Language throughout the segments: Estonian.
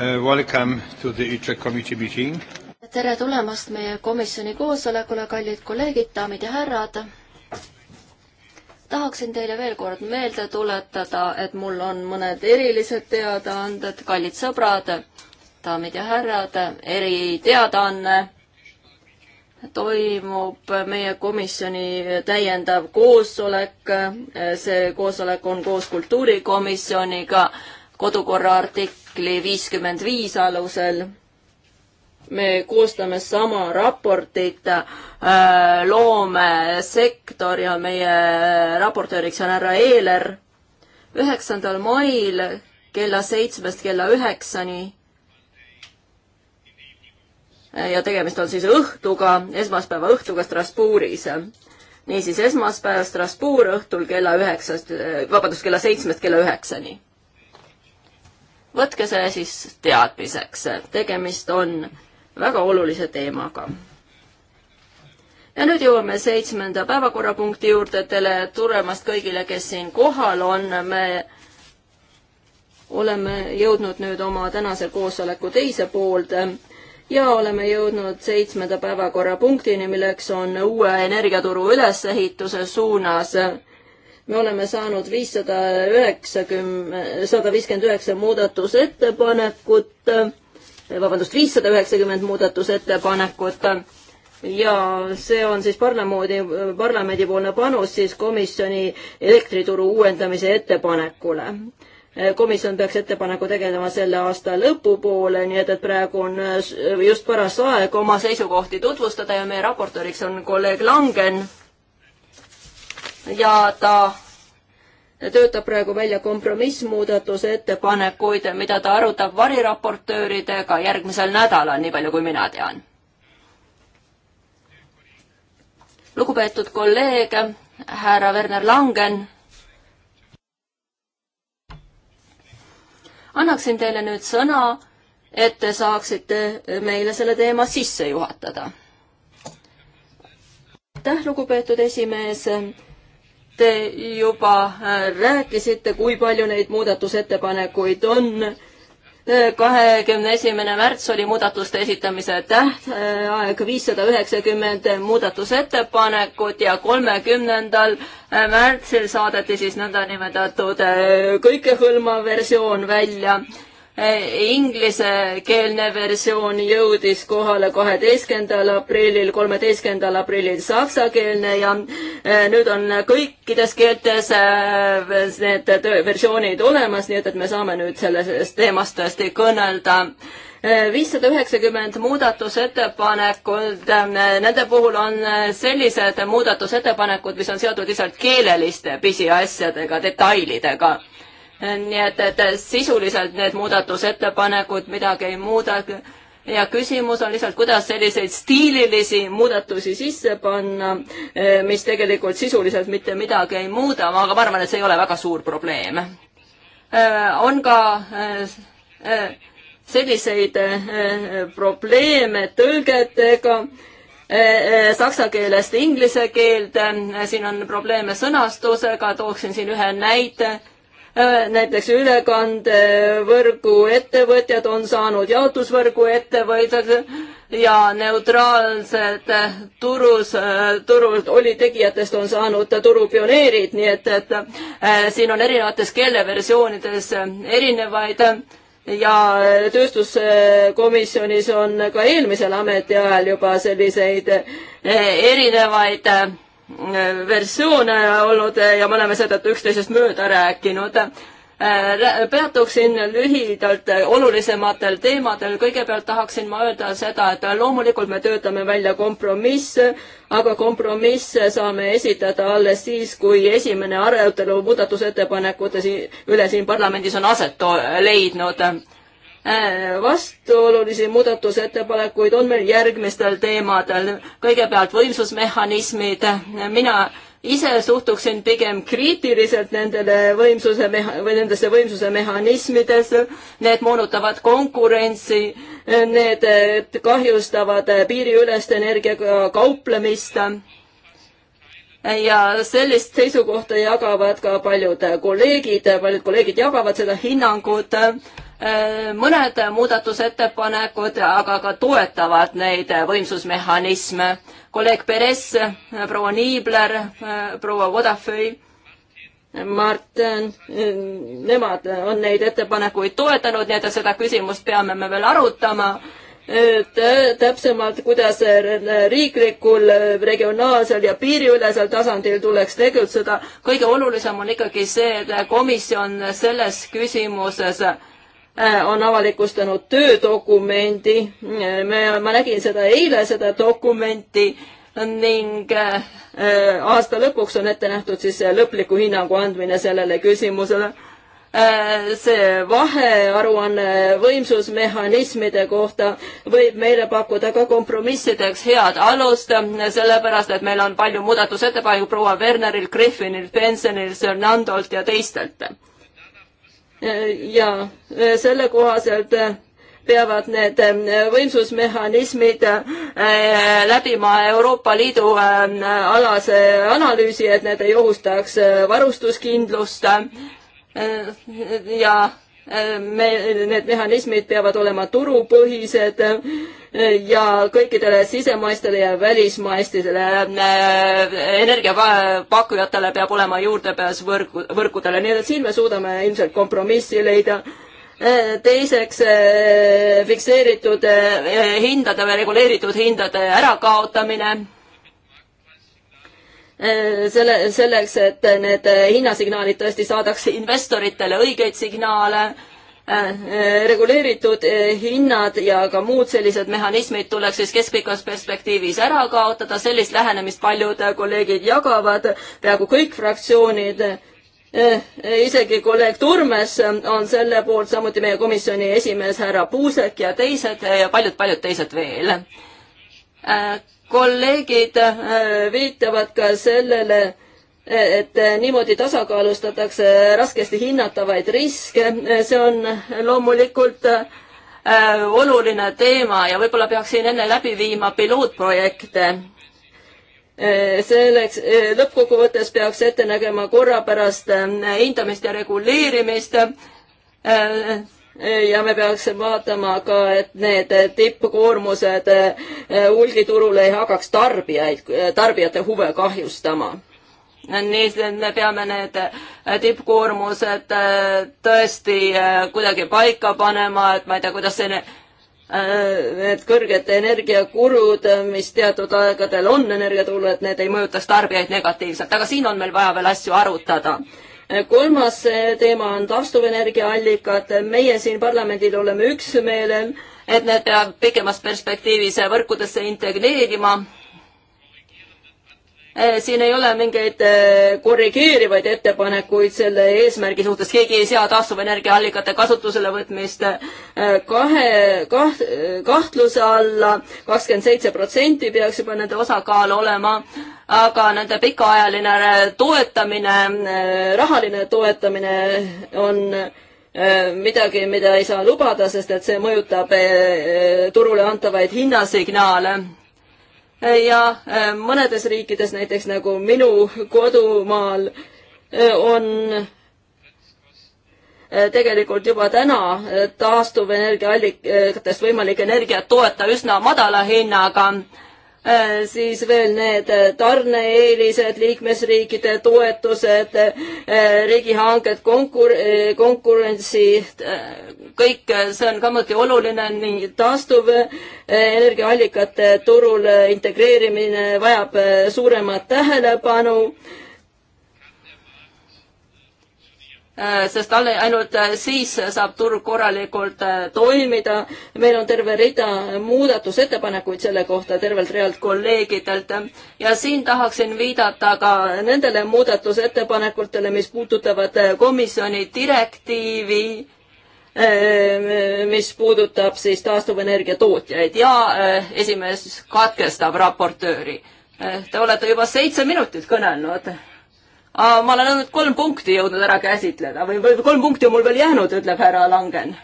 Uh, welcome to the ITRE committee meeting. tere tulemast meie komisjoni koosolekule, kallid kolleegid, daamid ja härrad. tahaksin teile veel kord meelde tuletada, et mul on mõned erilised teadaanded, kallid sõbrad, daamid ja härrad, eriteadaanne toimub meie komisjoni täiendav koosolek. see koosolek on koos kultuurikomisjoniga kodukorra artik-, artikli viiskümmend viis alusel me koostame sama raportit äh, loomesektor ja meie raportööriks on härra Eeler. üheksandal mail kella seitsmest kella üheksani. ja tegemist on siis õhtuga, esmaspäeva õhtuga Strasbourgis. niisiis esmaspäev Strasbourg õhtul kella üheksast, äh, vabandust, kella seitsmest kella üheksani võtke see siis teadmiseks, tegemist on väga olulise teemaga. ja nüüd jõuame seitsmenda päevakorrapunkti juurde, tere tulemast kõigile, kes siin kohal on, me oleme jõudnud nüüd oma tänase koosoleku teise poolde ja oleme jõudnud seitsmenda päevakorrapunktini, milleks on uue energiaturu ülesehituse suunas me oleme saanud viissada üheksakümmend, sada viiskümmend üheksa muudatusettepanekut, eh, vabandust, viissada üheksakümmend muudatusettepanekut ja see on siis parlamendi, parlamendipoolne panus siis komisjoni elektrituru uuendamise ettepanekule eh, komisjon peaks ettepaneku tegelema selle aasta lõpupoole, nii et, et praegu on eh, just paras aeg oma seisukohti tutvustada ja meie raportööriks on kolleeg Langen ja ta töötab praegu välja kompromissmuudatuse ettepanekuid, mida ta arutab variraportööridega järgmisel nädalal, nii palju kui mina tean. lugupeetud kolleeg, härra Werner Langen. annaksin teile nüüd sõna, et te saaksite meile selle teema sisse juhatada. aitäh, lugupeetud esimees Te juba äh, rääkisite, kui palju neid muudatusettepanekuid on. Äh, kahekümne esimene märts oli muudatuste esitamise tähtaeg, äh, viissada üheksakümmend muudatusettepanekut ja kolmekümnendal märtsil saadeti siis nõndanimetatud kõikehõlmav versioon välja Inglisekeelne versioon jõudis kohale kaheteistkümnendal aprillil, kolmeteistkümnendal aprillil saksakeelne ja eh, nüüd on kõikides keeltes eh, need versioonid olemas, nii et, et me saame nüüd sellest teemast tõesti kõnelda eh, viissada üheksakümmend muudatusettepanekut, nende puhul on sellised muudatusettepanekud, mis on seotud lihtsalt keeleliste pisiasjadega, detailidega nii et, et sisuliselt need muudatusettepanekud midagi ei muuda ja küsimus on lihtsalt, kuidas selliseid stiililisi muudatusi sisse panna, mis tegelikult sisuliselt mitte midagi ei muuda, aga ma arvan, et see ei ole väga suur probleem. Äh, on ka äh, äh, selliseid probleeme tõlgetega saksa keelest inglise keelde, siin on probleeme sõnastusega, tooksin siin ühe näite Äh, näiteks ülekandevõrgu ettevõtjad on saanud jaotusvõrgu ettevõtjad ja neutraalsed turus, äh, turul olitegijatest on saanud turupioneerid, nii et, et äh, siin on erinevates keeleversioonides erinevaid ja tööstuskomisjonis on ka eelmisel ametiajal juba selliseid erinevaid versioone olnud ja me oleme seetõttu üksteisest mööda rääkinud. Äh, peatuksin lühidalt olulisematel teemadel. kõigepealt tahaksin ma öelda seda, et loomulikult me töötame välja kompromisse, aga kompromisse saame esitada alles siis, kui esimene arutelu muudatusettepanekute üle siin parlamendis on aset leidnud Äh, vastuolulisi muudatusettepanekuid on meil järgmistel teemadel. kõigepealt võimsusmehhanismid, mina ise suhtuksin pigem kriitiliselt nendele võimsuse meha-, või nendesse võimsuse mehhanismidesse, need moonutavad konkurentsi, need kahjustavad piiriülest energiaga kauplemist ja sellist seisukohta jagavad ka paljud kolleegid, paljud kolleegid jagavad seda hinnangut Äh, mõned muudatusettepanekud aga ka toetavad neid võimsusmehhanisme. kolleeg Perez, proua Niibler, proua Vodafõi, Martin, nemad on neid ettepanekuid toetanud, nii et seda küsimust peame me veel arutama äh, täpsemalt, kuidas riiklikul, regionaalsel ja piiriülesel tasandil tuleks tegutseda. kõige olulisem on ikkagi see, et komisjon selles küsimuses äh, Äh, on avalikustanud töödokumendi. me, ma nägin seda eile, seda dokumenti ning äh, aasta lõpuks on ette nähtud siis lõpliku hinnangu andmine sellele küsimusele. Äh, see vahearuanne võimsusmehhanismide kohta võib meile pakkuda ka kompromissideks head alust, sellepärast et meil on palju muudatusettepanekuid proua Wernerilt, Griffinilt, Bensonilt, Fernandolt ja teistelt ja äh, selle kohaselt äh, peavad need äh, võimsusmehhanismid läbima Euroopa Liidu alase analüüsi, et need ei ohustaks varustuskindlust ja me, need mehhanismid peavad olema turupõhised äh, ja kõikidele sisemaistele ja välismaistele äh, energiapakkujatele peab olema juurdepääs võrgu, võrkudele, nii et siin me suudame ilmselt kompromissi leida äh, teiseks fikseeritud hindade või reguleeritud hindade ärakaotamine Äh, selle, selleks, et need äh, hinnasignaalid tõesti saadaks investoritele õigeid signaale, äh, reguleeritud hinnad ja ka muud sellised mehhanismid tuleks siis keskpikas perspektiivis ära kaotada, sellist lähenemist paljud kolleegid jagavad, peaaegu kõik fraktsioonid isegi kolleeg Turmes on selle poolt, samuti meie komisjoni esimees härra Puusek ja teised ja paljud-paljud teised veel kolleegid äh, viitavad ka sellele, et niimoodi tasakaalustatakse raskesti hinnatavaid riske, see on loomulikult äh, oluline teema ja võib-olla peaksin enne läbi viima pilootprojekte. Äh, selleks lõppkokkuvõttes peaks ette nägema korrapärast hindamist ja reguleerimist ja me peaksime vaatama ka, et need tippkoormused eh, hulgiturul ei hakkaks tarbijaid, tarbijate huve kahjustama nii me peame need eh, tippkoormused eh, tõesti kuidagi paika panema, et ma ei tea, kuidas see, need kõrged energiakulud, mis teatud aegadel on energiaturul, et need ei mõjutaks tarbijaid negatiivselt, aga siin on meil vaja veel asju arutada kolmas teema on taastuvenergiaallikad. meie siin parlamendil oleme üksmeelel, et need peab pikemas perspektiivis võrkudesse integreerima Eh, siin ei ole mingeid eh, korrigeerivaid ettepanekuid selle eesmärgi suhtes, keegi ei sea taastuvenergiaallikate kasutusele võtmist eh, kahe, kaht-, kahtluse alla, kakskümmend seitse protsenti peaks juba nende osakaal olema, aga nende pikaajaline toetamine, rahaline toetamine on midagi, mida ei saa lubada, sest et see mõjutab turule antavaid hinnasignaale ja äh, mõnedes riikides, näiteks nagu minu kodumaal, äh, on äh, tegelikult juba täna taastuvenergiaallikatest võimalik energiat toota üsna madala hinnaga Äh, siis veel need äh, tarne-eelised, liikmesriikide toetused, äh, riigihanked, konkur-, konkurentsi, kõik see on samuti oluline ning taastuvenergiaallikate turul integreerimine vajab suuremat tähelepanu Äh, sest ainult äh, siis saab turg korralikult äh, toimida. meil on terve rida muudatusettepanekuid selle kohta tervelt realt kolleegidelt ja siin tahaksin viidata ka nendele muudatusettepanekutele, mis puudutavad komisjoni direktiivi mis puudutab siis taastuvenergia tootjaid ja esimees katkestab raportööri. Te olete juba seitse minutit kõnelnud ma olen ainult kolm punkti jõudnud ära käsitleda või, või kolm punkti on mul veel jäänud, ütleb härra Langen.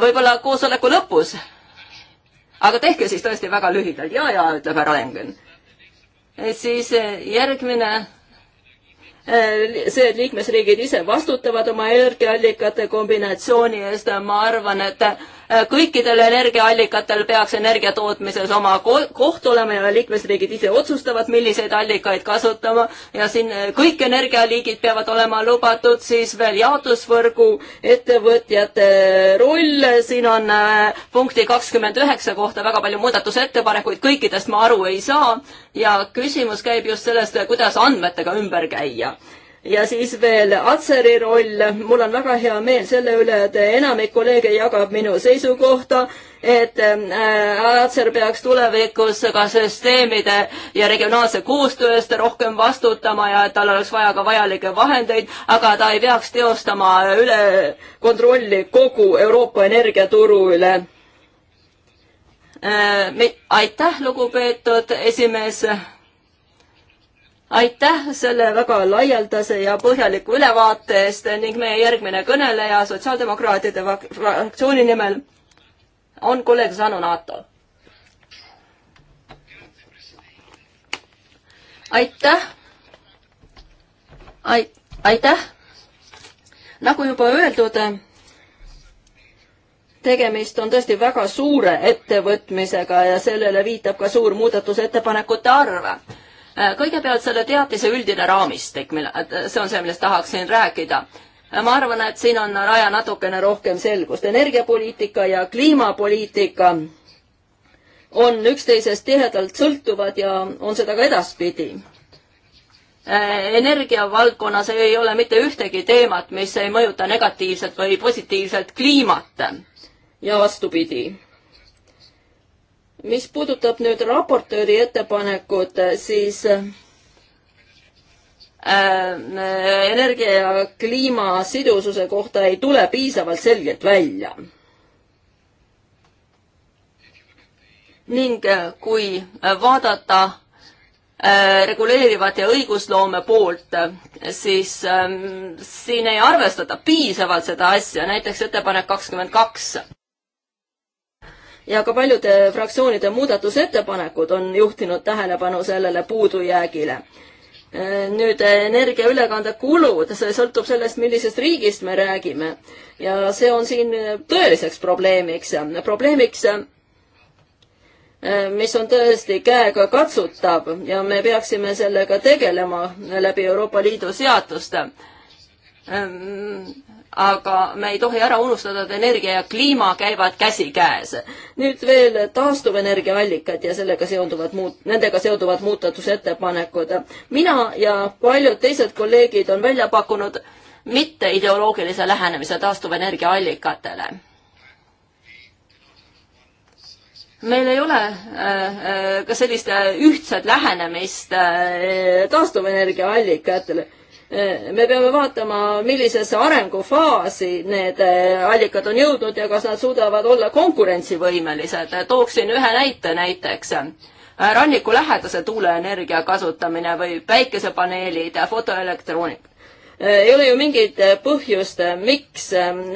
võib-olla koosoleku lõpus. aga tehke siis tõesti väga lühidalt ja, ja ütleb härra Langen. E, siis e, järgmine e, see, et liikmesriigid ise vastutavad oma energiaallikate kombinatsiooni eest, ma arvan, et Äh, kõikidel energiaallikatel peaks energia tootmises oma koht olema ja liikmesriigid ise otsustavad, milliseid allikaid kasutama ja siin äh, kõik energialiigid peavad olema lubatud, siis veel jaotusvõrgu ettevõtjate roll, siin on äh, punkti kakskümmend üheksa kohta väga palju muudatusettepanekuid, kõikidest ma aru ei saa ja küsimus käib just sellest, kuidas andmetega ümber käia ja siis veel Atseri roll, mul on väga hea meel selle üle, et enamik kolleege jagab minu seisukohta, et äh, Atser peaks tulevikus ka süsteemide ja regionaalse koostöö eest rohkem vastutama ja et tal oleks vaja ka vajalikke vahendeid, aga ta ei peaks teostama üle kontrolli kogu Euroopa energiaturu üle äh,. aitäh, lugupeetud esimees aitäh selle väga laialdase ja põhjaliku ülevaate eest ning meie järgmine kõneleja sotsiaaldemokraatide fraktsiooni nimel on kolleeg Sanu Naato. aitäh Ait,. aitäh. nagu juba öeldud, tegemist on tõesti väga suure ettevõtmisega ja sellele viitab ka suur muudatusettepanekute arv Äh, kõigepealt selle teatise üldine raamistik, mille, äh, see on see, millest tahaksin rääkida. Äh, ma arvan, et siin on vaja natukene rohkem selgust. energiapoliitika ja kliimapoliitika on üksteisest tihedalt sõltuvad ja on seda ka edaspidi energiavaldkonnas ei ole mitte ühtegi teemat, mis ei mõjuta negatiivselt või positiivselt kliimat ja vastupidi mis puudutab nüüd raportööri ettepanekut, siis äh, energia ja kliima sidususe kohta ei tule piisavalt selgelt välja. ning äh, kui vaadata äh, reguleerivat ja õigusloome poolt, siis siin ei arvestata piisavalt seda asja, näiteks ettepanek kakskümmend kaks ja ka paljude fraktsioonide muudatusettepanekud on juhtinud tähelepanu sellele puudujäägile. Äh, nüüd äh, energiaülekande kulud, see sõltub sellest, millisest riigist me räägime ja see on siin äh, tõeliseks probleemiks, probleemiks mis on tõesti käega katsutav ja me peaksime sellega tegelema läbi Euroopa Liidu seaduste aga me ei tohi ära unustada, et energia ja kliima käivad käsikäes. nüüd veel taastuvenergiaallikad ja sellega seonduvad muud, nendega seonduvad muudatusettepanekud. mina ja paljud teised kolleegid on välja pakkunud mitte ideoloogilise lähenemise taastuvenergiaallikatele meil ei ole äh, äh, ka sellist ühtset lähenemist äh, taastuvenergia allikatele. Eh, me peame vaatama, millisesse arengufaasi need eh, allikad on jõudnud ja kas nad suudavad olla konkurentsivõimelised. tooksin ühe näite näiteks. Eh, rannikulähedase tuuleenergia kasutamine või päikesepaneelid, fotoelektroonik. ei ole ju mingit põhjust, miks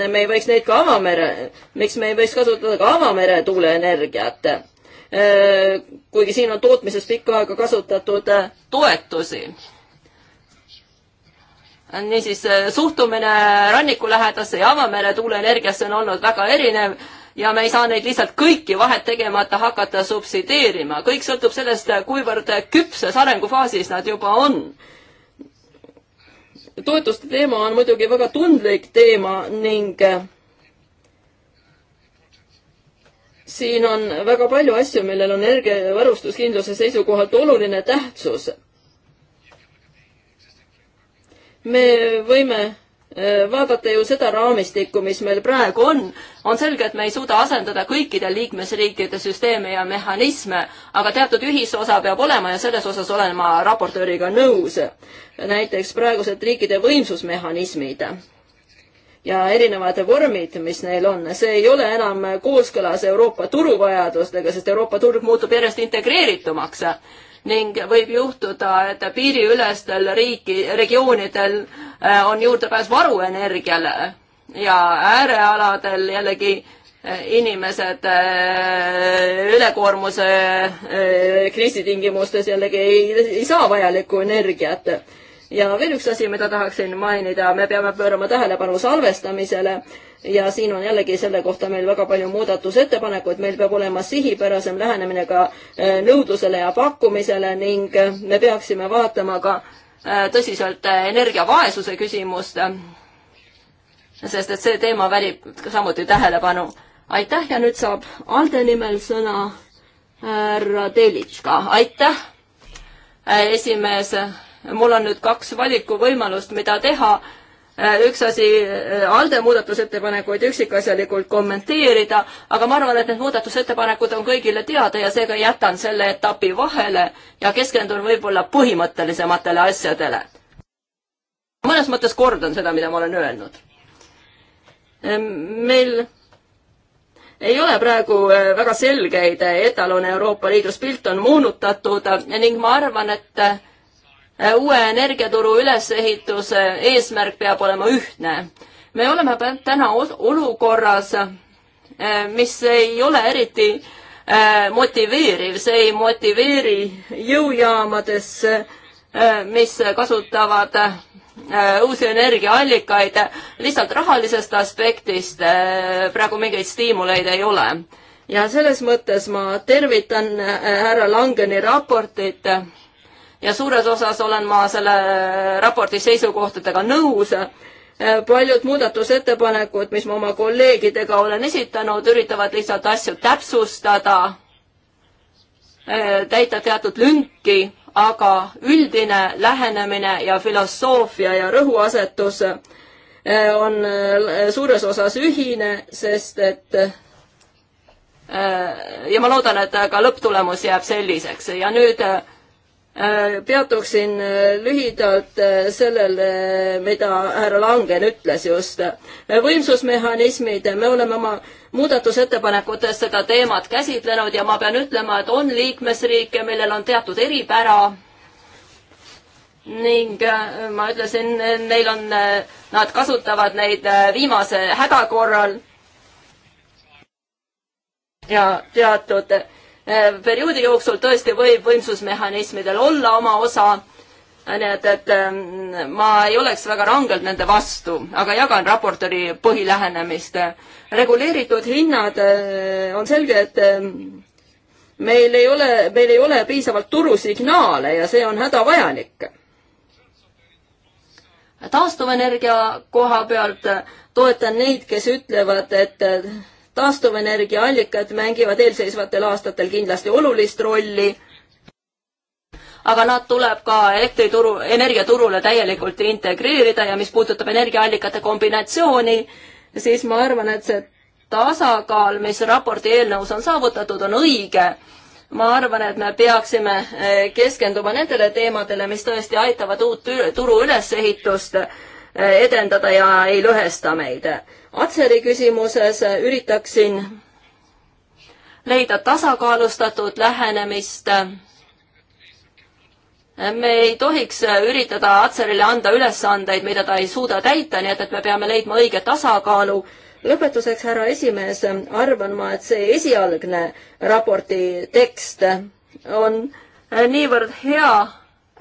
me ei võiks neid ka avamere, miks me ei võiks kasutada ka avamere tuuleenergiat. kuigi siin on tootmises pikka aega kasutatud toetusi niisiis äh, suhtumine rannikulähedasse ja avamere tuuleenergiasse on olnud väga erinev ja me ei saa neid lihtsalt kõiki vahet tegemata hakata subsideerima, kõik sõltub sellest, äh, kuivõrd küpses arengufaasis nad juba on. toetuste teema on muidugi väga tundlik teema ning äh, siin on väga palju asju, millel on energiavarustuskindluse seisukohalt oluline tähtsus me võime äh, vaadata ju seda raamistikku, mis meil praegu on, on selge, et me ei suuda asendada kõikide liikmesriikide süsteeme ja mehhanisme, aga teatud ühisosa peab olema ja selles osas olen ma raportööriga nõus. näiteks praegused riikide võimsusmehhanismid ja erinevad vormid, mis neil on, see ei ole enam kooskõlas Euroopa turuvajadustega, sest Euroopa turg muutub järjest integreeritumaks ning võib juhtuda, et piiriülestel riiki, regioonidel äh, on juurdepääs varuenergiale ja äärealadel jällegi äh, inimesed äh, ülekoormuse kriisitingimustes jällegi ei, ei saa vajalikku energiat ja veel üks asi, mida tahaksin mainida, me peame pöörama tähelepanu salvestamisele ja siin on jällegi selle kohta meil väga palju muudatusettepanekuid, meil peab olema sihipärasem lähenemine ka eh, nõudlusele ja pakkumisele ning eh, me peaksime vaatama ka eh, tõsiselt energiavaesuse küsimust, sest et see teema väärib samuti tähelepanu. aitäh ja nüüd saab Alde nimel sõna härra Telitška, aitäh, esimees mul on nüüd kaks valikuvõimalust, mida teha. Äh, üks asi, äh, ALDE muudatusettepanekuid üksikasjalikult kommenteerida, aga ma arvan, et need muudatusettepanekud on kõigile teada ja seega jätan selle etapi vahele ja keskendun võib-olla põhimõttelisematele asjadele. mõnes mõttes kordan seda, mida ma olen öelnud. Ehm, meil ei ole praegu äh, väga selgeid etalone Euroopa Liidus, pilt on moonutatud ning ma arvan, et Äh, uue energiaturu ülesehituse eesmärk peab olema ühtne. me oleme täna olukorras, äh, mis ei ole eriti äh, motiveeriv, see ei motiveeri jõujaamadesse, mis kasutavad uusi energiaallikaid lihtsalt rahalisest aspektist praegu mingeid stiimuleid ei ole. ja selles mõttes ma tervitan härra Langeni raportit ja suures osas olen ma selle raporti seisukohtadega nõus. Äh, paljud muudatusettepanekud, mis ma oma kolleegidega olen esitanud, üritavad lihtsalt asju täpsustada, äh, täita teatud lünki, aga üldine lähenemine ja filosoofia ja rõhuasetus äh, on suures osas ühine, sest et ja ma loodan, et ka lõpptulemus jääb selliseks ja nüüd äh, Äh, peatuksin äh, lühidalt äh, sellele, mida härra Langen ütles just. võimsusmehhanismid, me oleme oma muudatusettepanekutes seda teemat käsitlenud ja ma pean ütlema, et on liikmesriike, millel on teatud eripära ning ma ütlesin, neil on, nad kasutavad neid viimase häda korral ja teatud Eh, perioodi jooksul tõesti võib võimsusmehhanismidel olla oma osa, nii et, et mm, ma ei oleks väga rangelt nende vastu, aga jagan raportööri põhilähenemist. reguleeritud hinnad, eh, on selge, et eh, meil ei ole, meil ei ole piisavalt turusignaale ja see on hädavajalik. taastuvenergia koha pealt toetan neid, kes ütlevad, et taastuvenergiaallikad mängivad eelseisvatel aastatel kindlasti olulist rolli, aga nad tuleb ka elektrituru, energiaturule täielikult integreerida ja mis puudutab energiaallikate kombinatsiooni, siis ma arvan, et see tasakaal, mis raporti eelnõus on saavutatud, on õige ma arvan, et me peaksime eh, keskenduma nendele teemadele, mis tõesti aitavad uut turu ülesehitust Äh, edendada ja ei lõhesta meid. Atseri küsimuses üritaksin leida tasakaalustatud lähenemist. me ei tohiks üritada Atserile anda ülesandeid, mida ta ei suuda täita, nii et, et me peame leidma õige tasakaalu lõpetuseks, härra esimees, arvan ma, et see esialgne raporti tekst on niivõrd hea,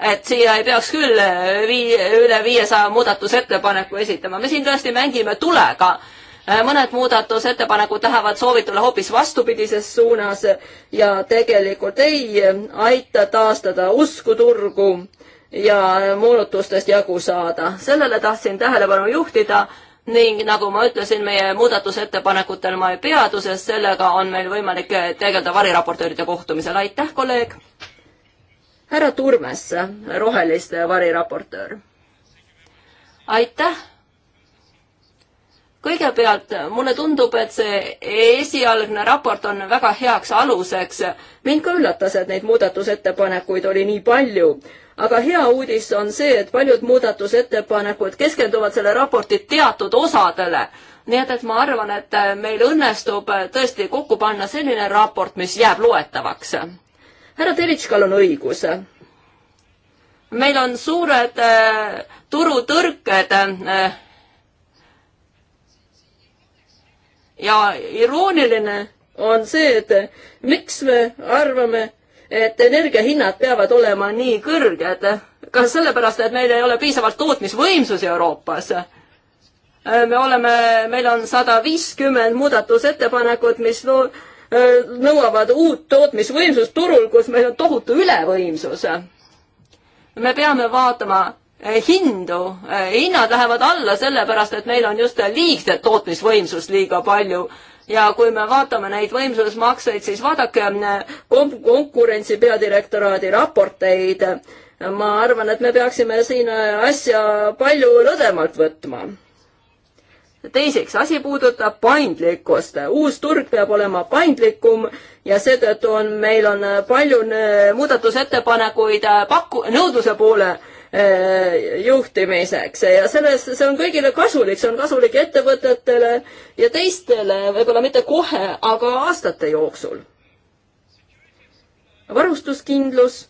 et siia ei peaks küll äh, vii-, üle viiesaja muudatusettepaneku esitama, me siin tõesti mängime tulega. Äh, mõned muudatusettepanekud lähevad soovitule hoopis vastupidises suunas ja tegelikult ei äh, aita taastada usku turgu ja muutustest jagu saada. sellele tahtsin tähelepanu juhtida ning nagu ma ütlesin, meie muudatusettepanekutel ma ei peatu, sest sellega on meil võimalik tegeleda variraportööride kohtumisel. aitäh, kolleeg! härra Turmes, Roheliste variraportöör. aitäh! kõigepealt mulle tundub, et see esialgne raport on väga heaks aluseks. mind ka üllatas, et neid muudatusettepanekuid oli nii palju. aga hea uudis on see, et paljud muudatusettepanekud keskenduvad selle raporti teatud osadele. nii et, et ma arvan, et meil õnnestub tõesti kokku panna selline raport, mis jääb loetavaks härra Teritškal on õigus. meil on suured äh, turutõrked äh, ja irooniline on see, et miks me arvame, et energiahinnad peavad olema nii kõrged. kas sellepärast, et meil ei ole piisavalt tootmisvõimsusi Euroopas? Äh, me oleme, meil on sada viiskümmend muudatusettepanekut, mis loo-, Äh, nõuavad uut tootmisvõimsust turul, kus meil on tohutu ülevõimsus. me peame vaatama äh, hindu, äh, hinnad lähevad alla sellepärast, et meil on just liigset tootmisvõimsust liiga palju ja kui me vaatame neid võimsusmakseid, siis vaadake konkurentsi peadirektoraadi raporteid. ma arvan, et me peaksime siin asja palju lõdvemalt võtma teiseks, asi puudutab paindlikkust. uus turg peab olema paindlikum ja seetõttu on, meil on palju muudatusettepanekuid paku-, nõudluse poole äh, juhtimiseks ja selles, see on kõigile kasulik, see on kasulik ettevõtetele ja teistele, võib-olla mitte kohe, aga aastate jooksul. varustuskindlus.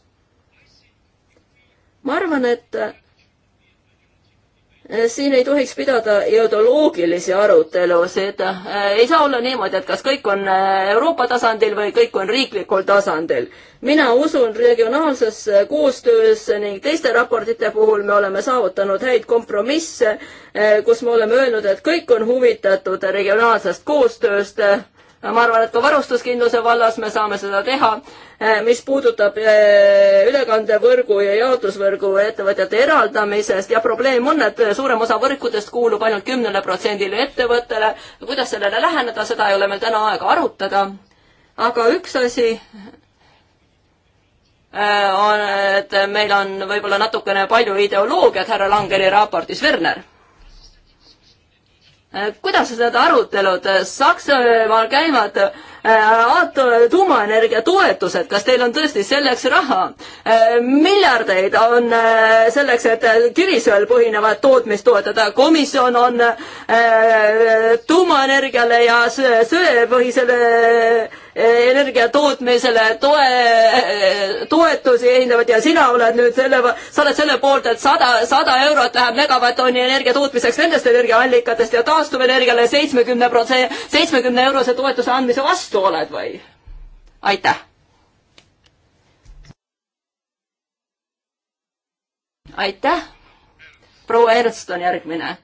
ma arvan, et Äh, siin ei tohiks pidada ideoloogilisi arutelusid. Äh, ei saa olla niimoodi, et kas kõik on äh, Euroopa tasandil või kõik on riiklikul tasandil. mina usun regionaalsesse koostöösse ning teiste raportite puhul me oleme saavutanud häid kompromisse, kus me oleme öelnud, et kõik on huvitatud regionaalsest koostööst ma arvan, et ka varustuskindluse vallas me saame seda teha Äh, mis puudutab äh, ülekandevõrgu ja jaotusvõrgu ettevõtjate eraldamisest ja probleem on, et äh, suurem osa võrkudest kuulub ainult kümnele protsendile ettevõttele. kuidas sellele läheneda, seda ei ole meil täna aega arutada. aga üks asi, on, et meil on võib-olla natukene palju ideoloogiat härra Langeri raportis, Werner. kuidas need arutelud Saksamaal käivad, Äh, aato-, äh, tuumaenergia toetused, kas teil on tõesti selleks raha? Äh, miljardeid on selleks, et kivisöel põhinevat tootmist toetada, komisjon on tuumaenergiale ja söepõhisele energiatootmisele toe, toetusi hindavad ja sina oled nüüd selle, sa oled selle poolt, et sada, sada eurot läheb megavatt-tonni energia tootmiseks nendest energiaallikatest ja taastuvenergiale seitsmekümne protsendi, seitsmekümne eurose toetuse andmise vastu oled või? aitäh. aitäh. proua Ernst on järgmine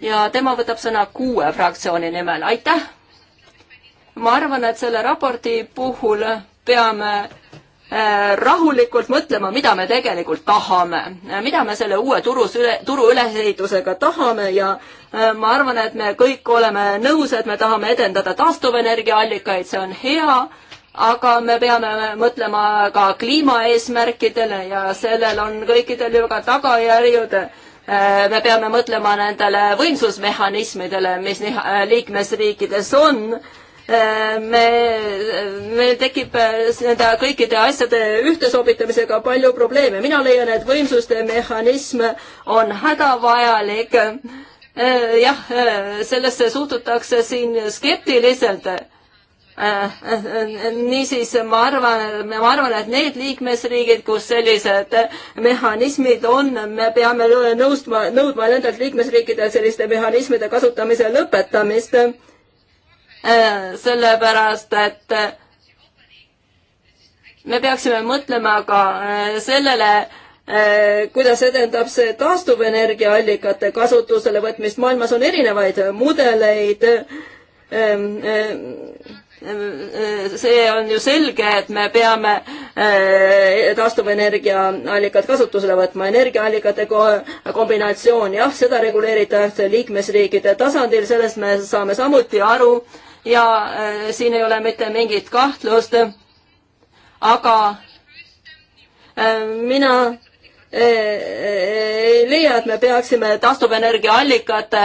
ja tema võtab sõna kuue fraktsiooni nimel, aitäh ma arvan, et selle raporti puhul peame äh, rahulikult mõtlema, mida me tegelikult tahame, äh, mida me selle uue turus üle, turu ülesehitusega tahame ja äh, ma arvan, et me kõik oleme nõus, et me tahame edendada taastuvenergiaallikaid, see on hea, aga me peame mõtlema ka kliimaeesmärkidele ja sellel on kõikidel ju ka tagajärjed. me peame mõtlema nendele võimsusmehhanismidele, mis liikmesriikides on Äh, me, meil tekib äh, nende kõikide asjade ühtesobitamisega palju probleeme. mina leian, et võimsuste mehhanism on hädavajalik. Äh, jah, sellesse suhtutakse siin skeptiliselt niisiis ma arvan, ma arvan, et need liikmesriigid, kus sellised mehhanismid on, me peame nõustma, nõudma nendelt liikmesriikidelt selliste mehhanismide kasutamise lõpetamist Äh, sellepärast et äh, me peaksime mõtlema ka äh, sellele, kuidas edendab see taastuvenergiaallikate kasutusele võtmist, maailmas on erinevaid mudeleid. Ähm, ähm, see on ju selge, et me peame taastuvenergiaallikad kasutusele võtma, energiaallikate kombinatsioon, jah, seda reguleeritakse liikmesriikide tasandil, sellest me saame samuti aru ja äh, siin ei ole mitte mingit kahtlust. aga äh, mina ei leia, et me peaksime taastuvenergiaallikate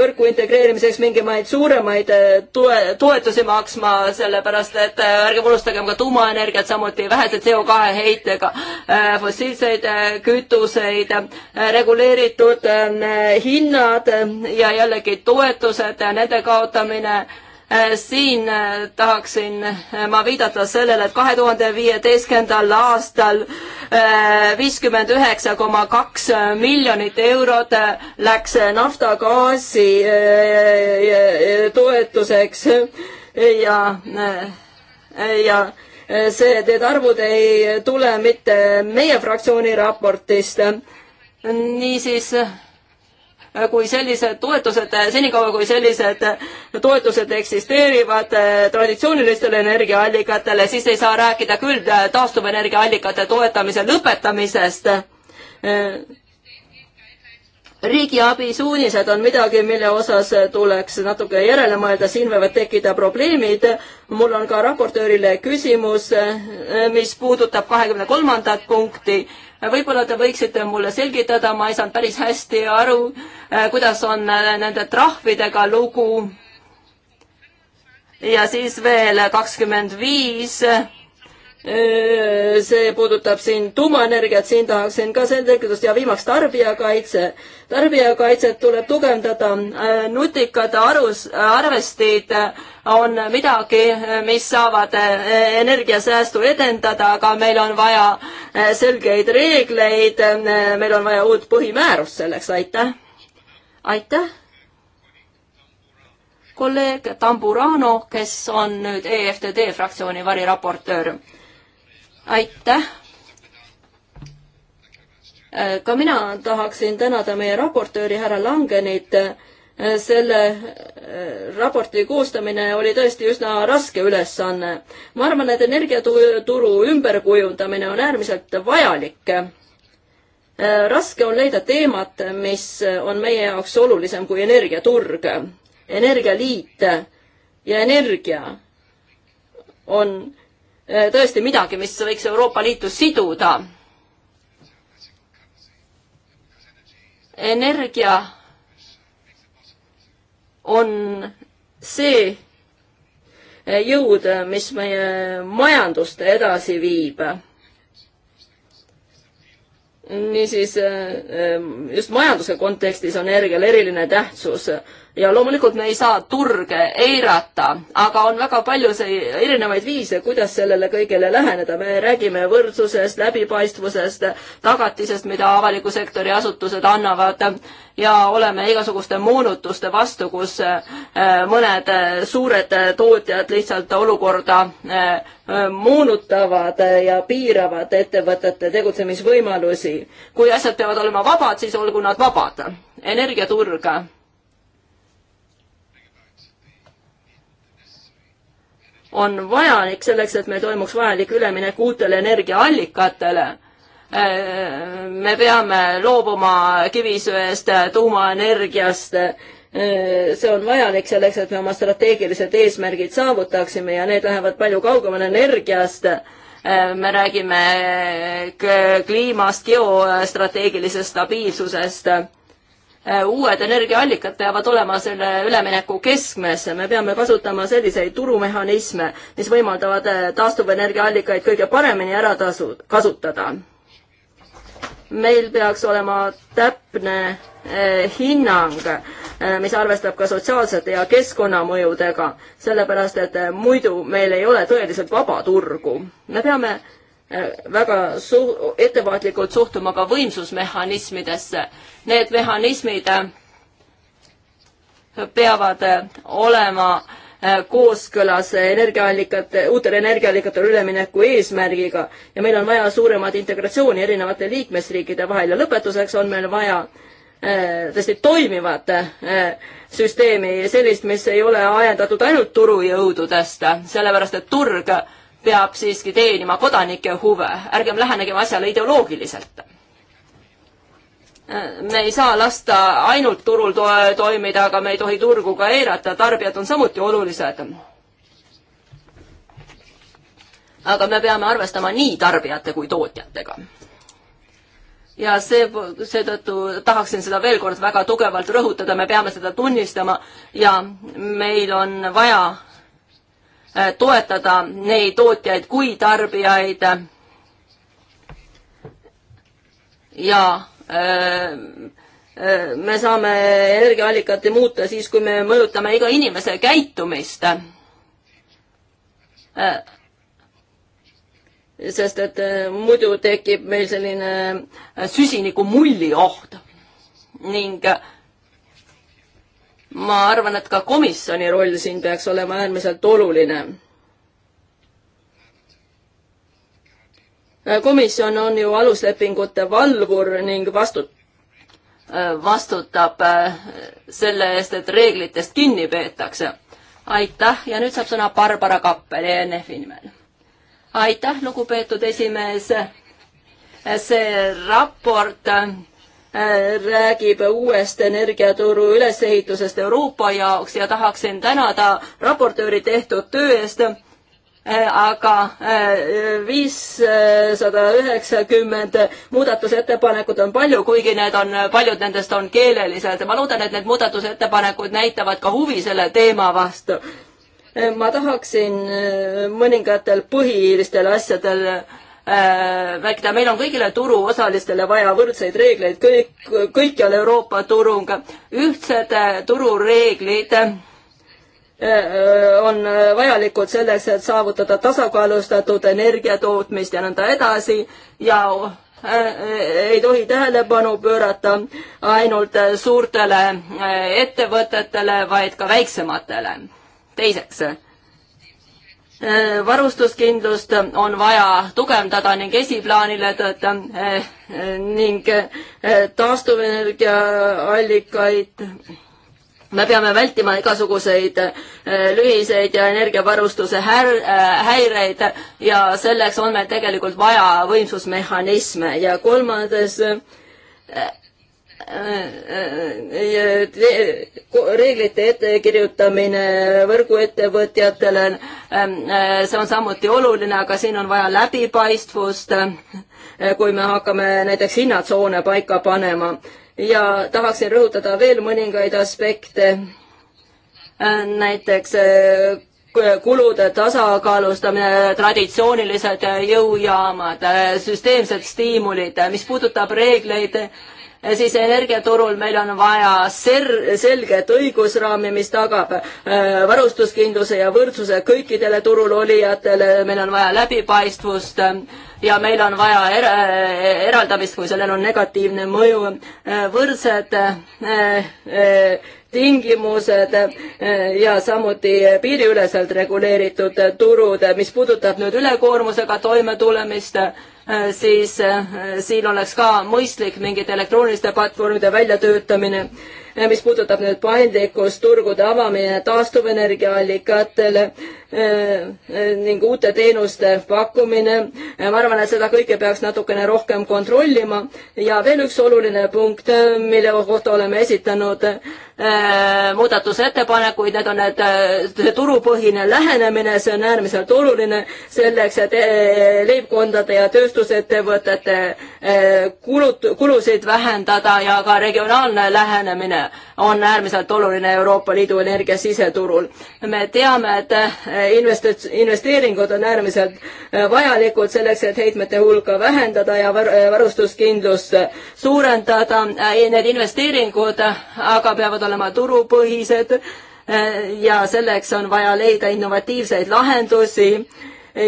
võrku integreerimiseks mingimaid suuremaid toe, toetusi maksma, sellepärast et ärgem unustagem ka tuumaenergiat, samuti vähese CO2 heitega fossiilseid kütuseid, reguleeritud hinnad ja jällegi toetused, nende kaotamine Äh, siin äh, tahaksin äh, ma viidata sellele, et kahe tuhande viieteistkümnendal aastal viiskümmend üheksa koma kaks miljonit eurot läks naftagaasi toetuseks ja, ja see, need arvud ei tule mitte meie fraktsiooni raportist, niisiis Äh, kui sellised toetused, äh, senikaua kui sellised äh, toetused eksisteerivad traditsioonilistele energiaallikatele, siis ei saa rääkida küll taastuvenergiaallikate toetamise lõpetamisest. riigiabi suunised on midagi, mille osas tuleks natuke järele mõelda, siin võivad tekkida probleemid. mul on ka raportöörile küsimus, mis puudutab kahekümne kolmandat punkti võib-olla te võiksite mulle selgitada, ma ei saanud päris hästi aru, äh, kuidas on äh, nende trahvidega lugu. ja siis veel kakskümmend viis Äh, see puudutab siin tuumaenergiat, siin tahaksin ka selgitust ja viimaks tarbijakaitse. tarbijakaitset tuleb tugevdada, äh, nutikad arus, arvestid on midagi, äh, mis saavad energiasäästu edendada, aga meil on vaja selgeid reegleid, meil on vaja uut põhimäärust selleks, aitäh. aitäh. kolleeg Tamburano, kes on nüüd EFTD fraktsiooni variraportöör aitäh! ka mina tahaksin tänada meie raportööri härra Langenit. selle äh, raporti koostamine oli tõesti üsna raske ülesanne. ma arvan, et energiaturu ümberkujundamine on äärmiselt vajalik. Äh, raske on leida teemat, mis on meie jaoks olulisem kui energiaturg, energialiit ja energia on Äh, tõesti midagi, mis võiks Euroopa Liitu siduda. energia on see äh, jõud, mis meie majandust edasi viib niisiis äh, just majanduse kontekstis on energial eriline tähtsus ja loomulikult me ei saa turge eirata, aga on väga palju erinevaid viise, kuidas sellele kõigele läheneda. me räägime võrdsusest, läbipaistvusest, tagatisest, mida avaliku sektori asutused annavad ja oleme igasuguste moonutuste vastu, kus eh, mõned eh, suured eh, tootjad lihtsalt olukorda moonutavad ja piiravad ettevõtete tegutsemisvõimalusi. kui asjad peavad olema vabad, siis olgu nad vabad. energiaturg on vajalik selleks, et meil toimuks vajalik üleminek uutele energiaallikatele. Äh, me peame loobuma kivisöest, tuumaenergiast, äh, see on vajalik selleks, et me oma strateegilised eesmärgid saavutaksime ja need lähevad palju kaugemale energiast äh, me räägime kliimast, geostrateegilisest stabiilsusest Äh, uued energiaallikad peavad olema selle ülemineku keskmes, me peame kasutama selliseid turumehhanisme, mis võimaldavad äh, taastuvenergiaallikaid kõige paremini ära tasu-, kasutada. meil peaks olema täpne äh, hinnang, mis arvestab ka sotsiaalsete ja keskkonnamõjudega, sellepärast et muidu meil ei ole tõeliselt vaba turgu. me peame Äh, väga su-, ettevaatlikult suhtuma ka võimsusmehhanismidesse. Need mehhanismid äh, peavad äh, olema kooskõlas energiaallikate, uutele energiaallikatele ülemineku eesmärgiga ja meil on vaja suuremat integratsiooni erinevate liikmesriikide vahel ja lõpetuseks on meil vaja tõesti toimivat süsteemi, sellist, mis ei ole ajendatud ainult turujõududest, sellepärast et turg peab siiski teenima kodanike huve, ärgem lähenegem asjale ideoloogiliselt. me ei saa lasta ainult turul to toimida, aga me ei tohi turgu ka eirata, tarbijad on samuti olulised. aga me peame arvestama nii tarbijate kui tootjatega ja see, seetõttu tahaksin seda veel kord väga tugevalt rõhutada, me peame seda tunnistama ja meil on vaja Äh, toetada nii tootjaid kui tarbijaid. ja äh, äh, me saame energiaallikate muuta siis, kui me mõjutame iga inimese käitumist. sest et muidu tekib meil selline süsiniku mulli oht ning äh, ma arvan, et ka komisjoni roll siin peaks olema äärmiselt oluline. komisjon on ju aluslepingute valvur ning vastu-, vastutab äh, selle eest, et reeglitest kinni peetakse. aitäh ja nüüd saab sõna Barbara Kappel ENF-i nimel. aitäh, lugupeetud esimees. see raport räägib uuest energiaturu ülesehitusest Euroopa jaoks ja tahaksin tänada raportööri tehtud töö eest aga eh, viissada üheksakümmend muudatusettepanekut on palju, kuigi need on, paljud nendest on keelelised. ma loodan, et need muudatusettepanekud näitavad ka huvi selle teema vastu. Eh, ma tahaksin eh, mõningatel põhilistel asjadel väikene, äh, meil on kõigile turuosalistele vaja võrdseid reegleid, kõik, kõikjal Euroopa turul, ühtsed äh, turureeglid äh, on vajalikud selleks, et saavutada tasakaalustatud energiatootmist ja nõnda edasi ja ei tohi tähelepanu pöörata ainult suurtele ettevõtetele, vaid ka väiksematele. teiseks Äh, varustuskindlust on vaja tugevdada ning esiplaanile tõtta äh, äh, ning taastuvenergiaallikaid. me peame vältima igasuguseid lühiseid ja energiavarustuse häireid ja selleks on meil tegelikult vaja võimsusmehhanisme ja kolmandas reeglite ettekirjutamine võrguettevõtjatele, ähm, äh, see on samuti oluline, aga siin on vaja läbipaistvust, äh, kui me hakkame näiteks hinnatsoone paika panema. ja tahaksin rõhutada veel mõningaid aspekte, äh, näiteks kulude tasakaalustamine, traditsioonilised jõujaamad, süsteemsed stiimulid, mis puudutab reegleid, siis energiaturul meil on vaja ser-, selget õigusraami, mis tagab äh, varustuskindluse ja võrdsuse kõikidele turul olijatele, meil on vaja läbipaistvust äh, ja meil on vaja er äh, eraldamist, kui sellel on negatiivne mõju, võrdsed tingimused ja samuti piiriüleselt reguleeritud turud, mis puudutab nüüd ülekoormusega toimetulemist Äh, siis äh, siin oleks ka mõistlik mingite elektrooniliste platvormide väljatöötamine, mis puudutab nüüd paindlikkust, turgude avamine taastuvenergiaallikatele äh, ning uute teenuste pakkumine. ma arvan, et seda kõike peaks natukene rohkem kontrollima ja veel üks oluline punkt, mille kohta oleme esitanud Äh, muudatusettepanekuid, need on need, äh, see turupõhine lähenemine, see on äärmiselt oluline selleks, et äh, leibkondade ja tööstusettevõtete kulud, kulusid vähendada ja ka regionaalne lähenemine on äärmiselt oluline Euroopa Liidu energia siseturul. me teame, et invest-, investeeringud on äärmiselt vajalikud selleks, et heitmete hulka vähendada ja var-, varustuskindlust suurendada. Need investeeringud aga peavad olema olema turupõhised eh, ja selleks on vaja leida innovatiivseid lahendusi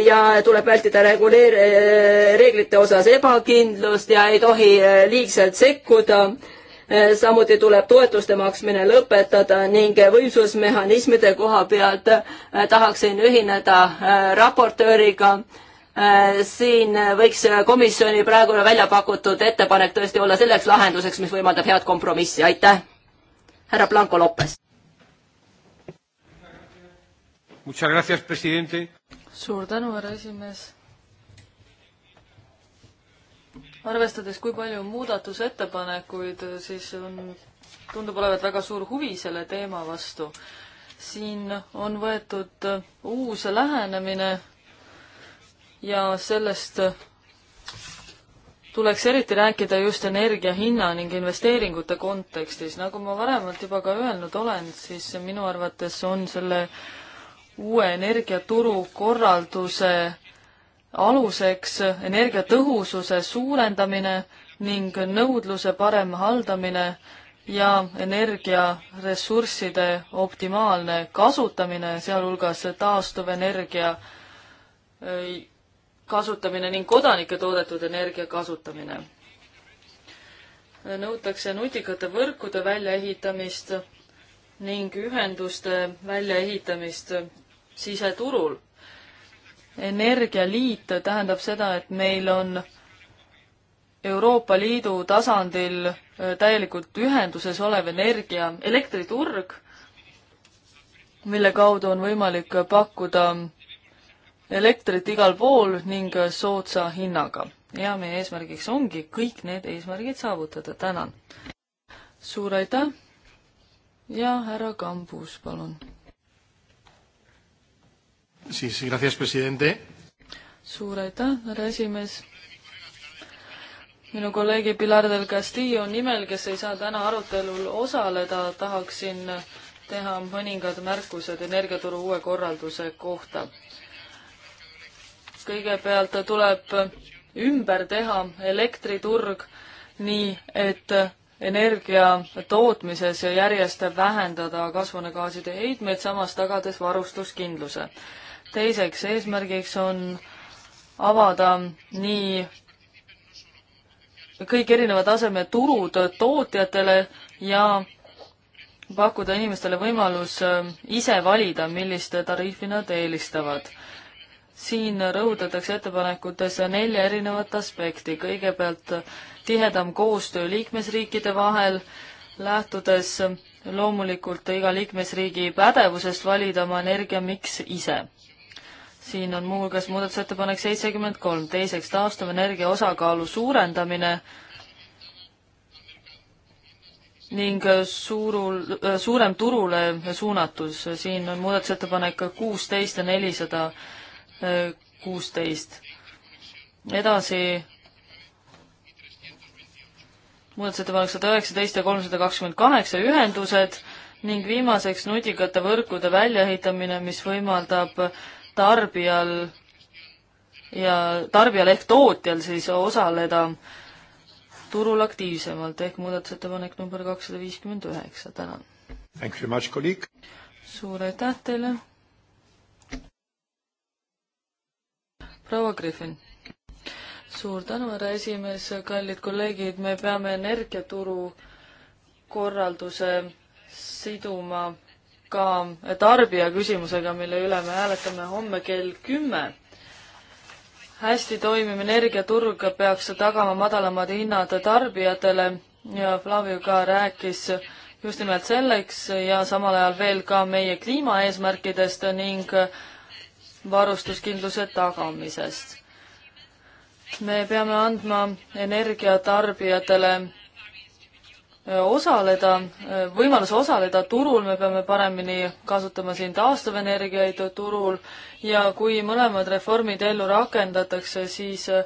ja tuleb vältida reguleer-, eh, reeglite osas ebakindlust ja ei tohi eh, liigselt sekkuda. samuti tuleb toetuste maksmine lõpetada ning võimsusmehhanismide koha pealt tahaksin ühineda raportööriga. siin võiks komisjoni praegune välja pakutud ettepanek tõesti olla selleks lahenduseks, mis võimaldab head kompromissi, aitäh! härra Blanco Lopes. suur tänu, härra esimees. arvestades, kui palju muudatusettepanekuid, siis on, tundub olevat väga suur huvi selle teema vastu. siin on võetud uus lähenemine ja sellest tuleks eriti rääkida just energia hinna ning investeeringute kontekstis. nagu ma varemalt juba ka öelnud olen, siis minu arvates on selle uue energiaturu korralduse aluseks energiatõhususe suurendamine ning nõudluse parem haldamine ja energiaressursside optimaalne kasutamine, sealhulgas taastuvenergia kasutamine ning kodanike toodetud energia kasutamine. nõutakse nutikate võrkude väljaehitamist ning ühenduste väljaehitamist siseturul. energialiit tähendab seda, et meil on Euroopa Liidu tasandil äh, täielikult ühenduses olev energia elektriturg, mille kaudu on võimalik pakkuda elektrit igal pool ning soodsa hinnaga. ja meie eesmärgiks ongi kõik need eesmärgid saavutada, tänan. suur aitäh ja härra Kambus, palun. siis, gracias, presidente. suur aitäh, härra esimees minu kolleegi Pilar del Castillo nimel, kes ei saa täna arutelul osaleda, tahaksin teha mõningad märkused energiaturu uue korralduse kohta kõigepealt tuleb ümber teha elektriturg nii, et energia tootmises järjest vähendada kasvuhoonegaaside heitmeid, samas tagades varustuskindluse. teiseks eesmärgiks on avada nii kõik erineva taseme turud tootjatele ja pakkuda inimestele võimalus ise valida, millist tariifi nad eelistavad siin rõhutatakse ettepanekutes nelja erinevat aspekti. kõigepealt tihedam koostöö liikmesriikide vahel, lähtudes loomulikult iga liikmesriigi pädevusest valida oma energiamiks ise. siin on muuhulgas muudatusettepanek seitsekümmend kolm, teiseks taastuvenergia osakaalu suurendamine ning suurul, suurem turule suunatus, siin on muudatusettepanek kuusteist ja nelisada kuusteist. edasi muudatusettepanek sada üheksateist ja kolmsada kakskümmend kaheksa ühendused ning viimaseks nutikate võrkude väljaehitamine, mis võimaldab tarbijal ja tarbijal ehk tootjal siis osaleda turul aktiivsemalt ehk muudatusettepanek number kakssada viiskümmend üheksa, tänan. suur aitäh teile! proua Griffin. suur tänu, härra esimees, kallid kolleegid, me peame energiaturu korralduse siduma ka tarbija küsimusega, mille üle me hääletame homme kell kümme. hästi toimiv energiaturg peaks tagama madalamad hinnad tarbijatele ja Flavio ka rääkis just nimelt selleks ja samal ajal veel ka meie kliimaeesmärkidest ning äh, varustuskindluse tagamisest. me peame andma energiatarbijatele e, osaleda, e, võimalus osaleda turul, me peame paremini kasutama siin taastuvenergiaid turul ja kui mõlemad reformid ellu rakendatakse, siis e,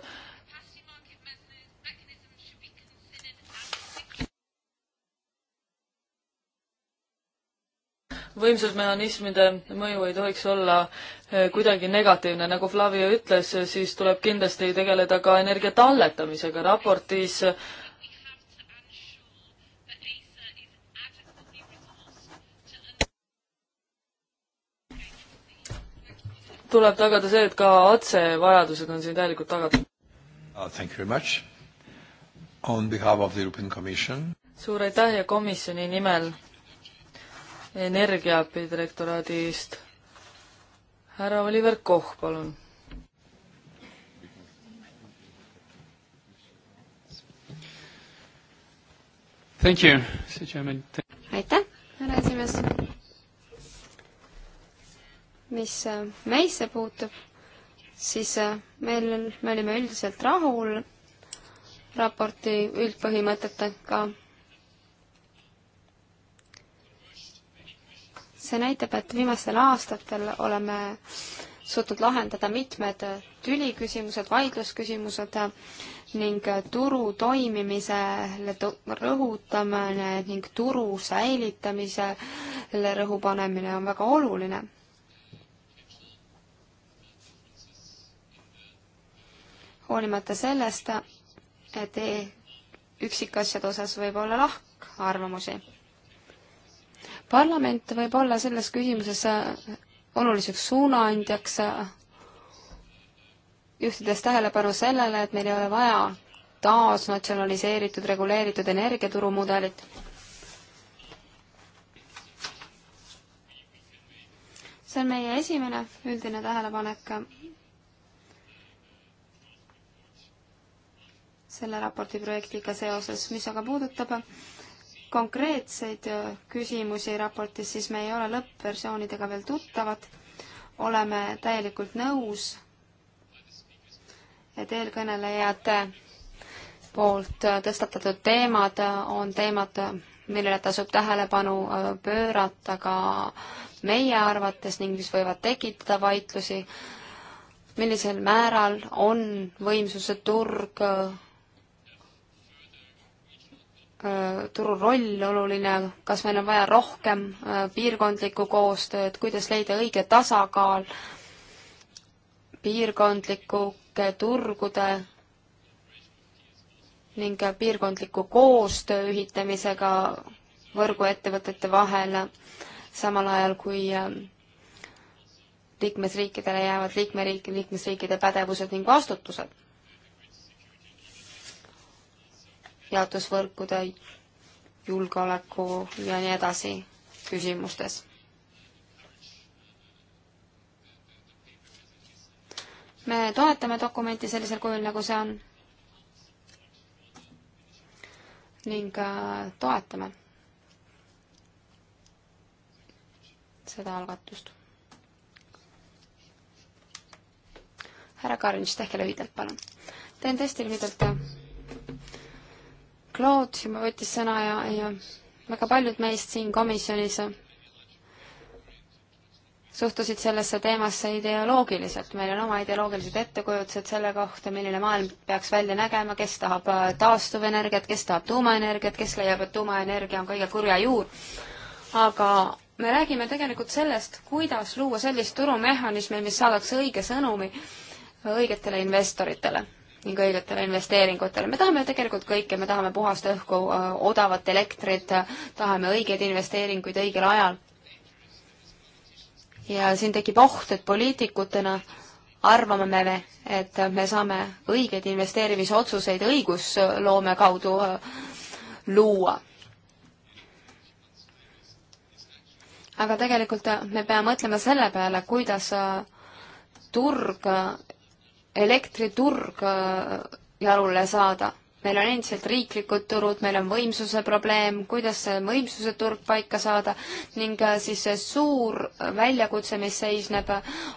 võimsusmehhanismide mõju ei tohiks olla Eh, kuidagi negatiivne, nagu Flavio ütles, eh, siis tuleb kindlasti tegeleda ka energia talletamisega, raportis eh, tuleb tagada see, et ka ATSE vajadused on siin täielikult tagatud uh,. Thank you very much. On behalf of the European Commission. suur aitäh ja komisjoni nimel energiaabdirektoraadist härra Oliver Koch, palun Thank you, Mr. Chairman. aitäh, härra esimees. mis äh, meisse puutub, siis äh, meil, me olime üldiselt rahul raporti üldpõhimõtetega see näitab, et viimastel aastatel oleme suutnud lahendada mitmed tüliküsimused, vaidlusküsimused ning turu toimimisele rõhutamine ning turu säilitamisele rõhu panemine on väga oluline. hoolimata sellest, et üksikasjade osas võib olla lahkarvamusi parlament võib olla selles küsimuses äh, oluliseks suunaandjaks, äh, juhtides tähelepanu sellele, et meil ei ole vaja taasnatsionaliseeritud reguleeritud energiaturumudelit. see on meie esimene üldine tähelepanek äh, selle raporti projektiga seoses, mis aga puudutab konkreetseid äh, küsimusi raportis, siis me ei ole lõppversioonidega veel tuttavad. oleme täielikult nõus, et eelkõnelejate poolt äh, tõstatatud teemad äh, on teemad, millele tasub tähelepanu pöörata ka meie arvates ning mis võivad tekitada vaidlusi, millisel määral on võimsuse turg Äh, turu roll oluline, kas meil on vaja rohkem äh, piirkondlikku koostööd, kuidas leida õige tasakaal piirkondlike turgude ning piirkondliku koostöö ühitamisega võrguettevõtete vahel, samal ajal kui äh, liikmesriikidele jäävad liikmeriik, liikmesriikide pädevused ning vastutused jaotusvõrkude julgeoleku ja nii edasi küsimustes. me toetame dokumenti sellisel kujul, nagu see on ning äh, toetame seda algatust. härra Karinš, tehke lühidalt, palun. teen tõesti lühidalt äh, Claude juba võttis sõna ja, ja väga paljud meist siin komisjonis suhtusid sellesse teemasse ideoloogiliselt, meil on oma ideoloogilised ettekujutused selle kohta, milline maailm peaks välja nägema, kes tahab taastuvenergiat, kes tahab tuumaenergiat, kes leiab, et tuumaenergia on kõige kurja juur. aga me räägime tegelikult sellest, kuidas luua sellist turumehhanismi, mis saadaks õige sõnumi õigetele investoritele ning õigetele investeeringutele. me tahame ju tegelikult kõike, me tahame puhast õhku, äh, odavat elektrit, tahame õigeid investeeringuid õigel ajal. ja siin tekib oht, et poliitikutena arvame me, et me saame õigeid investeerimisotsuseid õigusloome kaudu äh, luua aga tegelikult me peame mõtlema selle peale, kuidas äh, turg elektriturg äh, jalule saada. meil on endiselt riiklikud turud, meil on võimsuse probleem, kuidas see võimsuse turg paika saada ning äh, siis see suur väljakutse, mis seisneb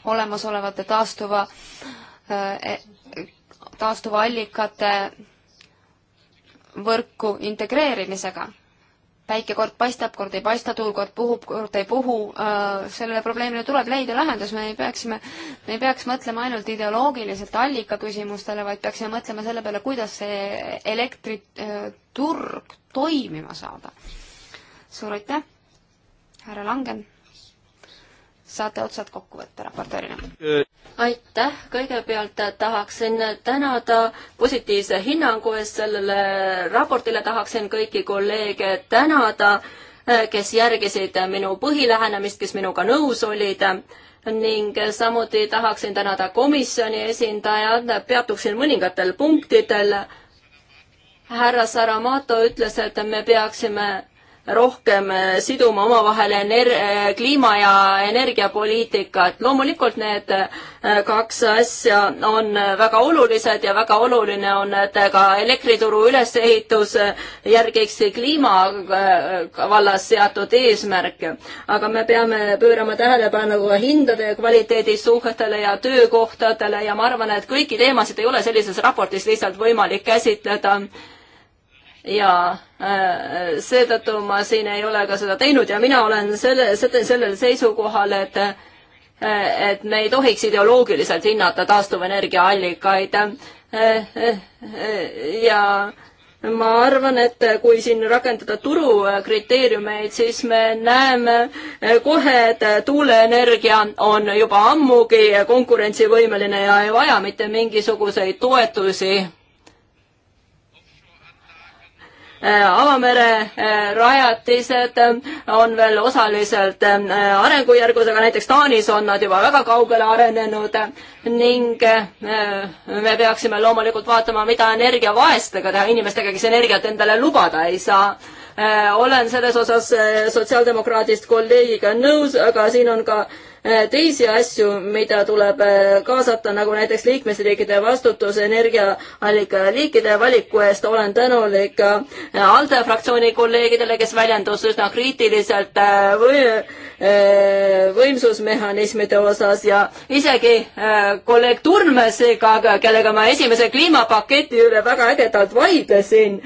olemasolevate taastuva, äh, e-, taastuva allikate võrku integreerimisega päike kord paistab, kord ei paista, tuul kord puhub, kord ei puhu, äh, sellele probleemile tuleb leida lahendus, me ei peaksime, me ei peaks mõtlema ainult ideoloogiliselt allika küsimustele, vaid peaksime mõtlema selle peale, kuidas see elektriturg äh, toimima saada. suur aitäh, härra Langen! saate otsad kokku võtta raportöörina. aitäh, kõigepealt tahaksin tänada positiivse hinnangu eest sellele raportile, tahaksin kõiki kolleege tänada, kes järgisid minu põhilähenemist, kes minuga nõus olid ning samuti tahaksin tänada komisjoni esindajad, peatuksin mõningatel punktidel. härra Saramato ütles, et me peaksime rohkem äh, siduma omavahel ener-, äh, kliima- ja energiapoliitikat. loomulikult need äh, kaks asja on väga olulised ja väga oluline on, et ka elektrituru ülesehitus järgiks kliima vallas seatud eesmärke. aga me peame pöörama tähelepanu ka hindade ja kvaliteedi suhetele ja töökohtadele ja ma arvan, et kõiki teemasid ei ole sellises raportis lihtsalt võimalik käsitleda ja äh, seetõttu ma siin ei ole ka seda teinud ja mina olen selle, selle, sellel seisukohal, et äh, et me ei tohiks ideoloogiliselt hinnata taastuvenergia allikaid. Äh, ja ma arvan, et kui siin rakendada turukriteeriumeid, siis me näeme kohe, et tuuleenergia on juba ammugi konkurentsivõimeline ja ei vaja mitte mingisuguseid toetusi Äh, avamere äh, rajatised äh, on veel osaliselt arengujärgus, aga näiteks Taanis on nad juba väga kaugele arenenud ning me peaksime loomulikult vaatama, mida energiavaestega teha inimestega, kes energiat endale lubada ei saa. olen selles osas sotsiaaldemokraadist kolleegiga nõus, aga siin on ka äh, Äh, teisi asju, mida tuleb äh, kaasata, nagu näiteks liikmesriikide vastutus energiaallika liikide valiku eest. olen tänulik äh, ALDE fraktsiooni kolleegidele, kes väljendus üsna kriitiliselt või, võimsusmehhanismide osas ja isegi kolleeg Turmesiga, kellega ma esimese kliimapaketi üle väga ägedalt vaidlesin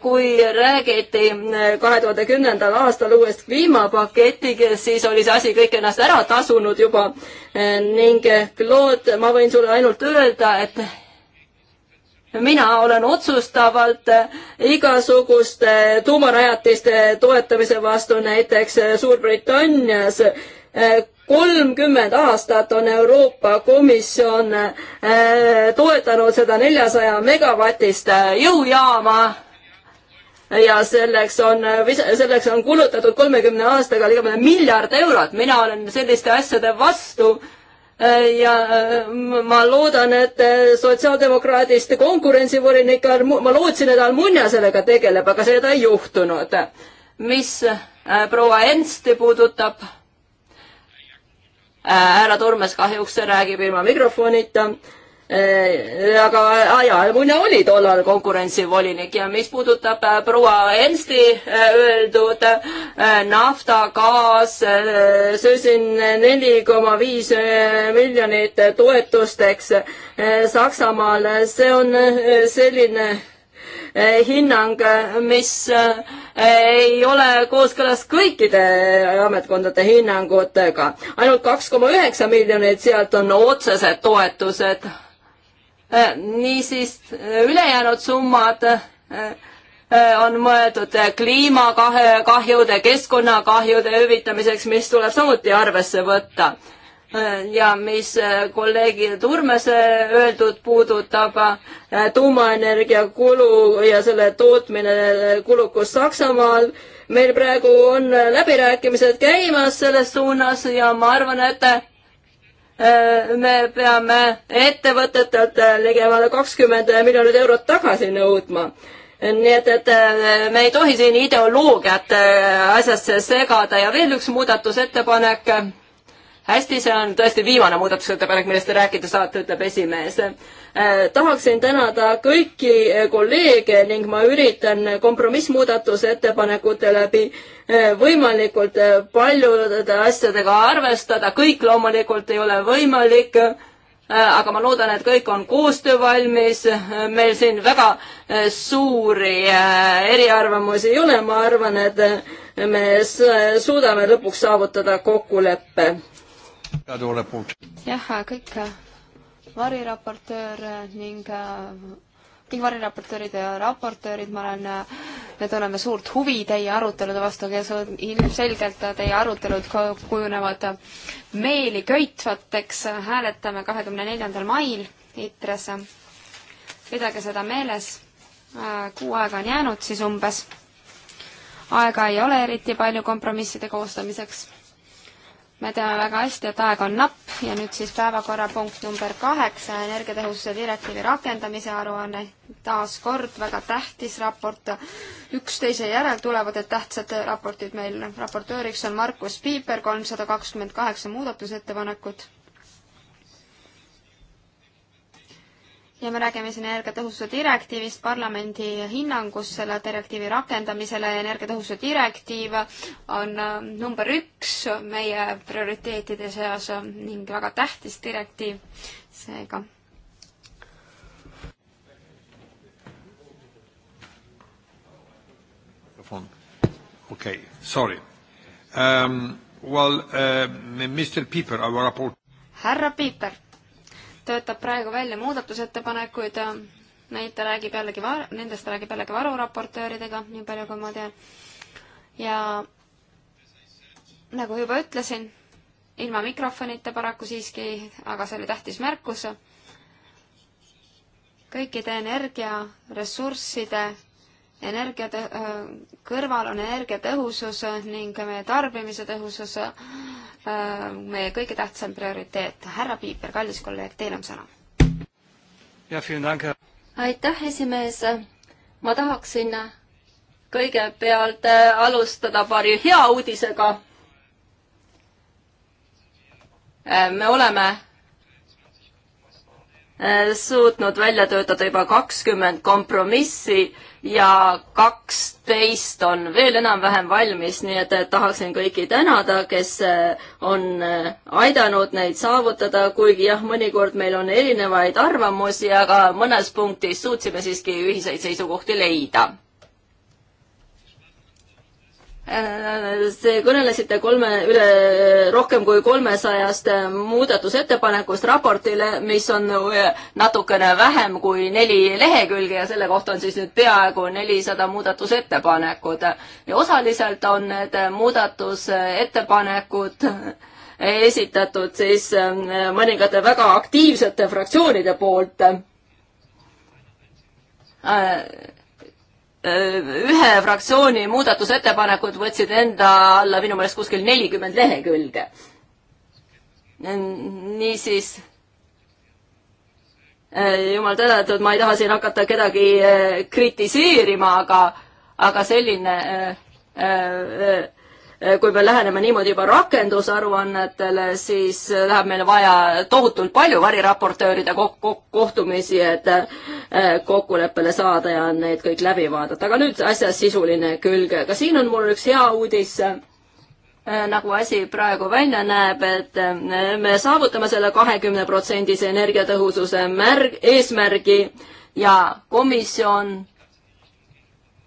kui räägiti äh, kahe tuhande kümnendal aastal uuest kliimapaketiga, siis oli see asi kõik ennast ära tasunud juba äh, ning äh, Claude, ma võin sulle ainult öelda, et mina olen otsustavalt igasuguste tuumarajatiste toetamise vastu, näiteks Suurbritannias kolmkümmend aastat on Euroopa Komisjon toetanud seda neljasaja megavatist jõujaama ja selleks on, äh, selleks on kulutatud kolmekümne aastaga ligemale miljard eurot, mina olen selliste asjade vastu äh, ja äh, ma loodan, et sotsiaaldemokraadist konkurentsivolinik, ma lootsin, et Almunia sellega tegeleb, aga seda ei juhtunud. mis proua Ensti puudutab, härra Turmes kahjuks räägib ilma mikrofonita Äh, aga ah jaa, muide oli tollal konkurentsivolinik ja mis puudutab äh, proua Ensti äh, öeldud nafta, gaas, söösin neli koma viis miljonit toetusteks Saksamaal, see on selline hinnang, mis ei ole kooskõlas kõikide ametkondade hinnangutega. ainult kaks koma üheksa miljonit sealt on otsesed toetused Äh, niisiis äh, ülejäänud summad äh, on mõeldud kliimakahjude, keskkonnakahjude hüvitamiseks, mis tuleb samuti arvesse võtta. ja mis kolleegi Turmese öeldud puudutab tuumaenergia kulu ja selle tootmine kulukus Saksamaal, meil praegu on läbirääkimised käimas selles suunas ja ma arvan, et Äh, me peame ettevõtetelt äh, ligemale kakskümmend miljonit eurot tagasi nõudma nii et, et äh, me ei tohi siin ideoloogiat asjasse segada ja veel üks muudatusettepanek. hästi, see on tõesti viimane muudatusettepanek, millest te rääkida saate, ütleb esimees Äh, tahaksin tänada kõiki äh, kolleege ning ma üritan kompromissmuudatusettepanekute läbi äh, võimalikult paljude asjadega arvestada, kõik loomulikult ei ole võimalik aga ma loodan, et kõik on koostöövalmis, meil siin väga suuri eriarvamusi ei ole, ma arvan, et me suudame lõpuks saavutada kokkuleppe. jah, kõik variraportöör ning kõik äh, variraportöörid ja raportöörid, ma olen, me äh, tunneme suurt huvi teie arutelude vastu, kes on ilmselgelt teie arutelud kujunevad meeli köitvateks, hääletame kahekümne neljandal mail ITRES. pidage seda meeles, äh, kuu aega on jäänud siis umbes. aega ei ole eriti palju kompromisside koostamiseks me teame väga hästi, et aeg on napp ja nüüd siis päevakorrapunkt number kaheksa, energiatõhususe direktiivi rakendamise aruanne. taas kord väga tähtis raport. üksteise järel tulevad need tähtsad raportid meil. raportööriks on Markus Piiper, kolmsada kakskümmend kaheksa muudatusettepanekut. ja me räägime siin energiatõhususe direktiivist, parlamendi hinnangust selle direktiivi rakendamisele, energiatõhususe direktiiv on äh, number üks meie prioriteetide seas ning väga tähtis direktiiv, seega. okei okay,, sorry um,. Well uh,, Mr Piiper, our raport. härra Piiper töötab praegu välja muudatusettepanekuid, neid ta räägib jällegi, nendest räägib jällegi varuraportööridega, nii palju kui ma tean. ja nagu juba ütlesin, ilma mikrofonita paraku siiski, aga see oli tähtis märkus, kõikide energiaressursside energia äh, kõrval on energiatõhusus ning meie tarbimise tõhusus Äh, meie kõige tähtsam prioriteet. härra Piiper, kallis kolleeg, teil on sõna. aitäh, esimees. ma tahaksin kõigepealt äh, alustada paari hea uudisega. Äh, me oleme suutnud välja töötada juba kakskümmend kompromissi ja kaksteist on veel enam-vähem valmis, nii et tahaksin kõiki tänada, kes eh, on eh, aidanud neid saavutada, kuigi jah, mõnikord meil on erinevaid arvamusi, aga mõnes punktis suutsime siiski ühiseid seisukohti leida Te kõnelesite kolme, üle rohkem kui kolmesajast muudatusettepanekust raportile, mis on natukene vähem kui neli lehekülge ja selle kohta on siis nüüd peaaegu nelisada muudatusettepanekut. ja osaliselt on need muudatusettepanekud esitatud siis äh, mõningate väga aktiivsete fraktsioonide poolt äh, ühe fraktsiooni muudatusettepanekud võtsid enda alla minu meelest kuskil nelikümmend lehekülge. niisiis, eh, jumal tänatud, ma ei taha siin hakata kedagi eh, kritiseerima, aga, aga selline eh, Eh, kui me läheneme niimoodi juba rakendusaruannetele, siis eh, läheb meil vaja tohutult palju variraportööride ko kohtumisi, et eh, kokkuleppele saada ja need kõik läbi vaadata. aga nüüd asja sisuline külg. ka siin on mul üks hea uudis, nagu asi praegu välja näeb, et me saavutame selle kahekümne protsendise energiatõhususe märg, eesmärgi ja komisjon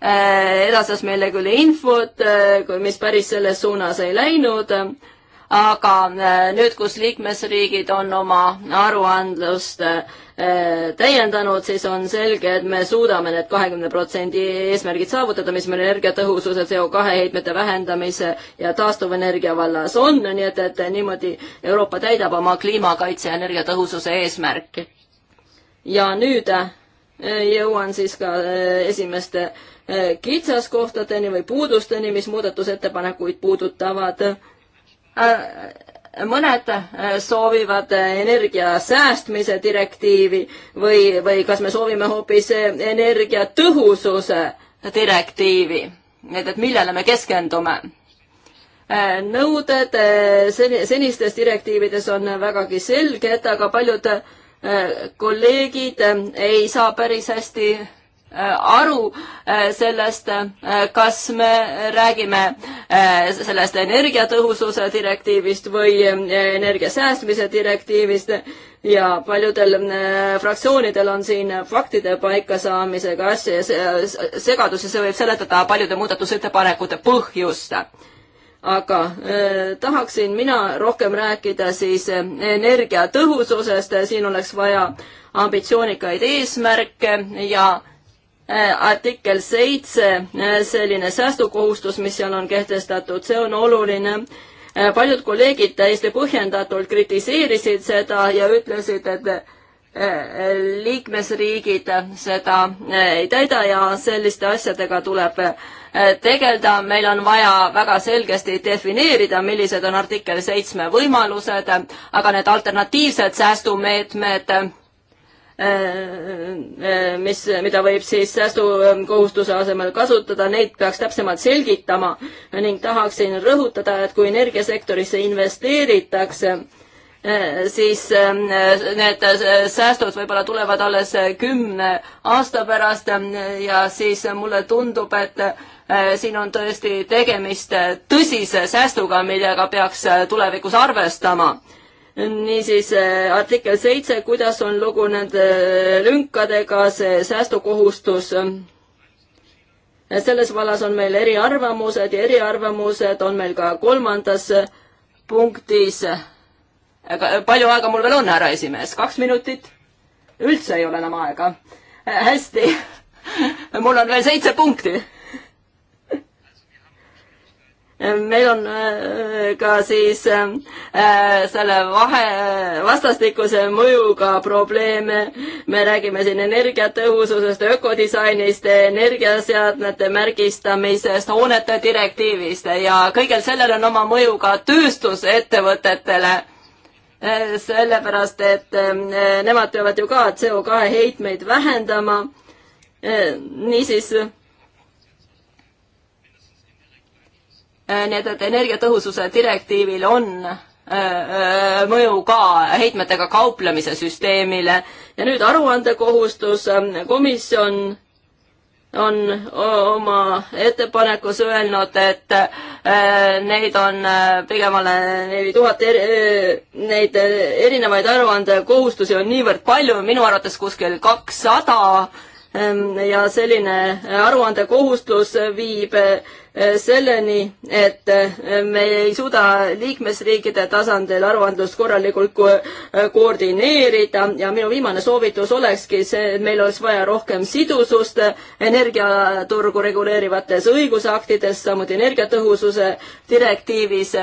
Äh, edastas meile küll infot, äh, mis päris selles suunas ei läinud, aga äh, nüüd, kus liikmesriigid on oma aruandlust täiendanud, siis on selge, et me suudame need kahekümne protsendi eesmärgid saavutada, mis meil energiatõhususe, CO2 heitmete vähendamise ja taastuvenergia vallas on, nii et, et niimoodi Euroopa täidab oma kliimakaitse ja energiatõhususe eesmärki. ja nüüd jõuan siis ka esimeste Äh, kitsaskohtadeni või puudusteni, mis muudatusettepanekuid puudutavad. Äh, mõned äh, soovivad energia säästmise direktiivi või, või kas me soovime hoopis energiatõhususe direktiivi, et, et millele me keskendume nõuded senistes direktiivides on vägagi selged, aga paljud kolleegid ei saa päris hästi Äh, aru äh, sellest, äh, kas me räägime sellest energiatõhususe direktiivist või energia säästmise direktiivist ja paljudel fraktsioonidel on siin faktide paikasaamisega asja segadus ja see võib seletada paljude muudatusettepanekute põhjust aga äh, tahaksin mina rohkem rääkida siis energiatõhususest, siin oleks vaja ambitsioonikaid eesmärke ja äh, Äh, artikkel seitse, äh, selline säästukohustus, mis seal on kehtestatud, see on oluline. Äh, paljud kolleegid täiesti põhjendatult kritiseerisid seda ja ütlesid, et liikmesriigid seda ei täida ja selliste asjadega tuleb tegeleda, meil on vaja väga selgesti defineerida, millised on artikkel seitsme võimalused, aga need alternatiivsed säästumeetmed Äh, äh, mis, mida võib siis säästukohustuse asemel kasutada, neid peaks täpsemalt selgitama ning tahaksin rõhutada, et kui energiasektorisse investeeritakse, äh, siis need säästud võib-olla tulevad alles kümne aasta pärast ja siis mulle tundub, et siin on tõesti tegemist tõsise säästuga, millega peaks tulevikus arvestama niisiis äh, artikkel seitse, kuidas on lugu nende äh, lünkadega, see säästukohustus. selles vallas on meil eriarvamused ja eriarvamused on meil ka kolmandas äh, punktis. palju aega mul veel on, härra esimees, kaks minutit? üldse ei ole enam aega. hästi, mul on veel seitse punkti meil on äh, ka siis äh, selle vahe, vastastikuse mõjuga probleeme. me räägime siin energiatõhususest, ökodisainist, energiaseadmete märgistamisest, hoonete direktiivist ja kõigel sellel on oma mõju ka tööstusettevõtetele äh, sellepärast, et nemad peavad ju ka CO2 heitmeid vähendama. niisiis Äh, nii et, et energiatõhususe direktiivil on äh, äh, mõju ka heitmetega kauplemise süsteemile. ja nüüd aruandekohustus, komisjon on oma ettepanekus öelnud, et neid on pigemale neli tuhat, neid erinevaid aruandekohustusi on niivõrd palju, minu arvates kuskil kakssada Ehm, ja selline aruandekohustus viib eh, selleni, et eh, me ei suuda liikmesriikide tasandil aruandlust korralikult ko eh, koordineerida ja minu viimane soovitus olekski see, et meil oleks vaja rohkem sidusust energiaturgu reguleerivates õigusaktides, samuti energiatõhususe direktiivis.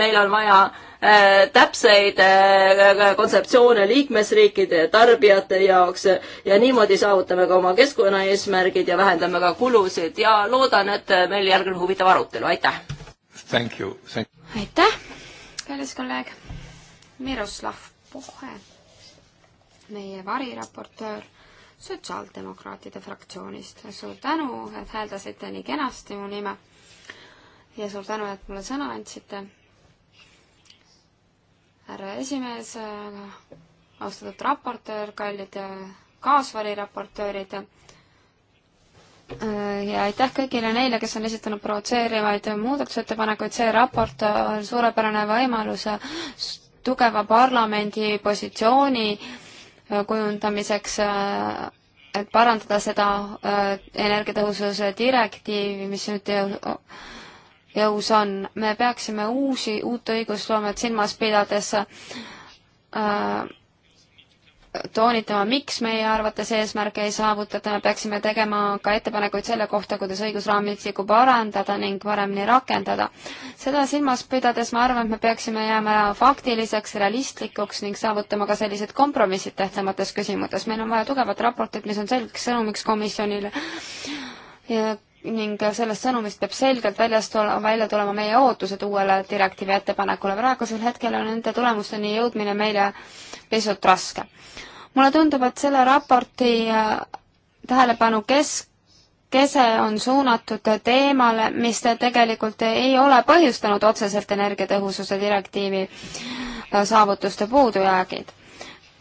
meil on vaja Äh, täpseid äh, kontseptsioone liikmesriikide tarbijate jaoks ja niimoodi saavutame ka oma keskkonnaeesmärgid ja vähendame ka kulusid ja loodan, et meil järgneb huvitav arutelu, aitäh! aitäh, kallis kolleeg Miroslav Pohe, meie variraportöör sotsiaaldemokraatide fraktsioonist. suur tänu, et hääldasite nii kenasti mu nime ja suur tänu, et mulle sõna andsite härra esimees, äh, austatud raportöör, kallid äh, kaasvariraportöörid äh, ja aitäh kõigile neile, kes on esitanud provotseerivaid muudatusettepanekuid, see raport on suurepärane võimalus tugeva parlamendi positsiooni kujundamiseks, et parandada seda energiatõhususe direktiivi, mis nüüd jõus on. me peaksime uusi, uut õigusloomet silmas pidades äh, toonitama, miks meie arvates eesmärke ei saavutata, me peaksime tegema ka ettepanekuid selle kohta, kuidas õigusraamistikku parandada ning paremini rakendada. seda silmas pidades ma arvan, et me peaksime jääma faktiliseks, realistlikuks ning saavutama ka sellised kompromissid tähtsamates küsimustes. meil on vaja tugevat raportit, mis on selgeks sõnumiks komisjonile ja ning sellest sõnumist peab selgelt väljast ole, välja tulema meie ootused uuele direktiivi ettepanekule. praegusel hetkel on nende tulemusteni jõudmine meile pisut raske. mulle tundub, et selle raporti äh, tähelepanu kesk, kese on suunatud teemale, mis te tegelikult ei ole põhjustanud otseselt energiatõhususe direktiivi äh, saavutuste puudujäägid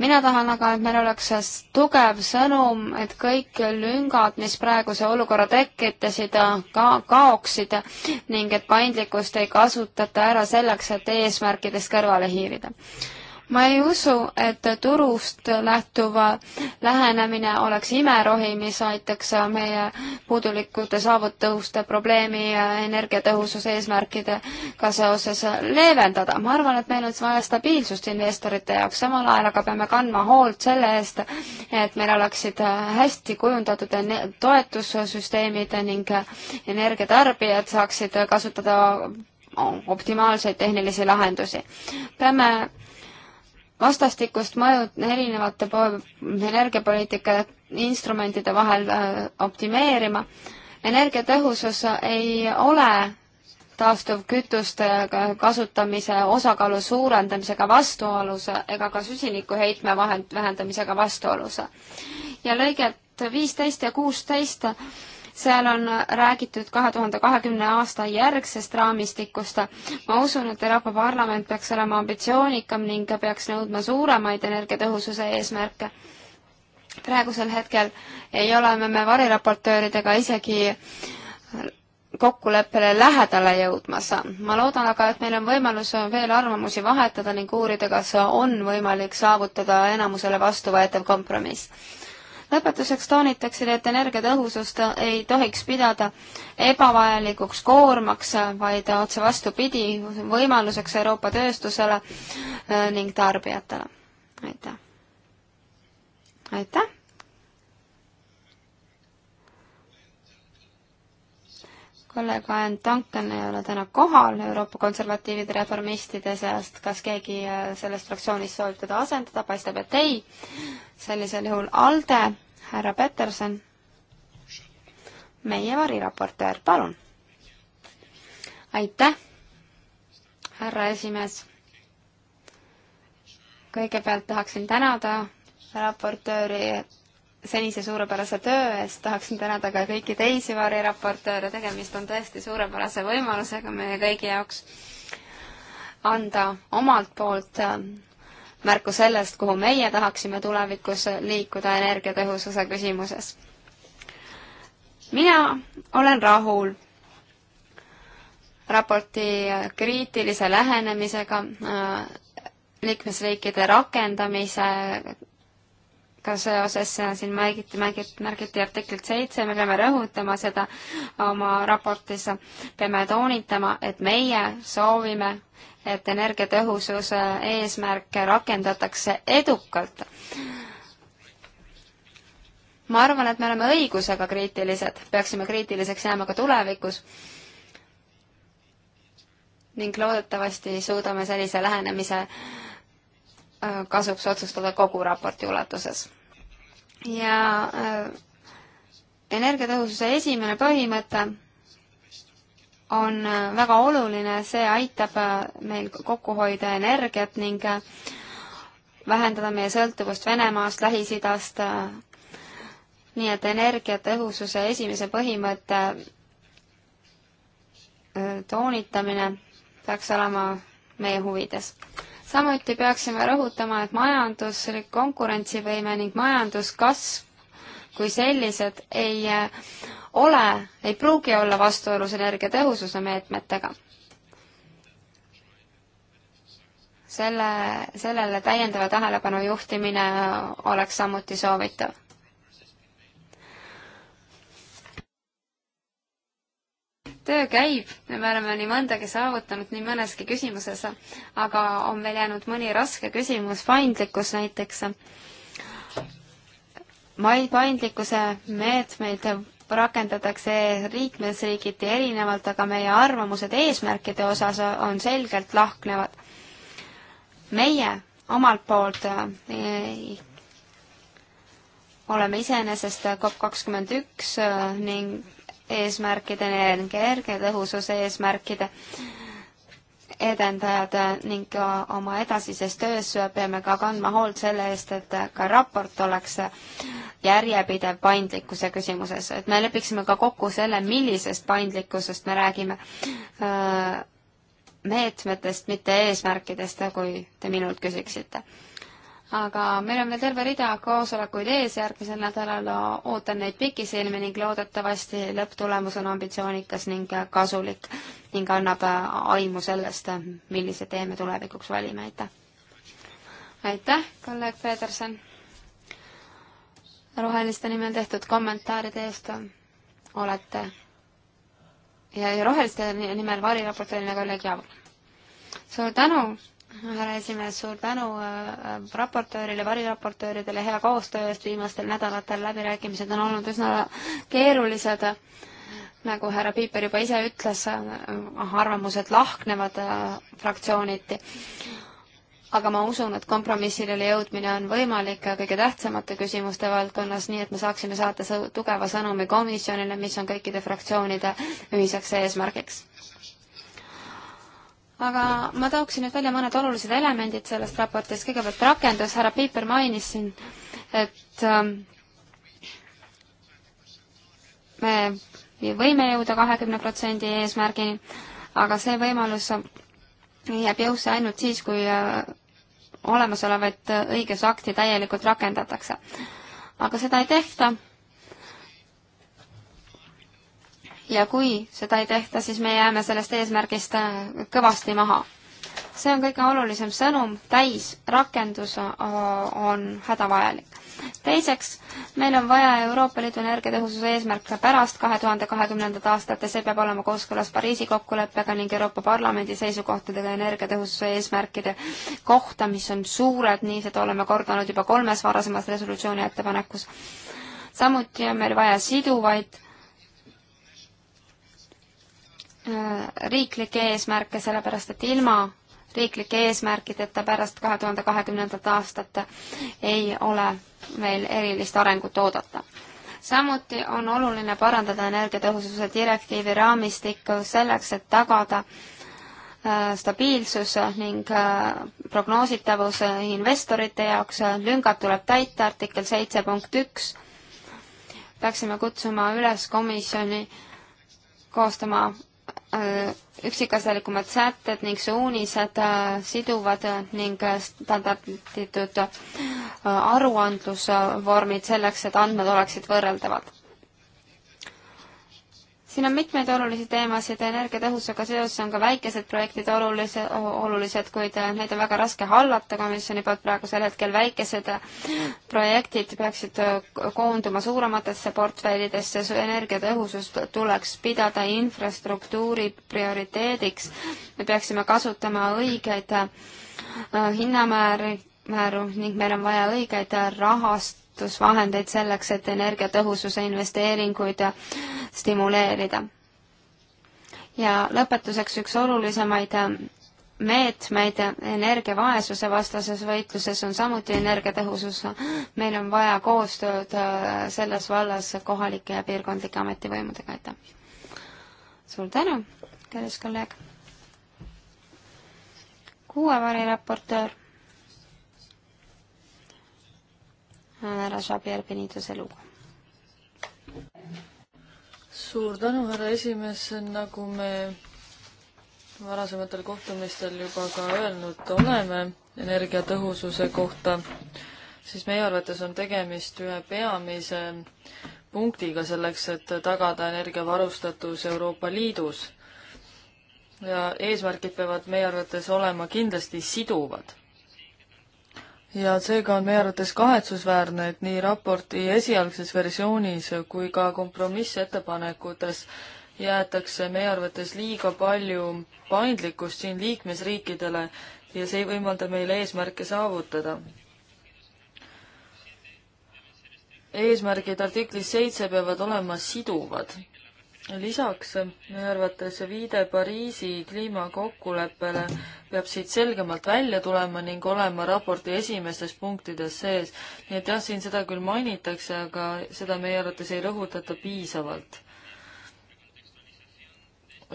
mina tahan aga, et meil oleks tugev sõnum, et kõik lüngad, mis praeguse olukorra tekitasid, ka kaoksid ning et paindlikkust ei kasutata ära selleks, et eesmärkidest kõrvale hiilida ma ei usu, et turust lähtuva lähenemine oleks imerohi, mis aitaks meie puudulikute saavutõuste probleemi energiatõhususe eesmärkidega seoses leevendada. ma arvan, et meil on vaja stabiilsust investorite jaoks, samal ajal aga peame kandma hoolt selle eest, et meil oleksid hästi kujundatud toetussüsteemid ning energiatarbijad saaksid kasutada optimaalseid tehnilisi lahendusi. peame vastastikust mõju erinevate energiapoliitika instrumentide vahel äh, optimeerima. energiatõhusus ei ole taastuvkütuste kasutamise osakaalu suurendamisega vastuolus ega ka süsinikuheitme vahend, vähendamisega vastuolus. ja lõiget viisteist ja kuusteist seal on räägitud kahe tuhande kahekümne aasta järgsest raamistikust. ma usun, et Euroopa Parlament peaks olema ambitsioonikam ning peaks nõudma suuremaid energiatõhususe eesmärke. praegusel hetkel ei ole me, me variraportööridega isegi kokkuleppele lähedale jõudmas. ma loodan aga, et meil on võimalus veel arvamusi vahetada ning uurida, kas on võimalik saavutada enamusele vastuvõetav kompromiss lõpetuseks toonitaksin, et energiatõhusust ei tohiks pidada ebavajalikuks koormaks, vaid otse vastupidi, võimaluseks Euroopa tööstusele äh, ning tarbijatele. aitäh! aitäh! kolleeg Aen Duncan ei ole täna kohal Euroopa konservatiivide reformistide seast, kas keegi äh, sellest fraktsioonist soovib teda asendada, paistab, et ei. sellisel juhul ALDE härra Peterson, meie variraportöör, palun. aitäh, härra esimees. kõigepealt tahaksin tänada raportööri senise suurepärase töö eest, tahaksin tänada ka kõiki teisi variraportööre, tegemist on tõesti suurepärase võimalusega meie kõigi jaoks anda omalt poolt märku sellest, kuhu meie tahaksime tulevikus liikuda energiatõhususe küsimuses. mina olen rahul raporti kriitilise lähenemisega äh, liikmesriikide rakendamisega seoses siin märgiti, märgiti, märgiti artiklit seitse, me peame rõhutama seda oma raportis, peame toonitama, et meie soovime et energiatõhususe eesmärke rakendatakse edukalt. ma arvan, et me oleme õigusega kriitilised, peaksime kriitiliseks jääma ka tulevikus ning loodetavasti suudame sellise lähenemise äh, kasuks otsustada kogu raporti ulatuses. ja äh, energiatõhususe esimene põhimõte on äh, väga oluline, see aitab äh, meil kokku hoida energiat ning äh, vähendada meie sõltuvust Venemaast, Lähis-Idast. nii et energiatõhususe esimese põhimõtte toonitamine peaks olema meie huvides. samuti peaksime rõhutama, et majanduslik konkurentsivõime ning majanduskasv kui sellised ei ole, ei pruugi olla vastuolus energiatõhususe meetmetega. selle, sellele täiendava tähelepanu juhtimine oleks samuti soovitav. töö käib ja me oleme nii mõndagi saavutanud nii mõneski küsimuses, aga on veel jäänud mõni raske küsimus, paindlikkus näiteks paindlikkuse meetmeid rakendatakse liikmesriigiti erinevalt, aga meie arvamused eesmärkide osas on selgelt lahknevad. meie omalt poolt ei, eh, oleme iseenesest COP kakskümmend eh, üks ning eesmärkide ning energiatõhususe eesmärkide äh, edendajad ning oma edasises töös peame ka kandma hoolt selle eest, et ka raport oleks järjepidev paindlikkuse küsimuses, et me lepiksime ka kokku selle, millisest paindlikkusest me räägime äh, meetmetest, mitte eesmärkidest, kui te minult küsiksite aga meil on veel terve rida koosolekuid ees, järgmisel nädalal ootan neid pikisilmi ning loodetavasti lõpptulemus on ambitsioonikas ning kasulik ning annab aimu sellest, millise tee me tulevikuks valime, aitäh! aitäh, kolleeg Peterson! roheliste nimel tehtud kommentaaride eest olete ja, ja roheliste nimel variraportöörina kolleeg Jaavul. suur tänu! härra esimees, suur tänu äh, raportöörile, variraportööridele hea koostöö eest viimastel nädalatel, läbirääkimised on olnud üsna keerulised nagu härra Piiper juba ise ütles, äh, arvamused lahknevad äh, fraktsiooniti. aga ma usun, et kompromissidele jõudmine on võimalik kõige tähtsamate küsimuste valdkonnas, nii et me saaksime saata tugeva sõnumi komisjonile, mis on kõikide fraktsioonide ühiseks eesmärgiks aga ma tooksin nüüd välja mõned olulised elemendid sellest raportist, kõigepealt rakendus, härra Piiper mainis siin, et ähm, me võime jõuda kahekümne protsendi eesmärgini, aga see võimalus jääb jõusse ainult siis, kui äh, olemasolevaid õigusakti täielikult rakendatakse. aga seda ei tehta ja kui seda ei tehta, siis me jääme sellest eesmärgist äh, kõvasti maha. see on kõige olulisem sõnum, täisrakendus äh, on hädavajalik. teiseks, meil on vaja Euroopa Liidu energiatõhususe eesmärke pärast kahe tuhande kahekümnendat aastat ja see peab olema kooskõlas Pariisi kokkuleppega ning Euroopa Parlamendi seisukohtadega energiatõhususe eesmärkide kohta, mis on suured, nii seda oleme kordanud juba kolmes varasemas resolutsiooni ettepanekus. samuti on meil vaja siduvaid Äh, riiklikke eesmärke, sellepärast et ilma riiklike eesmärkideta pärast kahe tuhande kahekümnendat aastat ei ole meil erilist arengut oodata. samuti on oluline parandada energiatõhususe direktiivi raamistikku selleks, et tagada äh, stabiilsus ning äh, prognoositavus investorite jaoks, lüngad tuleb täita, artikkel seitse punkt üks, peaksime kutsuma üles komisjoni koostama Äh, üksikasjalikumad sätted ning suunised äh, siduvad ning äh, standarditud aruandlusvormid selleks, et andmed oleksid võrreldavad siin on mitmeid olulisi teemasid, energiatõhususega seoses on ka väikesed projektid olulise, olulised, kuid äh, neid on väga raske hallata komisjoni poolt praegusel hetkel. väikesed äh, projektid peaksid äh, koonduma suurematesse portfellidesse, energiatõhusust tuleks pidada infrastruktuuri prioriteediks. me peaksime kasutama õigeid hinnamääri, määru ning meil on vaja õigeid rahast-, toetusvahendeid selleks, et energiatõhususe investeeringuid stimuleerida. ja lõpetuseks üks olulisemaid meetmeid energiavaesuse vastases võitluses on samuti energiatõhusus. meil on vaja koostööd selles vallas kohalike ja piirkondlike ametivõimudega, aitäh! suur tänu, kallis kolleeg! kuue variraportöör härra Žabier Benituse lugu. suur tänu, härra esimees, nagu me varasematel kohtumistel juba ka öelnud oleme energiatõhususe kohta, siis meie arvates on tegemist ühe peamise punktiga selleks, et tagada energiavarustatus Euroopa Liidus. ja eesmärgid peavad meie arvates olema kindlasti siduvad ja seega on meie arvates kahetsusväärne, et nii raporti esialgses versioonis kui ka kompromissettepanekutes jäetakse meie arvates liiga palju paindlikkust siin liikmesriikidele ja see ei võimalda meile eesmärke saavutada. eesmärgid artiklis seitse peavad olema siduvad lisaks minu arvates viide Pariisi kliimakokkuleppele peab siit selgemalt välja tulema ning olema raporti esimestes punktides sees. nii et jah, siin seda küll mainitakse, aga seda meie arvates ei rõhutata piisavalt.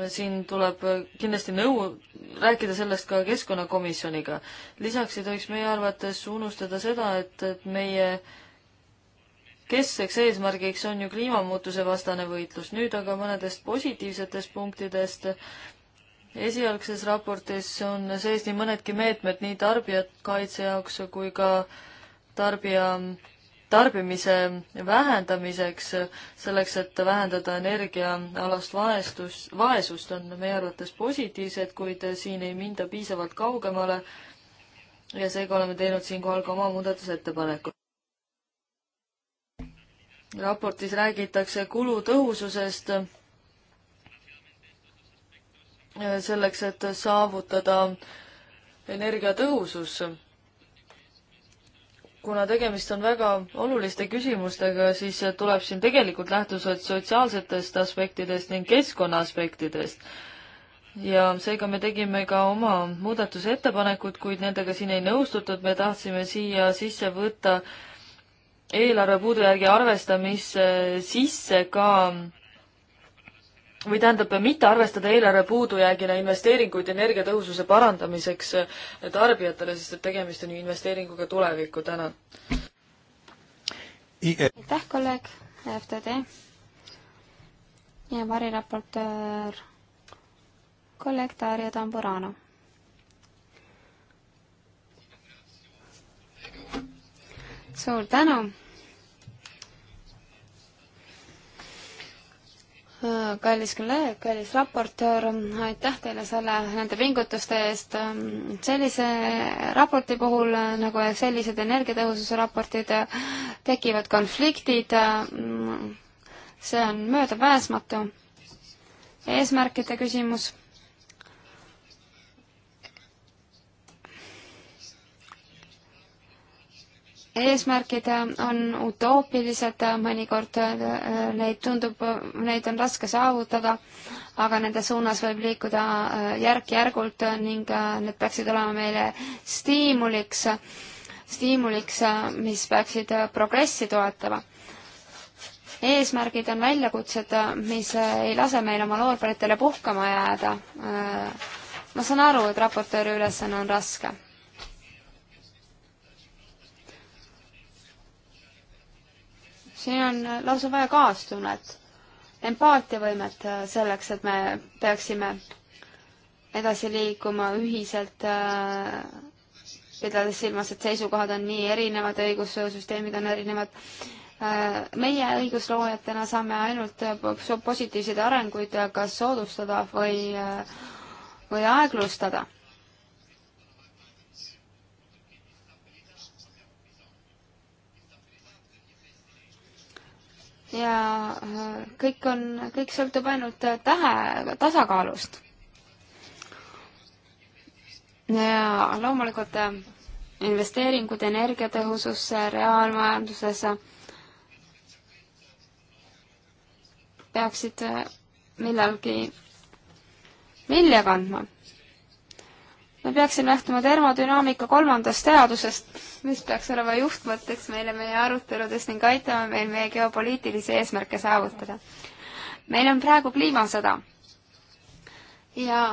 siin tuleb kindlasti nõu, rääkida sellest ka keskkonnakomisjoniga. lisaks ei tohiks meie arvates unustada seda, et, et meie äh, keskseks eesmärgiks on ju kliimamuutuse vastane võitlus, nüüd aga mõnedest positiivsetest punktidest. esialgses raportis on sees nii mõnedki meetmed nii tarbijakaitse jaoks kui ka tarbija, tarbimise vähendamiseks, selleks, et vähendada energiaalast vaestust, vaesust on meie arvates positiivsed, kuid siin ei minda piisavalt kaugemale ja seega oleme teinud siinkohal ka oma muudatusettepaneku raportis räägitakse kulutõhususest äh, selleks, et saavutada energiatõhusus. kuna tegemist on väga oluliste küsimustega, siis tuleb siin tegelikult lähtuda sotsiaalsetest aspektidest ning keskkonna aspektidest. ja seega me tegime ka oma muudatusettepanekud, kuid nendega siin ei nõustutud, me tahtsime siia sisse võtta äh, eelarve puudujäägi arvestamisse sisse ka või tähendab, mitte arvestada eelarve puudujäägina investeeringuid energiatõhususe parandamiseks äh, tarbijatele, sest et tegemist on ju investeeringuga tulevikku, tänan. E. aitäh, kolleeg FTD ja variraportöör kolleeg Darja Tamburano. suur tänu kallis kolleeg, kallis raportöör, aitäh teile selle, nende pingutuste eest. sellise raporti puhul nagu sellised energiatõhususe raportid tekivad konfliktid. see on möödapääsmatu eesmärkide küsimus eesmärgid on utoopilised, mõnikord äh, neid tundub, neid on raske saavutada, aga nende suunas võib liikuda äh, järk-järgult ning äh, need peaksid olema meile stiimuliks, stiimuliks, mis peaksid progressi toetama eesmärgid on väljakutsed, mis ei lase meil oma loorberitele puhkama jääda. ma saan aru, et raportööri ülesanne on raske siin on äh, lausa vaja kaastunnet, empaatiavõimet äh, selleks, et me peaksime edasi liikuma ühiselt äh, pidades silmas, et seisukohad on nii erinevad, õigussüsteemid on erinevad. Äh, meie õigusloojatena saame ainult positiivseid arenguid kas soodustada või, või aeglustada. ja äh, kõik on, kõik sõltub ainult äh, tähe, tasakaalust. ja loomulikult äh, investeeringud energiatõhususse, reaalmajandusesse peaksid millalgi vilja kandma me peaksime lähtuma termodünaamika kolmandast teadusest, mis peaks olema juhtmõtteks meile meie aruteludes ning aitama meil meie geopoliitilisi eesmärke saavutada. meil on praegu kliimasõda ja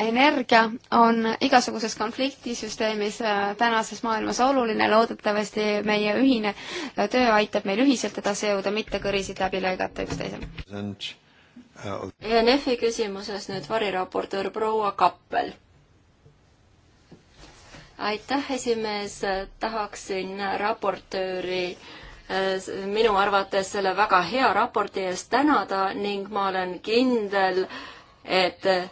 energia on igasuguses konfliktisüsteemis äh, tänases maailmas oluline, loodetavasti meie ühine äh, töö aitab meil ühiselt edasi jõuda, mitte kõrisid läbi lõigata üksteisele. Uh, ENF-i küsimuses nüüd variraportöör proua Kappel aitäh, esimees, tahaksin raportööri äh, minu arvates selle väga hea raporti eest tänada ning ma olen kindel, et äh,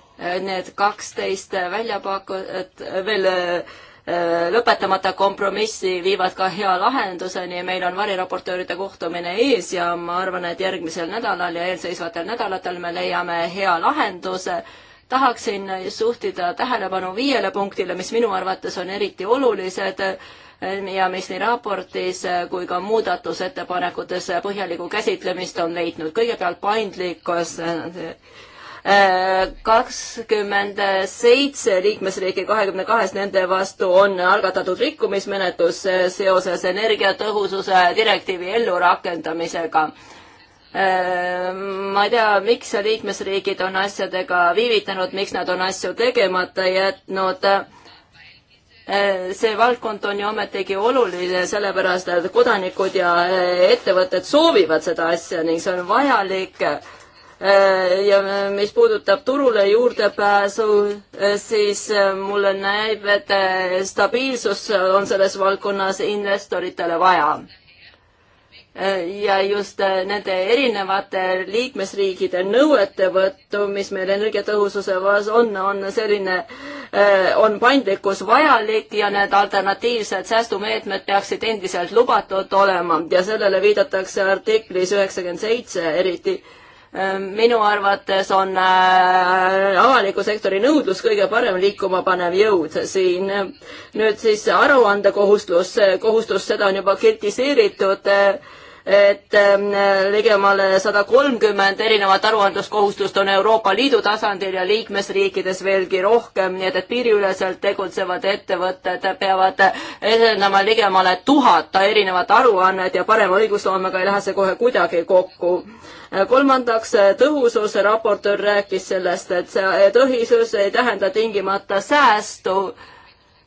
need kaksteist välja pakut-, veel äh, lõpetamata kompromissi viivad ka hea lahenduseni, meil on variraportööride kohtumine ees ja ma arvan, et järgmisel nädalal ja eelseisvatel nädalatel me leiame hea lahenduse tahaksin suhtida tähelepanu viiele punktile, mis minu arvates on eriti olulised eh, ja mis nii raportis eh, kui ka muudatusettepanekutes põhjalikku käsitlemist on leidnud. kõigepealt paindlikkus eh, kakskümmend seitse liikmesriiki kahekümne kahest nende vastu on algatatud rikkumismenetlus seoses energiatõhususe direktiivi ellurakendamisega Äh, ma ei tea, miks liikmesriigid on asjadega viivitanud, miks nad on asju tegemata jätnud. Äh, see valdkond on ju ometigi oluline, sellepärast et kodanikud ja äh, ettevõtted soovivad seda asja ning see on vajalik. ja mis puudutab turule juurdepääsu, siis mulle näib, et stabiilsus on selles valdkonnas investoritele vaja ja just äh, nende erinevate liikmesriikide nõuete võttu, mis meil energiatõhususe osas on, on selline, äh, on paindlikkus vajalik ja need alternatiivsed säästumeetmed peaksid endiselt lubatud olema ja sellele viidatakse artiklis üheksakümmend seitse eriti ähm, minu arvates on äh, avaliku sektori nõudlus kõige parem liikuma panev jõud siin. nüüd siis aruandekohustus, kohustus, seda on juba kritiseeritud et ähm, ligemale sada kolmkümmend erinevat aruandluskohustust on Euroopa Liidu tasandil ja liikmesriikides veelgi rohkem, nii et, et piiriüleselt tegutsevad ettevõtted peavad edendama ligemale tuhat erinevat aruannet ja parema õigusloomega ei lähe see kohe kuidagi kokku. kolmandaks, tõhusus, raportöör rääkis sellest, et see tõhisus ei tähenda tingimata säästu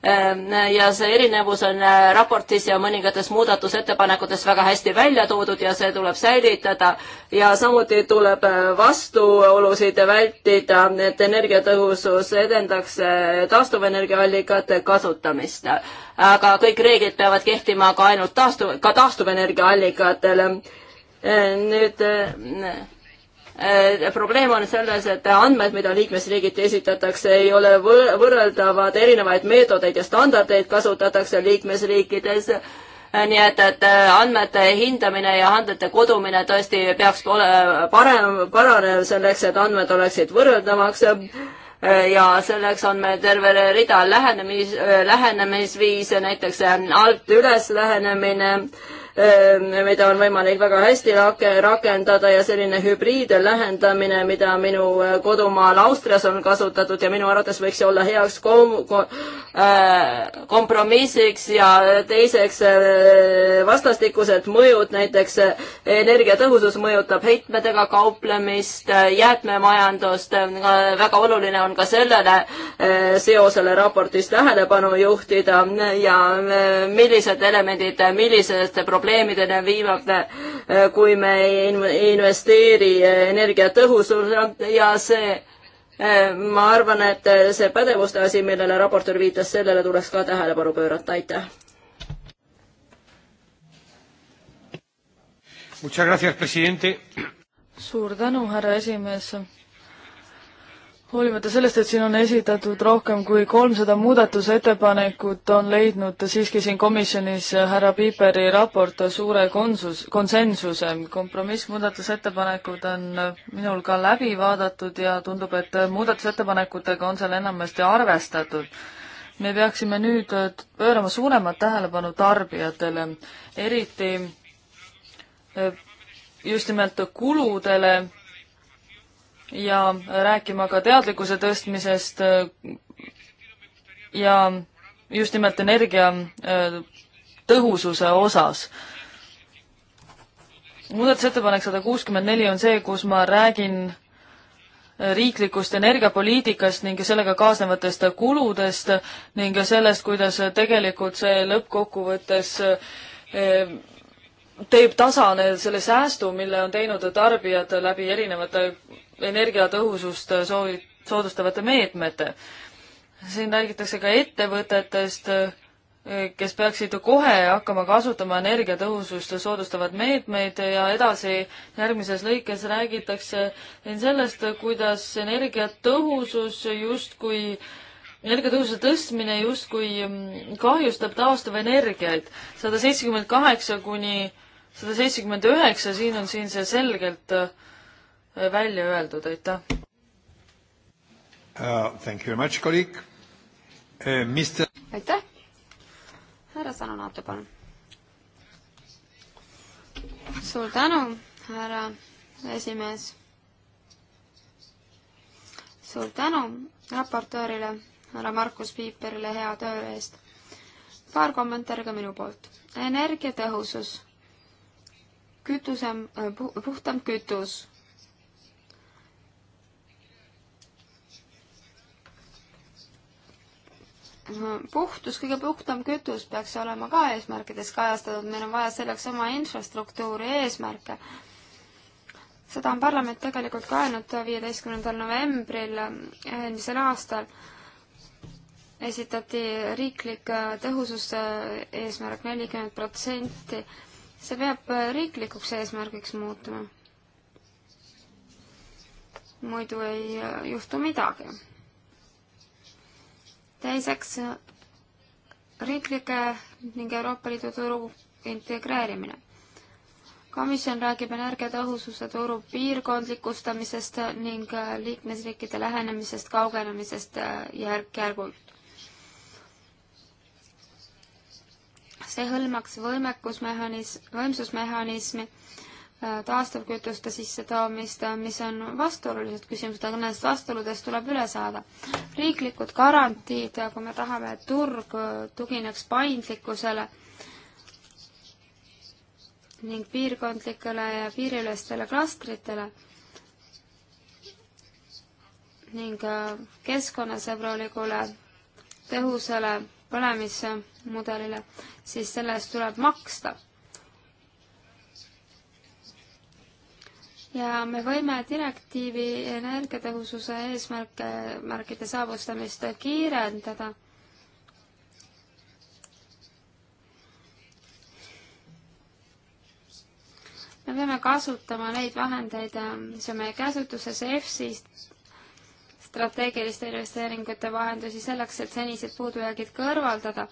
Ehm, ja see erinevus on äh, raportis ja mõningates muudatusettepanekutes väga hästi välja toodud ja see tuleb säilitada. ja samuti tuleb äh, vastuolusid vältida, et energiatõhusus edendaks äh, taastuvenergiaallikate kasutamist. aga kõik reeglid peavad kehtima ka ainult taastu-, ka taastuvenergiaallikatele. Ehm, nüüd Äh, probleem on selles, et andmed, mida liikmesriigiti esitatakse, ei ole võrreldavad, erinevaid meetodeid ja standardeid kasutatakse liikmesriikides. Äh, nii et, et äh, andmete hindamine ja andmete kodumine tõesti peaks olema parem, paranev selleks, et andmed oleksid võrreldavaks ja selleks on meil terve rida lähenemis, lähenemisviise, näiteks alt üles lähenemine äh, Ehm, mida on võimalik väga hästi rakendada ja selline hübriidlähendamine, mida minu eh, kodumaal Austrias on kasutatud ja minu arvates võiks see olla heaks kom-, Äh, kompromissiks ja teiseks äh, vastastikused mõjud, näiteks äh, energiatõhusus mõjutab heitmedega kauplemist, jäätmemajandust, väga oluline on ka sellele seosele raportis tähelepanu juhtida ja millised elemendid milliseste probleemideni viivad, kui me ei investeeri energiatõhususele ja see Äh, ma arvan, et äh, see pädevuste asi, millele raportöör viitas, sellele tuleks ka tähelepanu pöörata, aitäh. suur tänu, härra esimees hoolimata sellest, et siin on esitatud rohkem kui kolmsada muudatusettepanekut, on leidnud siiski siin komisjonis härra Piiperi raport suure konsus, konsensuse. kompromissmuudatusettepanekud on minul ka läbi vaadatud ja tundub, et muudatusettepanekutega on seal enamasti arvestatud. me peaksime nüüd pöörama suuremat tähelepanu tarbijatele, eriti just nimelt kuludele ja rääkima ka teadlikkuse tõstmisest ja just nimelt energia äh, tõhususe osas. muudatusettepanek sada kuuskümmend neli on see, kus ma räägin äh, riiklikust energiapoliitikast ning sellega kaasnevatest kuludest ning sellest, kuidas tegelikult see lõppkokkuvõttes äh, teeb tasane selle säästu, mille on teinud tarbijad läbi erinevate energiatõhusust soovi-, soodustavate meetmete. siin räägitakse ka ettevõtetest, kes peaksid kohe hakkama kasutama energiatõhusust soodustavaid meetmeid ja edasi järgmises lõikes räägitakse sellest, kuidas energiatõhusus justkui energiatõhususe tõstmine justkui kahjustab taastuvenergiaid. sada seitsekümmend kaheksa kuni sada seitsekümmend üheksa, siin on siin see selgelt äh, välja öeldud, aitäh uh,. Thank you very much, kolleeg uh,. Mister... aitäh. härra Sanonato, palun. suur tänu, härra esimees. suur tänu raportöörile, härra Markus Piiperile hea töö eest. paar kommentaari ka minu poolt. energiatõhusus kütuse, puhtam kütus puhtus, kõige puhtam kütus peaks olema ka eesmärkides kajastatud, meil on vaja selleks oma infrastruktuuri eesmärke. seda on parlament tegelikult ka öelnud viieteistkümnendal novembril eelmisel aastal, esitati riiklik tõhususe eesmärk nelikümmend protsenti. see peab riiklikuks eesmärgiks muutuma. muidu ei juhtu midagi teiseks, riiklike ning Euroopa Liidu turu integreerimine. komisjon räägib energiatõhususe turu piirkondlikustamisest ning liikmesriikide lähenemisest kaugenemisest järk-järgult. see hõlmaks võimekusmehhanism, võimsusmehhanismi Äh, taastuvkütuste sissetoomist, äh, mis on vastuolulised küsimused, aga nendest vastuoludest tuleb üle saada. riiklikud garantiid, äh, kui me tahame, et turg tugineks paindlikkusele ning piirkondlikele ja piiriülestele klastritele ning keskkonnasõbralikule tõhusale põlemismudelile, siis selle eest tuleb maksta ja me võime direktiivi energiatõhususe eesmärke, märkide saavutamist kiirendada. me peame kasutama neid vahendeid, mis on meie käsutuses EFSist, strateegiliste investeeringute vahendusi selleks, et senised puudujäägid kõrvaldada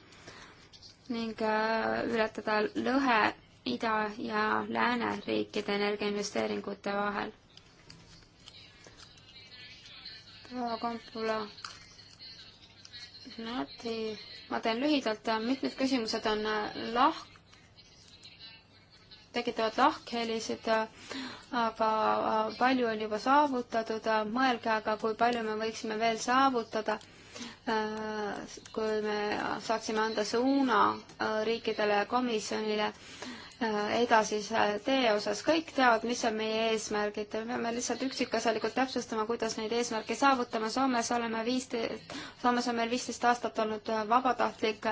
ning äh, ületada lõhe ida- ja lääneriikide energiainvesteeringute vahel. proua Kompula, Nati, ma teen lühidalt, mitmed küsimused on äh, lah-, tekitavad lahkhelisid, äh, aga äh, palju on juba saavutatud, mõelge aga, kui palju me võiksime veel saavutada kui me saaksime anda suuna riikidele ja komisjonile Äh, edasise tee osas, kõik teavad, mis on meie eesmärgid, me peame lihtsalt üksikasjalikult täpsustama, kuidas neid eesmärke saavutame, Soomes oleme viisteist, Soomes on meil viisteist aastat olnud äh, vabatahtlik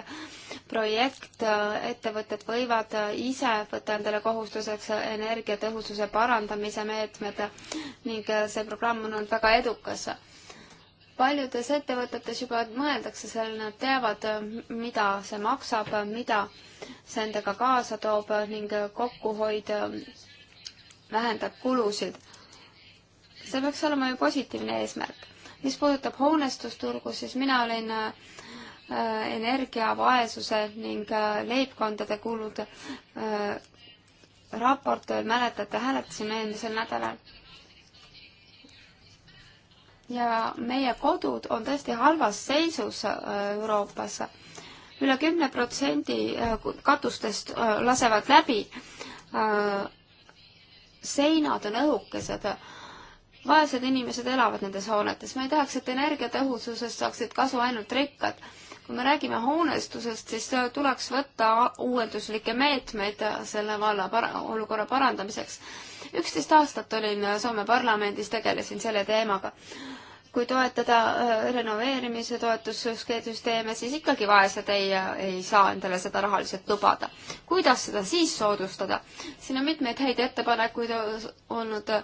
projekt, äh, ettevõtted võivad ise võtta endale kohustuseks energiatõhususe parandamise meetmed ning see programm on olnud väga edukas paljudes ettevõtetes juba mõeldakse sellele, nad teavad, mida see maksab, mida see endaga kaasa toob ning kokkuhoid ähm, vähendab kulusid. see peaks olema ju positiivne eesmärk. mis puudutab hoonestusturgu, siis mina olin äh, energiavaesuse ning äh, leibkondade kulude äh, raportöör, mäletate, hääletasime eelmisel nädalal ja meie kodud on tõesti halvas seisus äh, Euroopas üle. üle kümne protsendi äh, katustest äh, lasevad läbi. seinad on õhukesed. vaesed inimesed elavad nendes hoonetes. ma ei tahaks, et energiatõhususest saaksid kasu ainult rikkad. kui me räägime hoonestusest, siis tuleks võtta uuenduslikke meetmeid selle valla para-, olukorra parandamiseks. üksteist aastat olin Soome parlamendis, tegelesin selle teemaga kui toetada äh, renoveerimise toetusskeemisüsteeme, siis ikkagi vaesed ei, äh, ei saa endale seda rahaliselt lubada. kuidas seda siis soodustada? siin on mitmeid häid ettepanekuid olnud äh,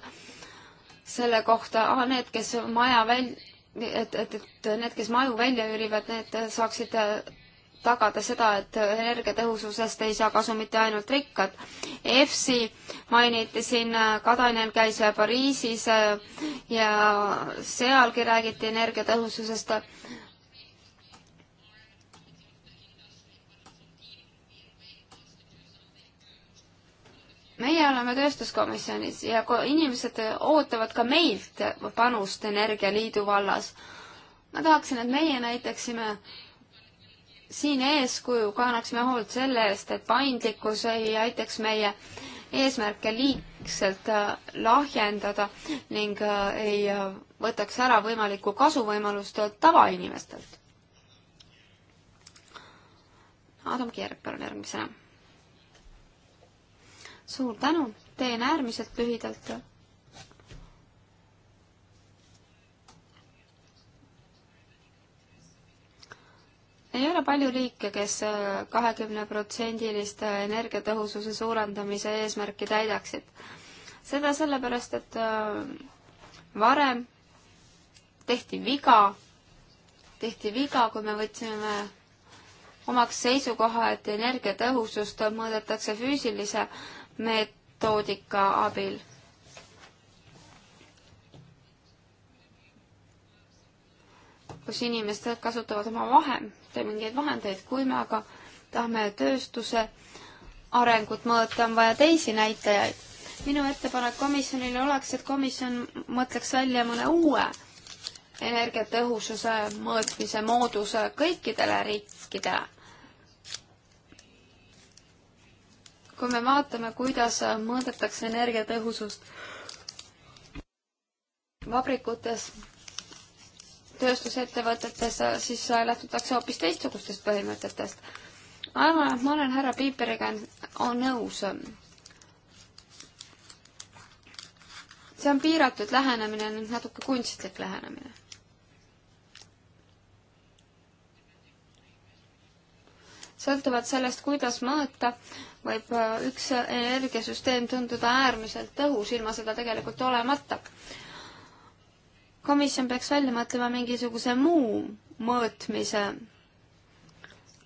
selle kohta, ah, need, kes maja väl-, et, et, et need, kes maju välja üürivad, need saaksid tagada seda, et energiatõhususest ei saa kasu mitte ainult rikkad. EFSI mainiti siin, Kadanen käis Pariisis äh, ja sealgi räägiti energiatõhususest. meie oleme tööstuskomisjonis ja inimesed ootavad ka meilt panust Energialiidu vallas. ma tahaksin, et meie näitaksime siin eeskuju kannaksime hoolt selle eest, et paindlikkus ei aitaks meie eesmärke liigselt äh, lahjendada ning äh, ei äh, võtaks ära võimalikku kasuvõimalust tavainimestelt. Adam Kierg, palun järgmisena. suur tänu, teen äärmiselt lühidalt ei ole palju liike, kes äh, kahekümneprotsendilist energiatõhususe suurendamise eesmärki täidaksid. seda sellepärast, et äh, varem tehti viga, tehti viga, kui me võtsime omaks seisukoha, et energiatõhusust mõõdetakse füüsilise meetodiga abil kus inimesed kasutavad oma vahem, mingeid vahendeid, kui me aga tahame tööstuse arengut mõõta, on vaja teisi näitajaid. minu ettepanek komisjonile oleks, et komisjon mõtleks välja mõne uue energiatõhususe mõõtmise mooduse kõikidele riikidele. kui me vaatame, kuidas mõõdetakse energiatõhusust vabrikutes tööstusettevõtetes, siis lähtutakse hoopis teistsugustest põhimõtetest. arvan, et ma olen härra Piiperiga nõus. see on piiratud lähenemine, natuke kunstlik lähenemine sõltuvalt sellest, kuidas mõõta, võib üks energiasüsteem tunduda äärmiselt tõhus, ilma seda tegelikult olemata komisjon peaks välja mõtlema mingisuguse muu mõõtmise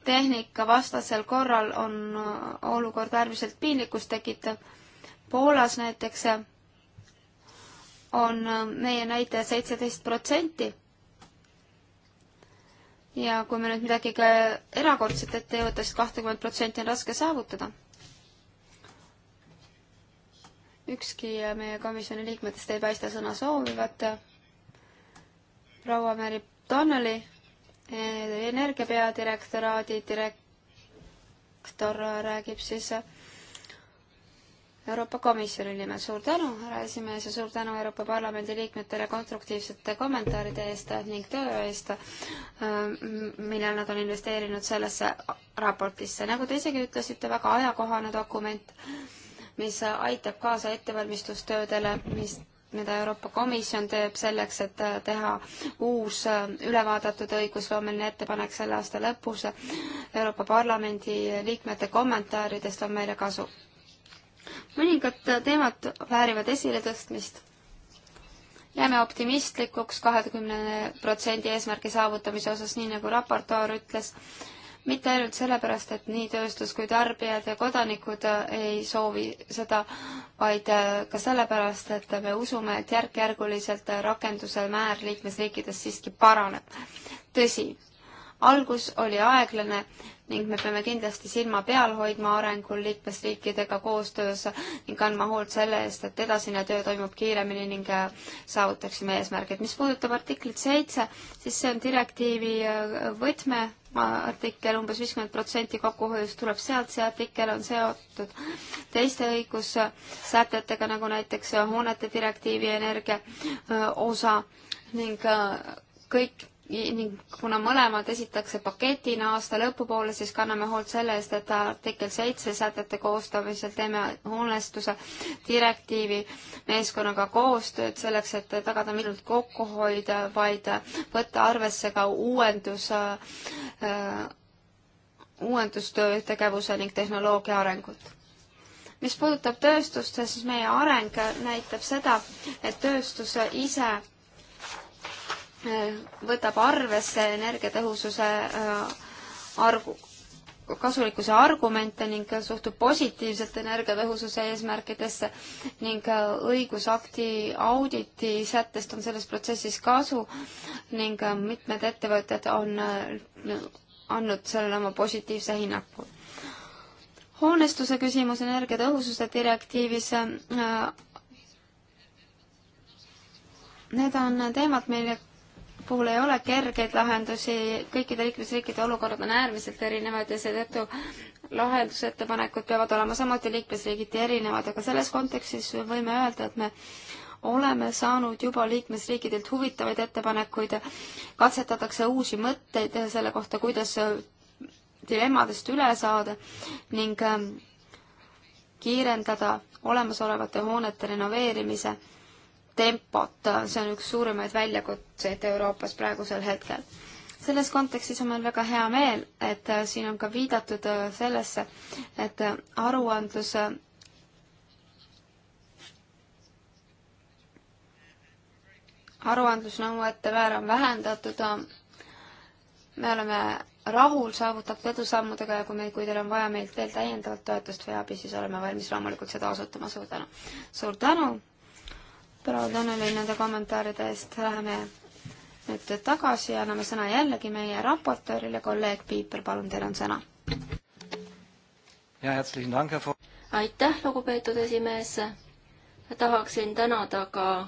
tehnika, vastasel korral on äh, olukord äärmiselt piinlikkust tekitav. Poolas näiteks äh, on äh, meie näitaja seitseteist protsenti. ja kui me nüüd midagi ka erakordset ette ei võta, siis kahtekümmet protsenti on raske saavutada. ükski meie komisjoni liikmetest ei paista sõna soovivat proua Mary Donnelly, eh, energia peadirektoraadi direktor räägib siis eh, Euroopa Komisjoni nimel. suur tänu, härra esimees, ja suur tänu Euroopa Parlamendi liikmetele konstruktiivsete kommentaaride eest ning töö eest, eh, millal nad on investeerinud sellesse raportisse. nagu te isegi ütlesite, väga ajakohane dokument, mis aitab kaasa ettevalmistustöödele, mis mida Euroopa Komisjon teeb selleks, et äh, teha uus äh, ülevaadatud õigusloomeline ettepanek selle aasta lõpus. Euroopa Parlamendi liikmete kommentaaridest on meile kasu. mõningad äh, teemad väärivad esiletõstmist. jääme optimistlikuks kahekümne protsendi eesmärgi saavutamise osas, nii nagu raportöör ütles mitte ainult sellepärast, et nii tööstus kui tarbijad ja kodanikud äh, ei soovi seda, vaid äh, ka sellepärast, et me usume, et järk-järguliselt äh, rakenduse määr liikmesriikides siiski paraneb. tõsi, algus oli aeglane ning me peame kindlasti silma peal hoidma arengul liikmesriikidega koostöös ning kandma hoolt selle eest, et edasine töö toimub kiiremini ning saavutaksime eesmärgid. mis puudutab artiklit seitse, siis see on direktiivi võtme artikkel umbes, umbes viiskümmend protsenti kokkuhoiust tuleb sealt, see artikkel on seotud teiste õigussätetega, nagu näiteks hoonete direktiivi energia äh, osa ning äh, kõik ning kuna mõlemad esitakse paketina aasta lõpupoole, siis kanname hoolt selle eest, et artikkel seitse sätete koostamisel teeme hoonestuse direktiivi meeskonnaga koostööd selleks, et tagada mitte kokkuhoid, vaid võtta arvesse ka uuendus äh,, uuendustöö tegevuse ning tehnoloogia arengut mis puudutab tööstust, siis meie areng näitab seda, et tööstus ise võtab arvesse energiatõhususe äh, argu, kasulikkuse argumente ning suhtub positiivselt energiatõhususe eesmärkidesse ning äh, õigusakti auditi sättest on selles protsessis kasu ning äh, mitmed ettevõtted on andnud sellele oma positiivse hinnangu. hoonestuse küsimus energiatõhususe direktiivis Need on teemad, mille puhul ei ole kergeid lahendusi, kõikide liikmesriikide olukorrad on äärmiselt erinevad ja seetõttu lahendusettepanekud peavad olema samuti liikmesriigiti erinevad, aga selles kontekstis võime öelda, et me oleme saanud juba liikmesriikidelt huvitavaid ettepanekuid, katsetatakse uusi mõtteid selle kohta, kuidas dilemmadest üle saada ning kiirendada olemasolevate hoonete renoveerimise tempot, see on üks suurimaid väljakutseid Euroopas praegusel hetkel. selles kontekstis on meil väga hea meel, et äh, siin on ka viidatud äh, sellesse, et äh, aruandlus aruandlusnõuete määr on vähendatud, me oleme rahul saavutatud edusammudega ja kui meil, kui teil on vaja meilt veel täiendavat toetust või abi, siis oleme valmis loomulikult seda osutama. suur tänu! suur tänu! proua Donneli nende kommentaaride eest, läheme nüüd tagasi ja anname sõna jällegi meie raportöörile, kolleeg Piiper, palun, teil on sõna. aitäh, lugupeetud esimees. tahaksin tänada ka äh,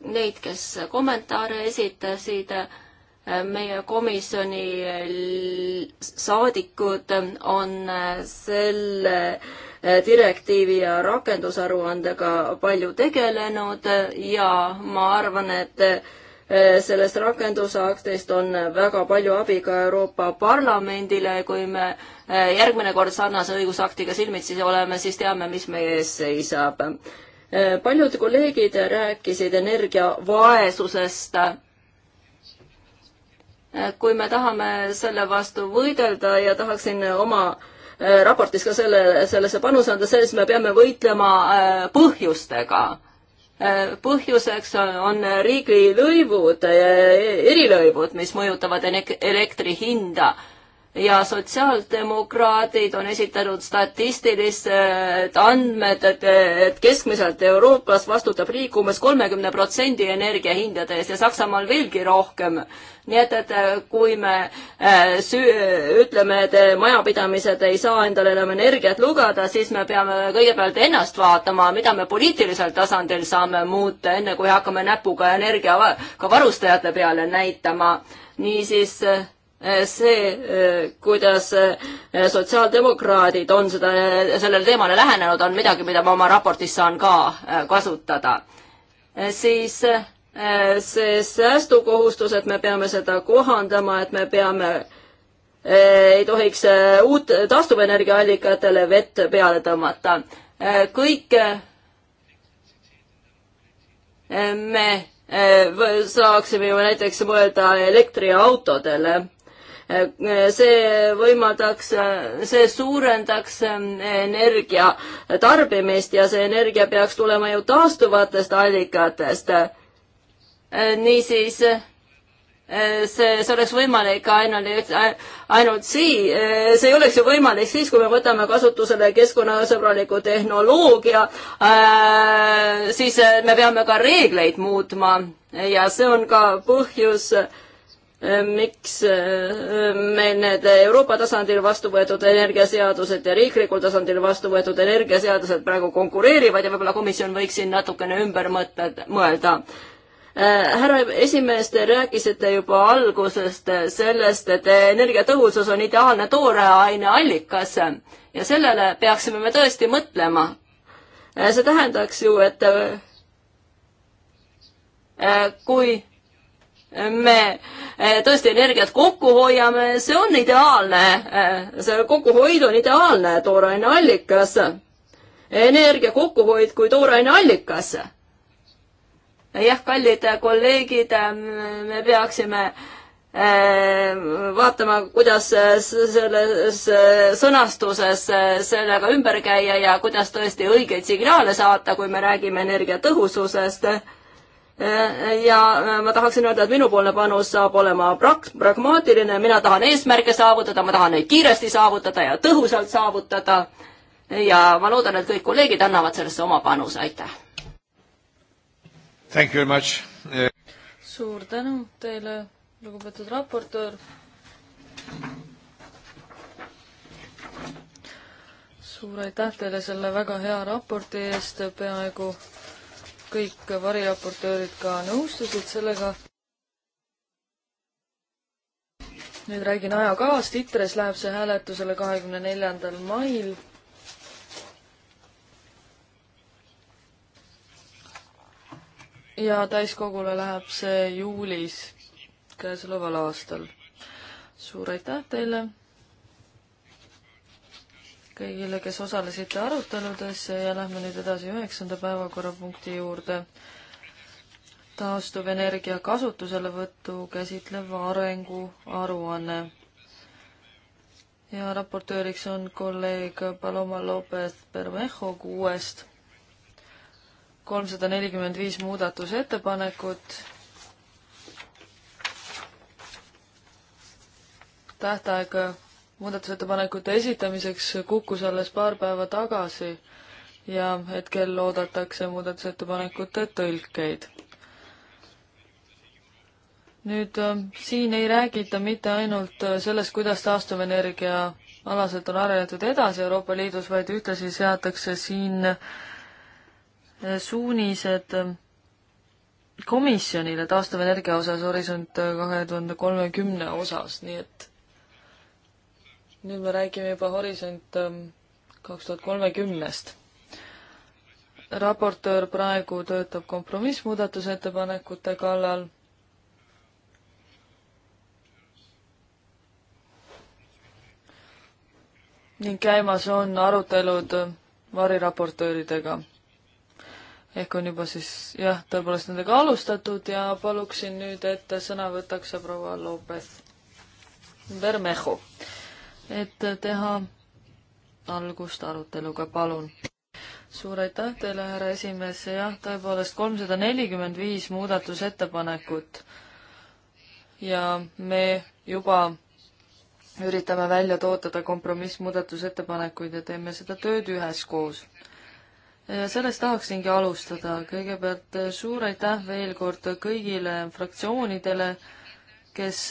neid, kes kommentaare esitasid äh, meie komisjoni saadikud on äh, selle direktiivi ja rakendusaruandega palju tegelenud ja ma arvan, et eh, sellest rakendusaktist on väga palju abi ka Euroopa Parlamendile, kui me eh, järgmine kord sarnase õigusaktiga silmitsi oleme, siis teame, mis meie ees seisab. Eh, paljud kolleegid rääkisid energiavaesusest kui me tahame selle vastu võidelda ja tahaksin oma Äh, raportis ka selle, sellesse panuse anda, selles me peame võitlema äh, põhjustega. Äh, põhjuseks on riigilõivud, erilõivud, mis mõjutavad elektri hinda ja sotsiaaldemokraadid on esitanud statistilised andmed, et, et keskmiselt Euroopas vastutab riik umbes kolmekümne protsendi energiahindade eest ja Saksamaal veelgi rohkem. nii et, et kui me äh, süü, ütleme, et majapidamised ei saa endale enam energiat lugeda, siis me peame kõigepealt ennast vaatama, mida me poliitilisel tasandil saame muuta, enne kui hakkame näpuga energiaga varustajate peale näitama. niisiis Eh, see, eh, kuidas eh, sotsiaaldemokraadid on seda, sellele teemale lähenenud, on midagi, mida ma oma raportis saan ka kasutada. siis see säästukohustus, et me peame seda kohandama, et me peame ei tohiks uut taastuvenergiaallikatele vett peale tõmmata. kõik me saaksime ju näiteks mõelda elektriautodele see võimaldaks, see suurendaks energia tarbimist ja see energia peaks tulema ju taastuvatest allikatest. niisiis see, see oleks võimalik ainult, ainult sii-, see ei oleks ju võimalik siis, kui me võtame kasutusele keskkonnasõbraliku tehnoloogia, siis me peame ka reegleid muutma ja see on ka põhjus äh, miks äh, meil need Euroopa tasandil vastu võetud energiaseadused ja riiklikul tasandil vastu võetud energiaseadused praegu konkureerivad ja võib-olla komisjon võiks siin natukene ümber mõtled, mõelda. Äh, härra esimees, te rääkisite juba algusest sellest, et energiatõhusus on ideaalne tooreaine allikas ja sellele peaksime me tõesti mõtlema. Äh, see tähendaks ju, et kui me eh, tõesti energiat kokku hoiame, see on ideaalne, eh, see kokkuhoid on ideaalne tooraineallikas. energia kokkuhoid kui tooraineallikas. jah, kallid kolleegid, eh, me peaksime vaatama, kuidas selles sõnastuses sellega ümber käia ja kuidas tõesti õigeid signaale saata, kui me räägime energiatõhususest Äh, ja äh, ma tahaksin öelda, et minupoolne panus saab olema prak-, pragmaatiline, mina tahan eesmärke saavutada, ma tahan neid kiiresti saavutada ja tõhusalt saavutada. ja ma loodan, et kõik kolleegid annavad sellesse oma panuse, aitäh. Thank you very much yeah.. suur tänu teile, lugupeetud raportöör. suur aitäh teile selle väga hea raporti eest, peaaegu kõik variraportöörid ka nõustusid sellega. nüüd räägin ajakavast, ITRES läheb see hääletusele kahekümne neljandal mail. ja täiskogule läheb see juulis käesoleval aastal. suur aitäh teile! kõigile, kes osalesite aruteludes ja lähme nüüd edasi üheksanda päevakorrapunkti juurde. taastuvenergia kasutuselevõttu käsitlev arenguaruanne. ja raportööriks on kolleeg Paloma Lopez Bermejo kuuest. kolmsada nelikümmend viis muudatusettepanekut tähtaeg muudatusettepanekute esitamiseks kukkus alles paar päeva tagasi ja hetkel oodatakse muudatusettepanekute tõlkeid. nüüd äh, siin ei räägita mitte ainult äh, sellest, kuidas taastuvenergia alaselt on arenetud edasi Euroopa Liidus, vaid ühtlasi seatakse siin äh, suunised äh, komisjonile taastuvenergia osas Horisont kahe tuhande kolmekümne osas, nii et nüüd me räägime juba Horisont ähm, kaks tuhat kolmekümnest. raportöör praegu töötab kompromissmuudatusettepanekute kallal. ning käimas on arutelud variraportööridega. ehk on juba siis jah, tõepoolest nendega alustatud ja paluksin nüüd, et sõna võtaks proua Lopez Bermejo et teha algust aruteluga, palun. suur aitäh teile, härra esimees, jah, tõepoolest kolmsada nelikümmend viis muudatusettepanekut ja me juba üritame välja tootada kompromissmuudatusettepanekuid ja teeme seda tööd üheskoos. sellest tahaksingi alustada, kõigepealt suur aitäh veel kord kõigile fraktsioonidele, kes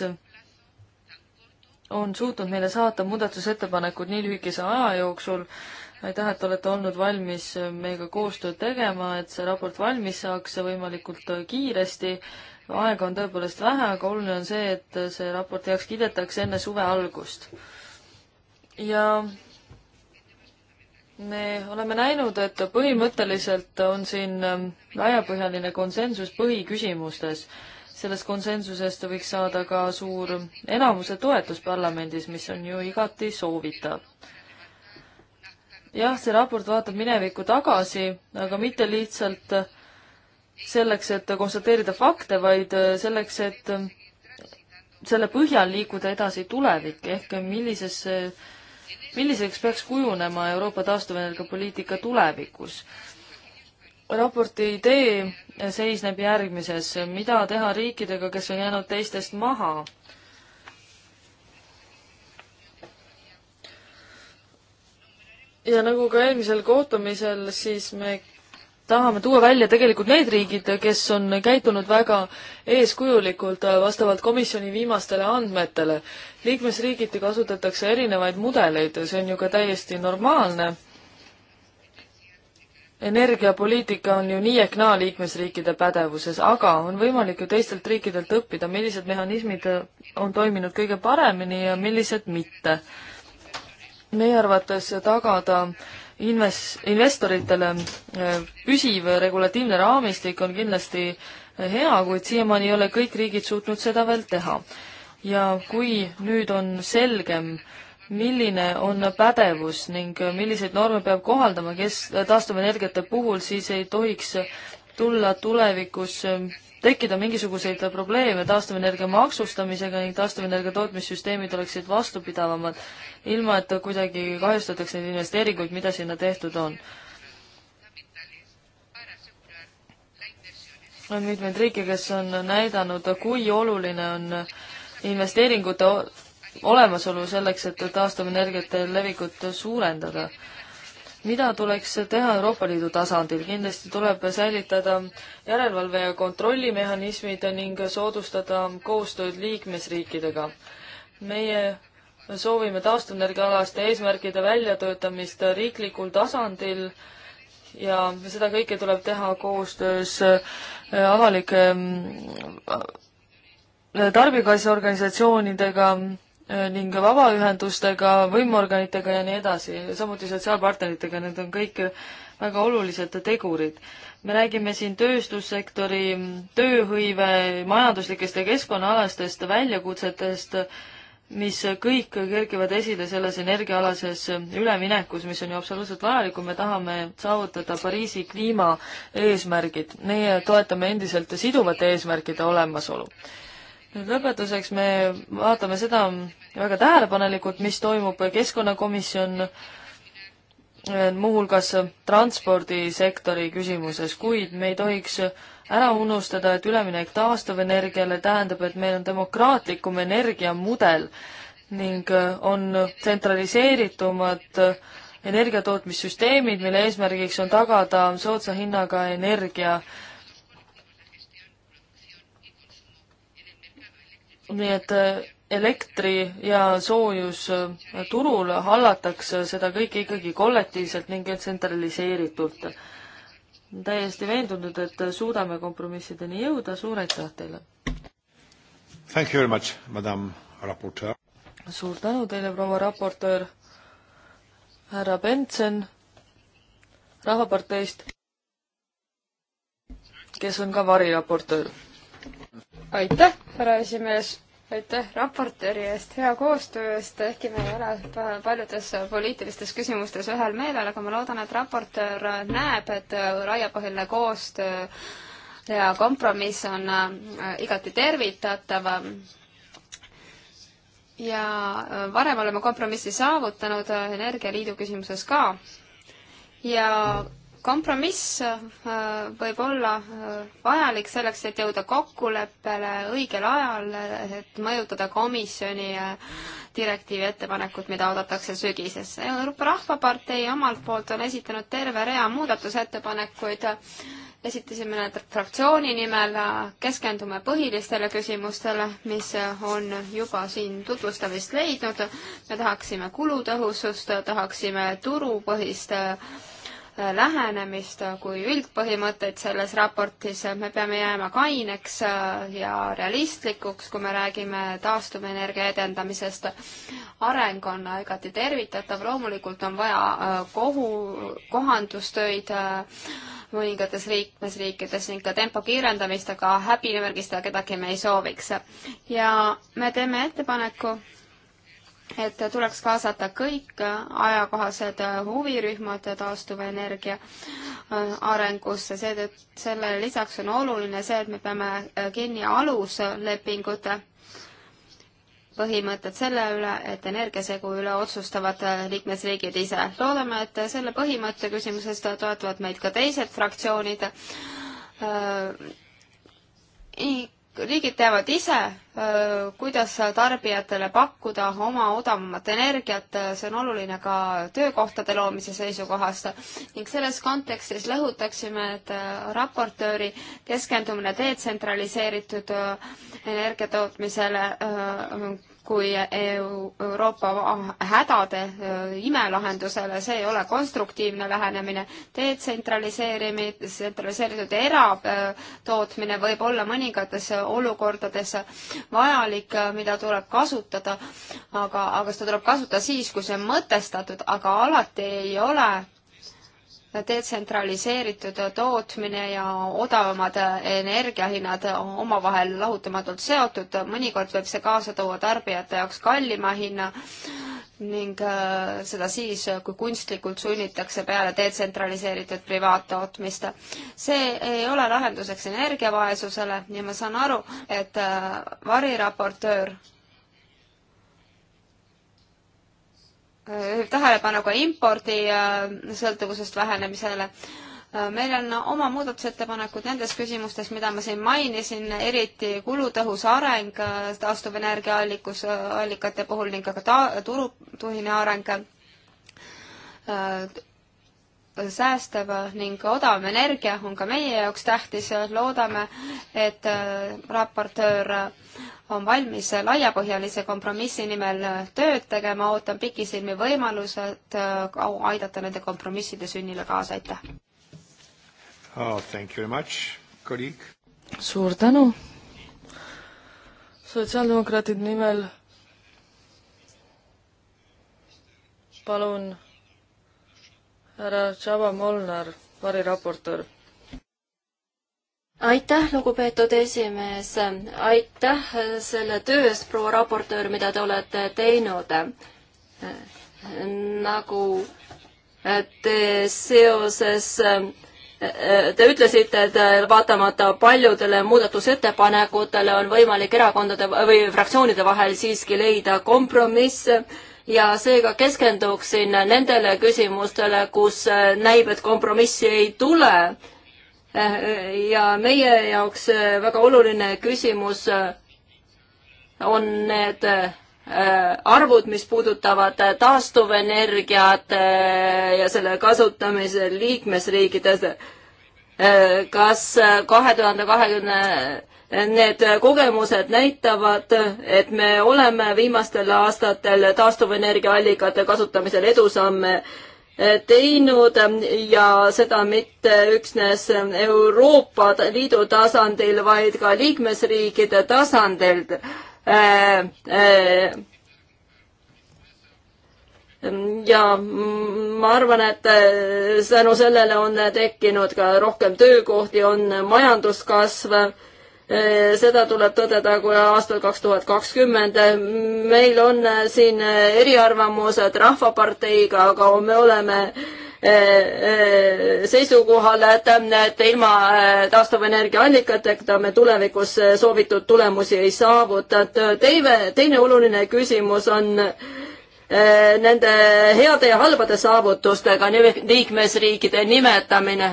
on suutnud meile saata muudatusettepanekud nii lühikese aja jooksul. aitäh, et olete olnud valmis meiega koostööd tegema, et see raport valmis saaks võimalikult kiiresti. aega on tõepoolest vähe, aga oluline on see, et see raport heaks kiidetakse enne suve algust. ja me oleme näinud, et põhimõtteliselt on siin laiapõhjaline konsensus põhiküsimustes sellest konsensusest võiks saada ka suur enamuse toetus parlamendis, mis on ju igati soovitav. jah, see raport vaatab minevikku tagasi, aga mitte lihtsalt selleks, et konstateerida fakte, vaid selleks, et selle põhjal liikuda edasi tulevik, ehk millisesse milliseks peaks kujunema Euroopa taastuvenergia poliitika tulevikus? raporti idee seisneb järgmises, mida teha riikidega, kes on jäänud teistest maha? ja nagu ka eelmisel kohtumisel, siis me tahame tuua välja tegelikult need riigid, kes on käitunud väga eeskujulikult vastavalt komisjoni viimastele andmetele. liikmesriigiti kasutatakse erinevaid mudeleid, see on ju ka täiesti normaalne energiapoliitika on ju nii ehk naa liikmesriikide pädevuses, aga on võimalik ju teistelt riikidelt õppida, millised mehhanismid äh, on toiminud kõige paremini ja millised mitte. meie arvates tagada inves-, investoritele äh, püsiv regulatiivne raamistik on kindlasti äh, hea, kuid siiamaani ei ole kõik riigid suutnud seda veel teha. ja kui nüüd on selgem äh, milline on pädevus ning milliseid norme peab kohaldama, kes taastuvenergiate puhul siis ei tohiks tulla tulevikus ähm, tekkida mingisuguseid probleeme taastuvenergia maksustamisega ning taastuvenergia tootmissüsteemid oleksid vastupidavamad, ilma et kuidagi kahjustataks neid investeeringuid, mida sinna tehtud on. on mitmeid riike, kes on näidanud, kui oluline on investeeringute olemasolu selleks, et taastuvenergiate levikut suurendada. mida tuleks teha Euroopa Liidu tasandil? kindlasti tuleb säilitada järelevalve- ja kontrollimehhanismid ning soodustada koostööd liikmesriikidega. meie soovime taastuvenergiaalaste eesmärkide väljatöötamist riiklikul tasandil ja seda kõike tuleb teha koostöös äh, avalike mm, äh, tarbijakaitseorganisatsioonidega Äh, ning vabaühendustega, võimuorganitega ja nii edasi, samuti sotsiaalpartneritega, need on kõik väga olulised tegurid. me räägime siin tööstussektori tööhõive majanduslikest ja keskkonnaalastest väljakutsetest, mis kõik kerkivad esile selles energiaalases üleminekus, mis on ju absoluutselt vajalik, kui me tahame saavutada Pariisi kliimaeesmärgid. meie toetame endiselt siduvate eesmärkide olemasolu nüüd lõpetuseks me vaatame seda väga tähelepanelikult, mis toimub Keskkonnakomisjon eh, muuhulgas transpordisektori küsimuses, kuid me ei tohiks ära unustada, et üleminek taastuvenergiale tähendab, et meil on demokraatlikum energiamudel ning eh, on tsentraliseeritumad eh, energiatootmissüsteemid, mille eesmärgiks on tagada soodsa hinnaga energia äh, nii et äh, elektri- ja soojusturul äh, hallatakse seda kõike ikkagi kollektiivselt ning tsentraliseeritult. täiesti veendunud, et suudame kompromissideni jõuda, suur aitäh teile! Thank you very much, madam raportöör! suur tänu teile, proua raportöör, härra Bentsen Rahvaparteist, kes on ka variraportöör aitäh, härra esimees, aitäh raportööri eest, hea koostöö eest, ehkki me ei ole paljudes poliitilistes küsimustes ühel meelel, aga ma loodan, et raportöör näeb, et äh, laiapõhjaline koostöö ja kompromiss on äh, igati tervitatav ja äh, varem oleme kompromissi saavutanud Energialiidu küsimuses ka ja kompromiss äh, võib olla äh, vajalik selleks, et jõuda kokkuleppele õigel ajal, et mõjutada komisjoni äh, direktiivi ettepanekut, mida oodatakse sügises. Euroopa Rahvapartei omalt poolt on esitanud terve rea muudatusettepanekuid, esitasime need fraktsiooni nimel, keskendume põhilistele küsimustele, mis on juba siin tutvustamist leidnud. me tahaksime kulutõhusust, tahaksime turupõhist lähenemist kui üldpõhimõtteid selles raportis, me peame jääma kaineks ja realistlikuks, kui me räägime taastuvenergia edendamisest. areng on igati tervitatav, loomulikult on vaja äh, kohu, kohandustöid äh, mõningates liikmesriikides ning ka tempo kiirendamist, aga häbimärgistada kedagi me ei sooviks. ja me teeme ettepaneku et tuleks kaasata kõik ajakohased huvirühmad taastuvenergia arengusse, seetõttu sellele lisaks on oluline see, et me peame kinni aluslepingute põhimõtted selle üle, et energiasegu üle otsustavad liikmesriigid ise. loodame, et selle põhimõtte küsimuses toetavad meid ka teised fraktsioonid äh, riigid teavad ise, kuidas tarbijatele pakkuda oma odavamat energiat, see on oluline ka töökohtade loomise seisukohast ning selles kontekstis lõhutaksime, et raportööri keskendumine detsentraliseeritud energiatootmisele kui EU, Euroopa hädade äh, imelahendusele, see ei ole konstruktiivne lähenemine. detsentraliseerimine, tsentraliseeritud eratootmine äh, võib olla mõningates olukordades vajalik, äh, mida tuleb kasutada, aga, aga seda tuleb kasutada siis, kui see on mõtestatud, aga alati ei ole detsentraliseeritud tootmine ja odavamad energiahinnad omavahel lahutamatult seotud, mõnikord võib see kaasa tuua tarbijate jaoks kallima hinna ning äh, seda siis, kui kunstlikult sunnitakse peale detsentraliseeritud privaattootmist. see ei ole lahenduseks energiavaesusele ja ma saan aru, et äh, variraportöör Eh, tähelepanu ka impordi eh, sõltuvusest vähenemisele. Eh, meil on oma muudatusettepanekud nendes küsimustes, mida ma siin mainisin, eriti kulutõhus areng taastuvenergia allikus, allikate puhul ning ka ta-, turupõhine areng, säästev ning odavam energia on ka meie jaoks tähtis, loodame, et raportöör on valmis laiapõhjalise kompromissi nimel tööd tegema, ootan pikisilmi võimalused äh, aidata nende kompromisside sünnile kaasa, aitäh oh,! Thank you very much, kolleeg! suur tänu! sotsiaaldemokraatide nimel palun härra Tšava Molnar, variraportöör aitäh, lugupeetud esimees, aitäh selle töö eest, proua raportöör, mida te olete teinud. nagu te seoses Te ütlesite, et vaatamata paljudele muudatusettepanekutele on võimalik erakondade või fraktsioonide vahel siiski leida kompromiss ja seega keskenduksin nendele küsimustele, kus näib, et kompromissi ei tule Äh, ja meie jaoks äh, väga oluline küsimus äh, on need arvud, mis puudutavad taastuvenergiat ja selle kasutamise liikmesriikides. kas kahe tuhande kahekümne need kogemused näitavad, et me oleme viimastel aastatel taastuvenergiaallikate kasutamisel edusamme Eh, teinud eh, ja seda mitte üksnes Euroopa Liidu tasandil, vaid ka liikmesriikide tasandil. Eh, ja ma arvan, et tänu sellele on tekkinud ka rohkem töökohti, on majanduskasv Eh, seda tuleb tõdeda, kui aastal kaks tuhat kakskümmend meil on eh, siin eh, eriarvamused Rahvaparteiga, aga me oleme seisukohal, et, et ilma taastuvenergia allikateta me tulevikus soovitud tulemusi ei saavuta. teine, teine oluline küsimus on nende heade ja halbade saavutustega liikmesriikide nimetamine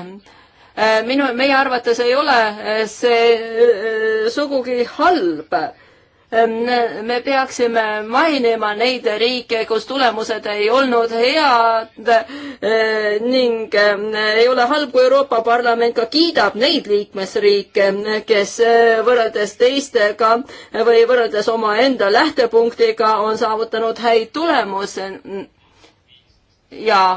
Äh, minu, meie arvates ei ole äh, see äh, sugugi halb. Ähm, me peaksime mainima neid riike, kus tulemused ei olnud head ning ähm, ei ole halb, kui Euroopa Parlament ka kiidab neid liikmesriike, kes võrreldes teistega või võrreldes omaenda lähtepunktiga on saavutanud häid tulemusi. jaa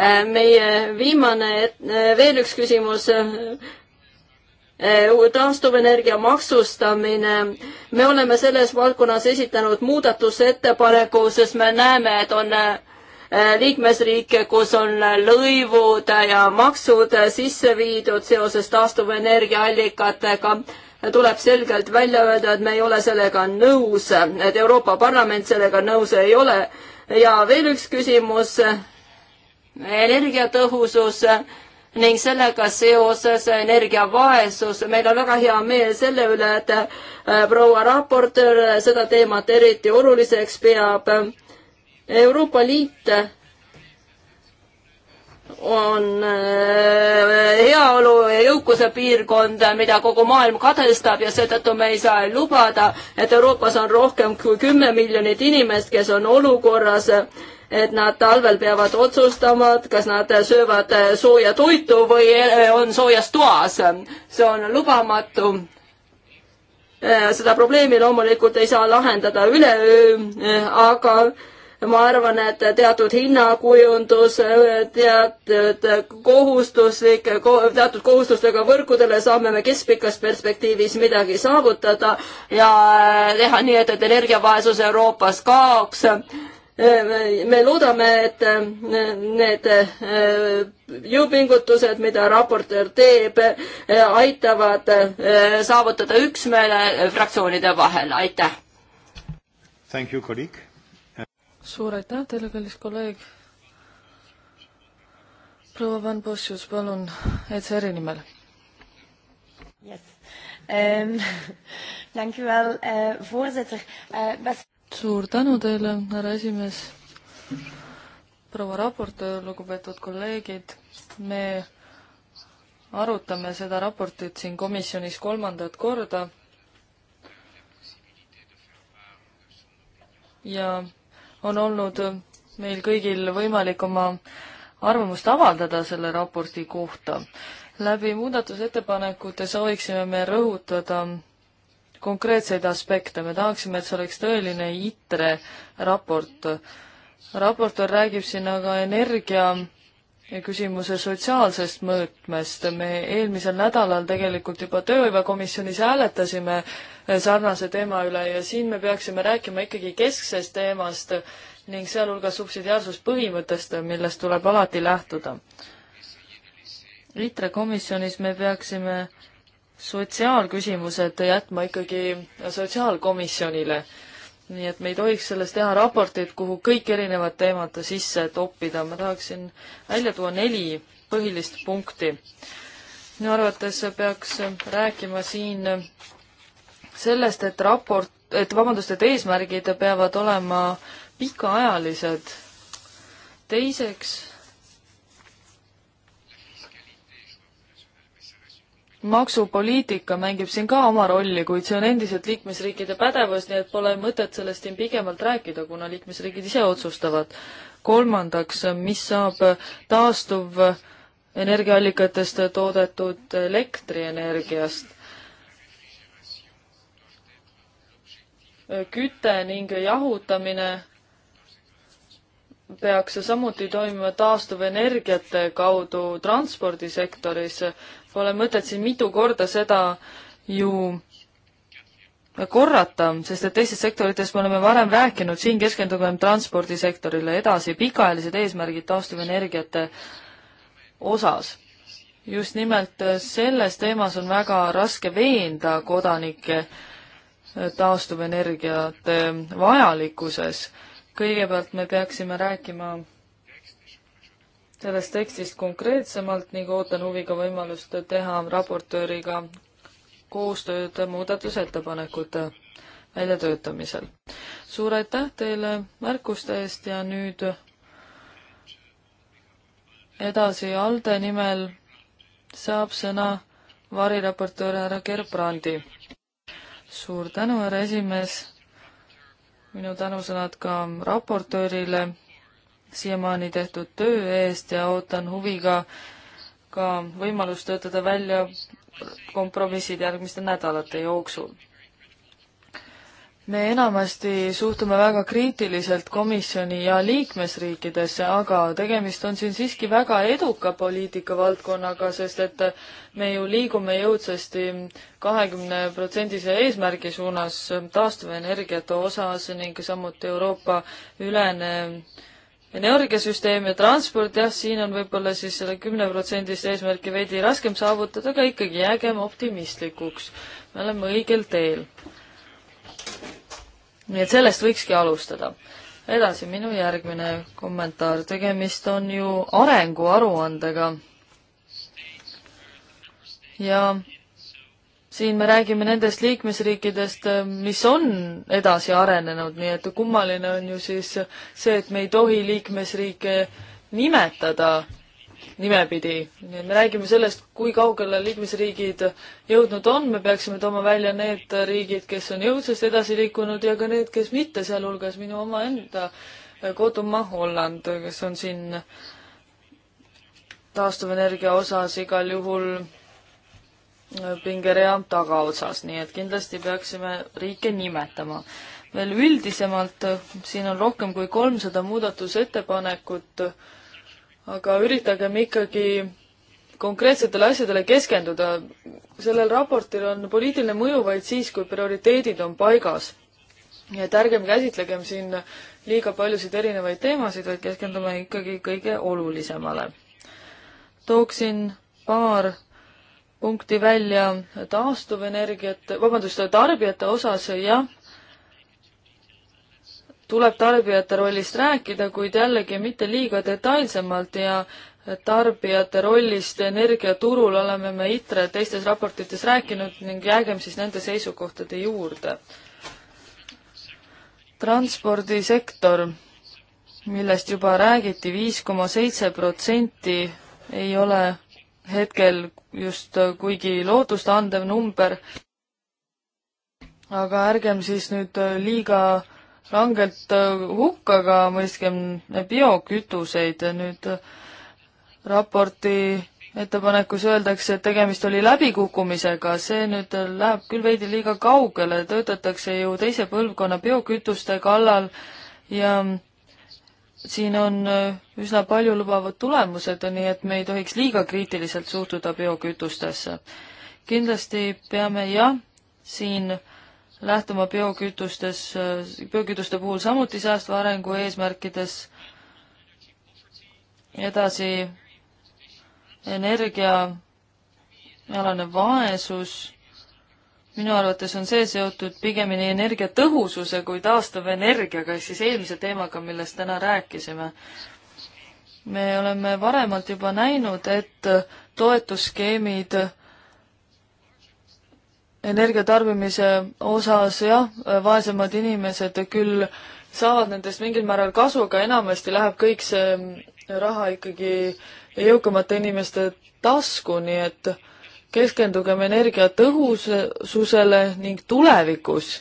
Äh, meie viimane, äh, veel üks küsimus äh, taastuvenergia maksustamine. me oleme selles valdkonnas esitanud muudatusettepaneku, sest me näeme, et on liikmesriike, kus on lõivud ja maksud sisse viidud seoses taastuvenergiaallikatega. tuleb selgelt välja öelda, et me ei ole sellega nõus, et Euroopa Parlament sellega nõus ei ole. ja veel üks küsimus energiatõhusus ning sellega seoses energiavaesus. meil on väga hea meel selle üle, et äh, proua raportöör seda teemat eriti oluliseks peab. Euroopa Liit on äh, heaolu ja jõukuse piirkond, mida kogu maailm kadestab ja seetõttu me ei saa lubada, et Euroopas on rohkem kui kümme miljonit inimest, kes on olukorras, et nad talvel peavad otsustama, et kas nad söövad sooja toitu või eh, on soojas toas. see on lubamatu. Eh, seda probleemi loomulikult ei saa lahendada üleöö, eh, aga ma arvan, et teatud hinnakujundus, teatud kohustuslik, teatud kohustustega võrkudele saame me keskpikas perspektiivis midagi saavutada ja teha nii, et, et energiavaesus Euroopas kaoks Äh, me loodame, et äh, need äh, jõupingutused, mida raportöör teeb, aitavad saavutada üksmeele fraktsioonide vahel, aitäh! suur aitäh teile, kallis kolleeg! proua Van Bossius, palun, ECR-i nimel yes.. Um, dank u wel, uh, voorzitter. Uh, best suur tänu teile, härra esimees, proua raportöör, lugupeetud kolleegid, me arutame seda raportit siin komisjonis kolmandat korda ja on olnud meil kõigil võimalik oma arvamust avaldada selle raporti kohta. läbi muudatusettepanekute sooviksime me rõhutada konkreetseid aspekte, me tahaksime, et see oleks tõeline ITRE raport. raportöör räägib siin aga energia küsimuse sotsiaalsest mõõtmest. me eelmisel nädalal tegelikult juba tööhõivekomisjonis hääletasime sarnase teema üle ja siin me peaksime rääkima ikkagi kesksest teemast ning sealhulgas subsidiaarsuspõhimõttest, millest tuleb alati lähtuda. ITRE komisjonis me peaksime sotsiaalküsimused jätma ikkagi sotsiaalkomisjonile. nii et me ei tohiks sellest teha raportit, kuhu kõik erinevad teemad sisse toppida. ma tahaksin välja tuua neli põhilist punkti. minu arvates peaks rääkima siin sellest, et raport, et vabandust, et eesmärgid peavad olema pikaajalised. teiseks maksupoliitika mängib siin ka oma rolli, kuid see on endiselt liikmesriikide pädevus, nii et pole mõtet sellest siin pigemalt rääkida, kuna liikmesriigid ise otsustavad. kolmandaks, mis saab taastuv energiaallikatest toodetud elektrienergiast? küte ning jahutamine peaks see samuti toimima taastuvenergiate kaudu transpordisektoris. Pole mõtet siin mitu korda seda ju korrata, sest et teistes sektorites me oleme varem rääkinud, siin keskendume transpordisektorile edasi, pikaajalised eesmärgid taastuvenergiate osas. just nimelt selles teemas on väga raske veenda kodanikke taastuvenergiate vajalikkuses kõigepealt me peaksime rääkima sellest tekstist konkreetsemalt ning ootan huviga võimalust teha raportööriga koostööd muudatusettepanekute väljatöötamisel. suur aitäh teile märkuste eest ja nüüd edasi ALDE nimel saab sõna variraportöör härra Gerbrandi. suur tänu, härra esimees minu tänusõnad ka raportöörile siiamaani tehtud töö eest ja ootan huviga ka võimalust töötada välja kompromissid järgmiste nädalate jooksul me enamasti suhtume väga kriitiliselt komisjoni ja liikmesriikidesse, aga tegemist on siin siiski väga eduka poliitikavaldkonnaga, sest et me ju liigume jõudsasti kahekümne protsendise eesmärgi suunas taastuvenergiate osas ning samuti Euroopa ülene energiasüsteem ja transport, jah, siin on võib-olla siis selle kümne protsendist eesmärki veidi raskem saavutada, aga ikkagi jäägem optimistlikuks. me oleme õigel teel nii et sellest võikski alustada. edasi, minu järgmine kommentaar, tegemist on ju arenguaruandega. ja siin me räägime nendest liikmesriikidest, mis on edasi arenenud, nii et kummaline on ju siis see, et me ei tohi liikmesriike nimetada nimepidi. nii et me räägime sellest, kui kaugele liikmesriigid jõudnud on, me peaksime tooma välja need riigid, kes on jõudsasti edasi liikunud ja ka need, kes mitte, sealhulgas minu omaenda kodumaa Holland, kes on siin taastuvenergia osas igal juhul pingerea tagaotsas, nii et kindlasti peaksime riike nimetama veel üldisemalt, siin on rohkem kui kolmsada muudatusettepanekut aga üritagem ikkagi konkreetsetele asjadele keskenduda. sellel raportil on poliitiline mõju vaid siis, kui prioriteedid on paigas. nii et ärgem käsitlegem siin liiga paljusid erinevaid teemasid, vaid keskendume ikkagi kõige olulisemale. tooksin paar punkti välja taastuvenergiat, vabandust, tarbijate osas, jah, tuleb tarbijate rollist rääkida, kuid jällegi mitte liiga detailsemalt ja tarbijate rollist energiaturul oleme me ITRE teistes raportites rääkinud ning jäägem siis nende seisukohtade juurde. transpordisektor, millest juba räägiti, viis koma seitse protsenti ei ole hetkel just kuigi lootust andev number, aga ärgem siis nüüd liiga rangelt äh, hukka ka mõiskem biokütuseid, nüüd äh, raporti ettepanekus öeldakse, et tegemist oli läbikukkumisega, see nüüd äh, läheb küll veidi liiga kaugele, töötatakse ju teise põlvkonna biokütuste kallal ja mm, siin on üsna paljulubavad tulemused, nii et me ei tohiks liiga kriitiliselt suhtuda biokütustesse. kindlasti peame jah, siin äh, lähtuma biokütustes, biokütuste puhul samuti säästva arengu eesmärkides, edasi energiaalane vaesus, minu arvates on see seotud pigemini energiatõhususe kui taastuvenergiaga, ehk siis eelmise teemaga, millest täna rääkisime. me oleme varemalt juba näinud, et toetusskeemid energiatarbimise osas jah, vaesemad inimesed küll saavad nendest mingil määral kasu, aga enamasti läheb kõik see mm, raha ikkagi jõukamate inimeste tasku, nii et keskendugem energiatõhususele ning tulevikus,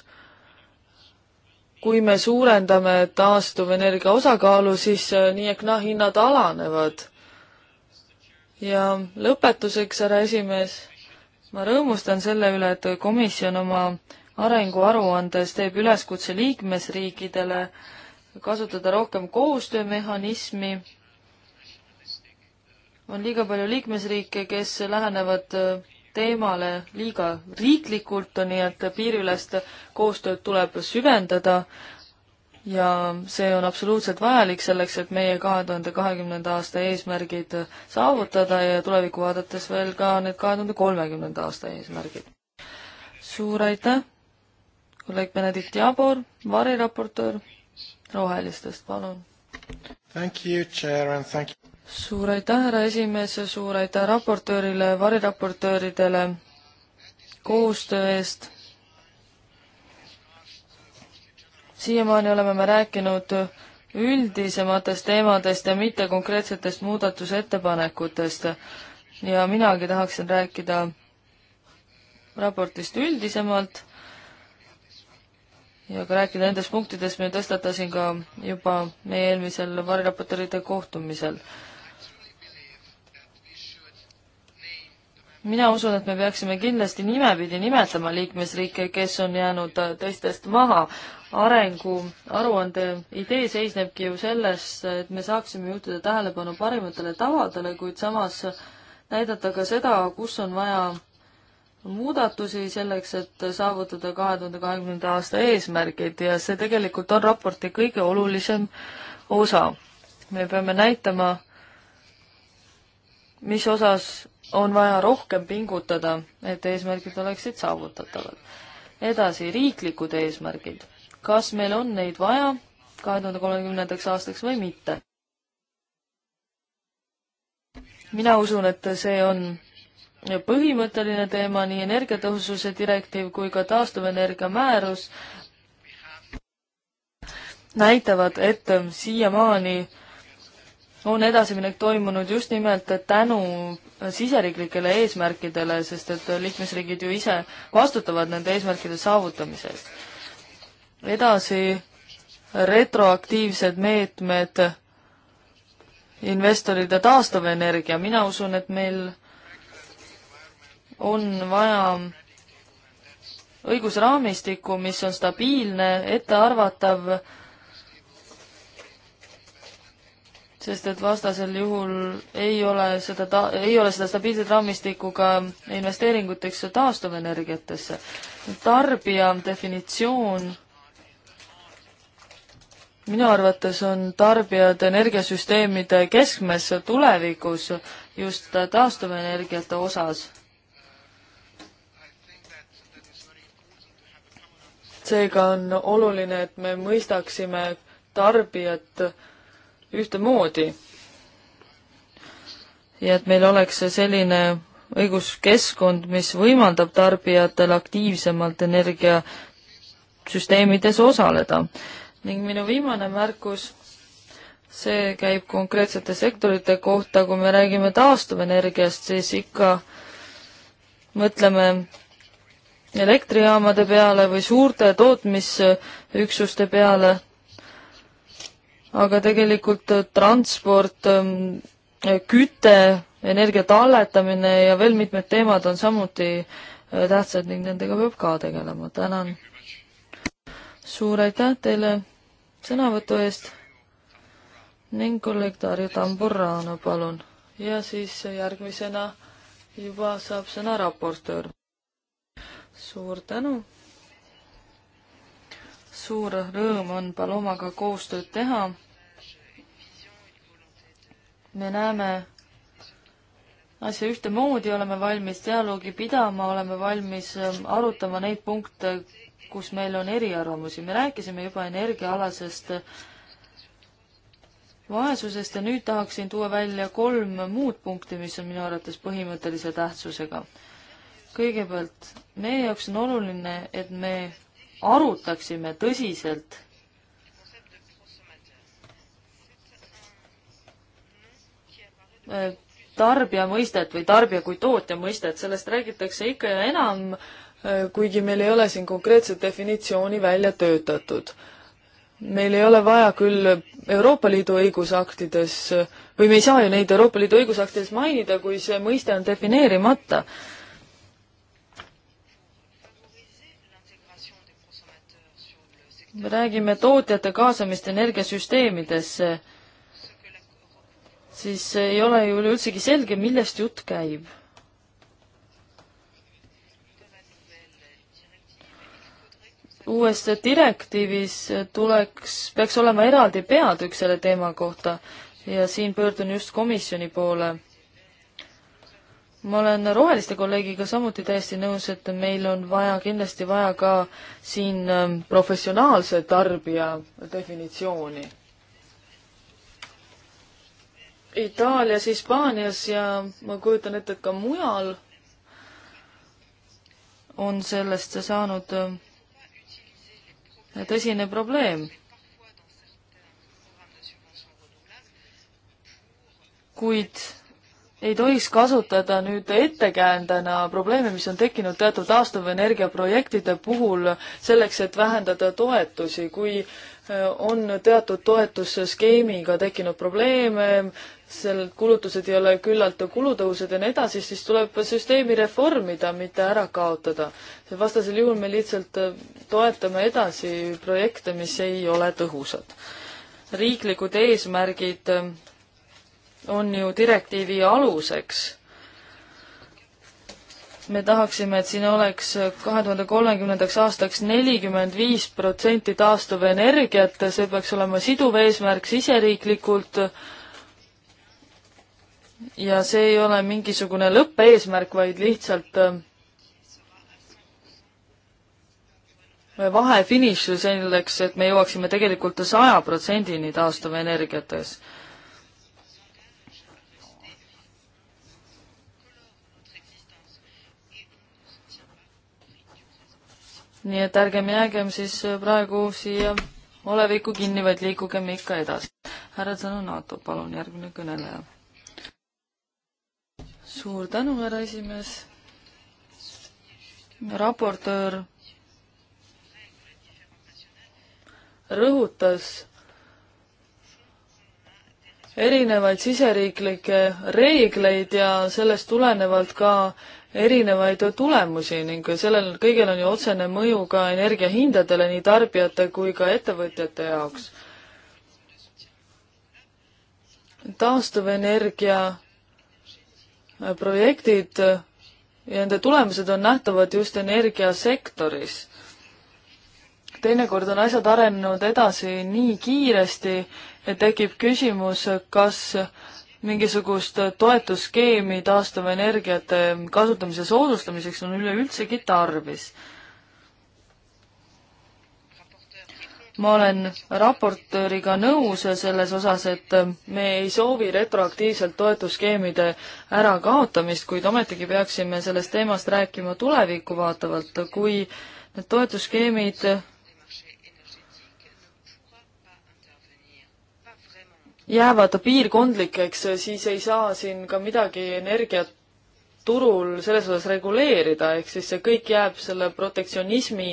kui me suurendame taastuvenergia osakaalu, siis äh, nii ehk naa hinnad alanevad. ja lõpetuseks, härra esimees ma rõõmustan selle üle, et komisjon oma arenguaruandes teeb üleskutse liikmesriikidele kasutada rohkem koostöömehhanismi. on liiga palju liikmesriike, kes lähenevad teemale liiga riiklikult, nii et piiriülest koostööd tuleb süvendada ja see on absoluutselt vajalik selleks, et meie kahe tuhande kahekümnenda aasta eesmärgid saavutada ja tulevikku vaadates veel ka need kahe tuhande kolmekümnenda aasta eesmärgid. suur aitäh, kolleeg Benedikt Jabor, variraportöör Rohelistest, palun. suur aitäh, härra esimees, suur aitäh raportöörile, variraportööridele koostöö eest siiamaani oleme me rääkinud üldisematest teemadest ja mitte konkreetsetest muudatusettepanekutest. ja minagi tahaksin rääkida raportist üldisemalt ja ka rääkida nendest punktidest, mida tõstatasin ka juba meie eelmisel variraportööride kohtumisel. mina usun, et me peaksime kindlasti nimepidi nimetama liikmesriike, kes on jäänud äh, teistest maha. arengu aruande idee seisnebki ju selles, et me saaksime juhtida tähelepanu parimatele tavadele, kuid samas näidata ka seda, kus on vaja muudatusi selleks, et saavutada kahe tuhande kahekümnenda aasta eesmärgid ja see tegelikult on raporti kõige olulisem osa. me peame näitama, mis osas on vaja rohkem pingutada, et eesmärgid oleksid saavutatavad. edasi, riiklikud eesmärgid. kas meil on neid vaja kahe tuhande kolmekümnendaks aastaks või mitte? mina usun, et see on põhimõtteline teema, nii energiatõhususe direktiiv kui ka taastuvenergia määrus näitavad, et siiamaani äh, on edasiminek toimunud just nimelt tänu siseriiklikele eesmärkidele, sest et liikmesriigid ju ise vastutavad nende eesmärkide saavutamise eest. edasi, retroaktiivsed meetmed, investoride taastuvenergia, mina usun, et meil on vaja õigusraamistikku, mis on stabiilne, ettearvatav, sest et vastasel juhul ei ole seda ta-, ei ole seda stabiilset raamistikku ka investeeringuteks taastuvenergiatesse. tarbija definitsioon minu arvates on tarbijad energiasüsteemide keskmes tulevikus just taastuvenergiate osas. seega on oluline, et me mõistaksime tarbijat ühtemoodi. ja et meil oleks selline õiguskeskkond, mis võimaldab tarbijatel aktiivsemalt energiasüsteemides osaleda. ning minu viimane märkus, see käib konkreetsete sektorite kohta, kui me räägime taastuvenergiast, siis ikka mõtleme elektrijaamade peale või suurte tootmisüksuste peale aga tegelikult äh, transport, ähm, küte, energia talletamine ja veel mitmed teemad on samuti äh, tähtsad ning nendega peab ka tegelema. tänan. suur aitäh teile sõnavõtu eest ning kolleeg Darja Tamburano, palun. ja siis järgmisena juba saab sõna raportöör. suur tänu. suur rõõm on Palomaga koostööd teha me näeme asja ühtemoodi, oleme valmis dialoogi pidama, oleme valmis ähm, arutama neid punkte, kus meil on eriarvamusi. me rääkisime juba energiaalasest äh, vaesusest ja nüüd tahaksin tuua välja kolm muud punkti, mis on minu arvates põhimõttelise tähtsusega. kõigepealt, meie jaoks on oluline, et me arutaksime tõsiselt tarbija mõistet või tarbija kui tootja mõistet, sellest räägitakse ikka ja enam, kuigi meil ei ole siin konkreetset definitsiooni välja töötatud. meil ei ole vaja küll Euroopa Liidu õigusaktides või me ei saa ju neid Euroopa Liidu õigusaktides mainida, kui see mõiste on defineerimata me räägime tootjate kaasamist energiasüsteemidesse siis ei ole ju üleüldsegi selge, millest jutt käib. uues direktiivis tuleks, peaks olema eraldi peatükk selle teema kohta ja siin pöördun just komisjoni poole. ma olen roheliste kolleegiga samuti täiesti nõus, et meil on vaja, kindlasti vaja ka siin ähm, professionaalse tarbija definitsiooni Itaalias, Hispaanias ja ma kujutan ette, et ka mujal on sellest saanud äh, tõsine probleem. kuid ei tohiks kasutada nüüd ettekäändena probleeme, mis on tekkinud teatud taastuvenergia projektide puhul selleks, et vähendada toetusi, kui äh, on teatud toetusskeemiga tekkinud probleeme, seal kulutused ei ole küllalt kulutõhusad ja nii edasi, siis tuleb süsteemi reformida, mitte ära kaotada. vastasel juhul me lihtsalt äh, toetame edasi projekte, mis ei ole tõhusad. riiklikud eesmärgid äh, on ju direktiivi aluseks. me tahaksime, et siin oleks äh, kahe tuhande kolmekümnendaks aastaks nelikümmend viis protsenti taastuvenergiat, see peaks olema siduv eesmärk siseriiklikult ja see ei ole mingisugune lõppeesmärk, vaid lihtsalt äh, vahefiniš selleks, et me jõuaksime tegelikult saja protsendini taastuvenergiates. nii et ärgem jäägem siis äh, praegu siia olevikku kinni, vaid liikugem ikka edasi. härra Sõnu Nato, palun, järgmine kõneleja suur tänu, härra esimees. raportöör rõhutas erinevaid siseriiklikke reegleid ja sellest tulenevalt ka erinevaid tulemusi ning sellel kõigel on ju otsene mõju ka energiahindadele nii tarbijate kui ka ettevõtjate jaoks. taastuvenergia projektid ja nende tulemused on nähtavad just energiasektoris. teinekord on asjad arenenud edasi nii kiiresti, et tekib küsimus, kas mingisugust toetusskeemi taastuvenergiate kasutamise soodustamiseks on üleüldsegi tarvis ma olen raportööriga nõus selles osas, et me ei soovi retroaktiivselt toetusskeemide ärakaotamist, kuid ometigi peaksime sellest teemast rääkima tulevikku vaatavalt, kui need toetusskeemid jäävad piirkondlikeks, siis ei saa siin ka midagi energiat turul selles osas reguleerida, ehk siis see kõik jääb selle protektsionismi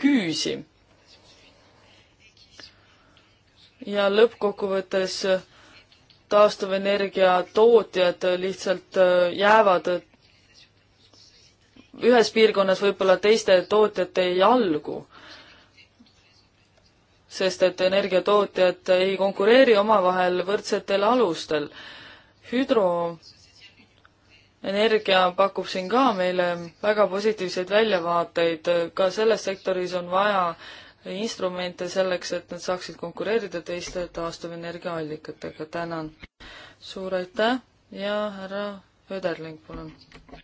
küüsi. ja lõppkokkuvõttes taastuvenergia tootjad lihtsalt äh, jäävad äh, ühes piirkonnas võib-olla teiste tootjate jalgu. sest et energiatootjad ei konkureeri omavahel võrdsetel alustel. hüdroenergia pakub siin ka meile väga positiivseid väljavaateid, ka selles sektoris on vaja instrumente selleks, et nad saaksid konkureerida teiste taastuvenergiaallikatega. tänan. suur aitäh ja härra Öderling, palun. Uh,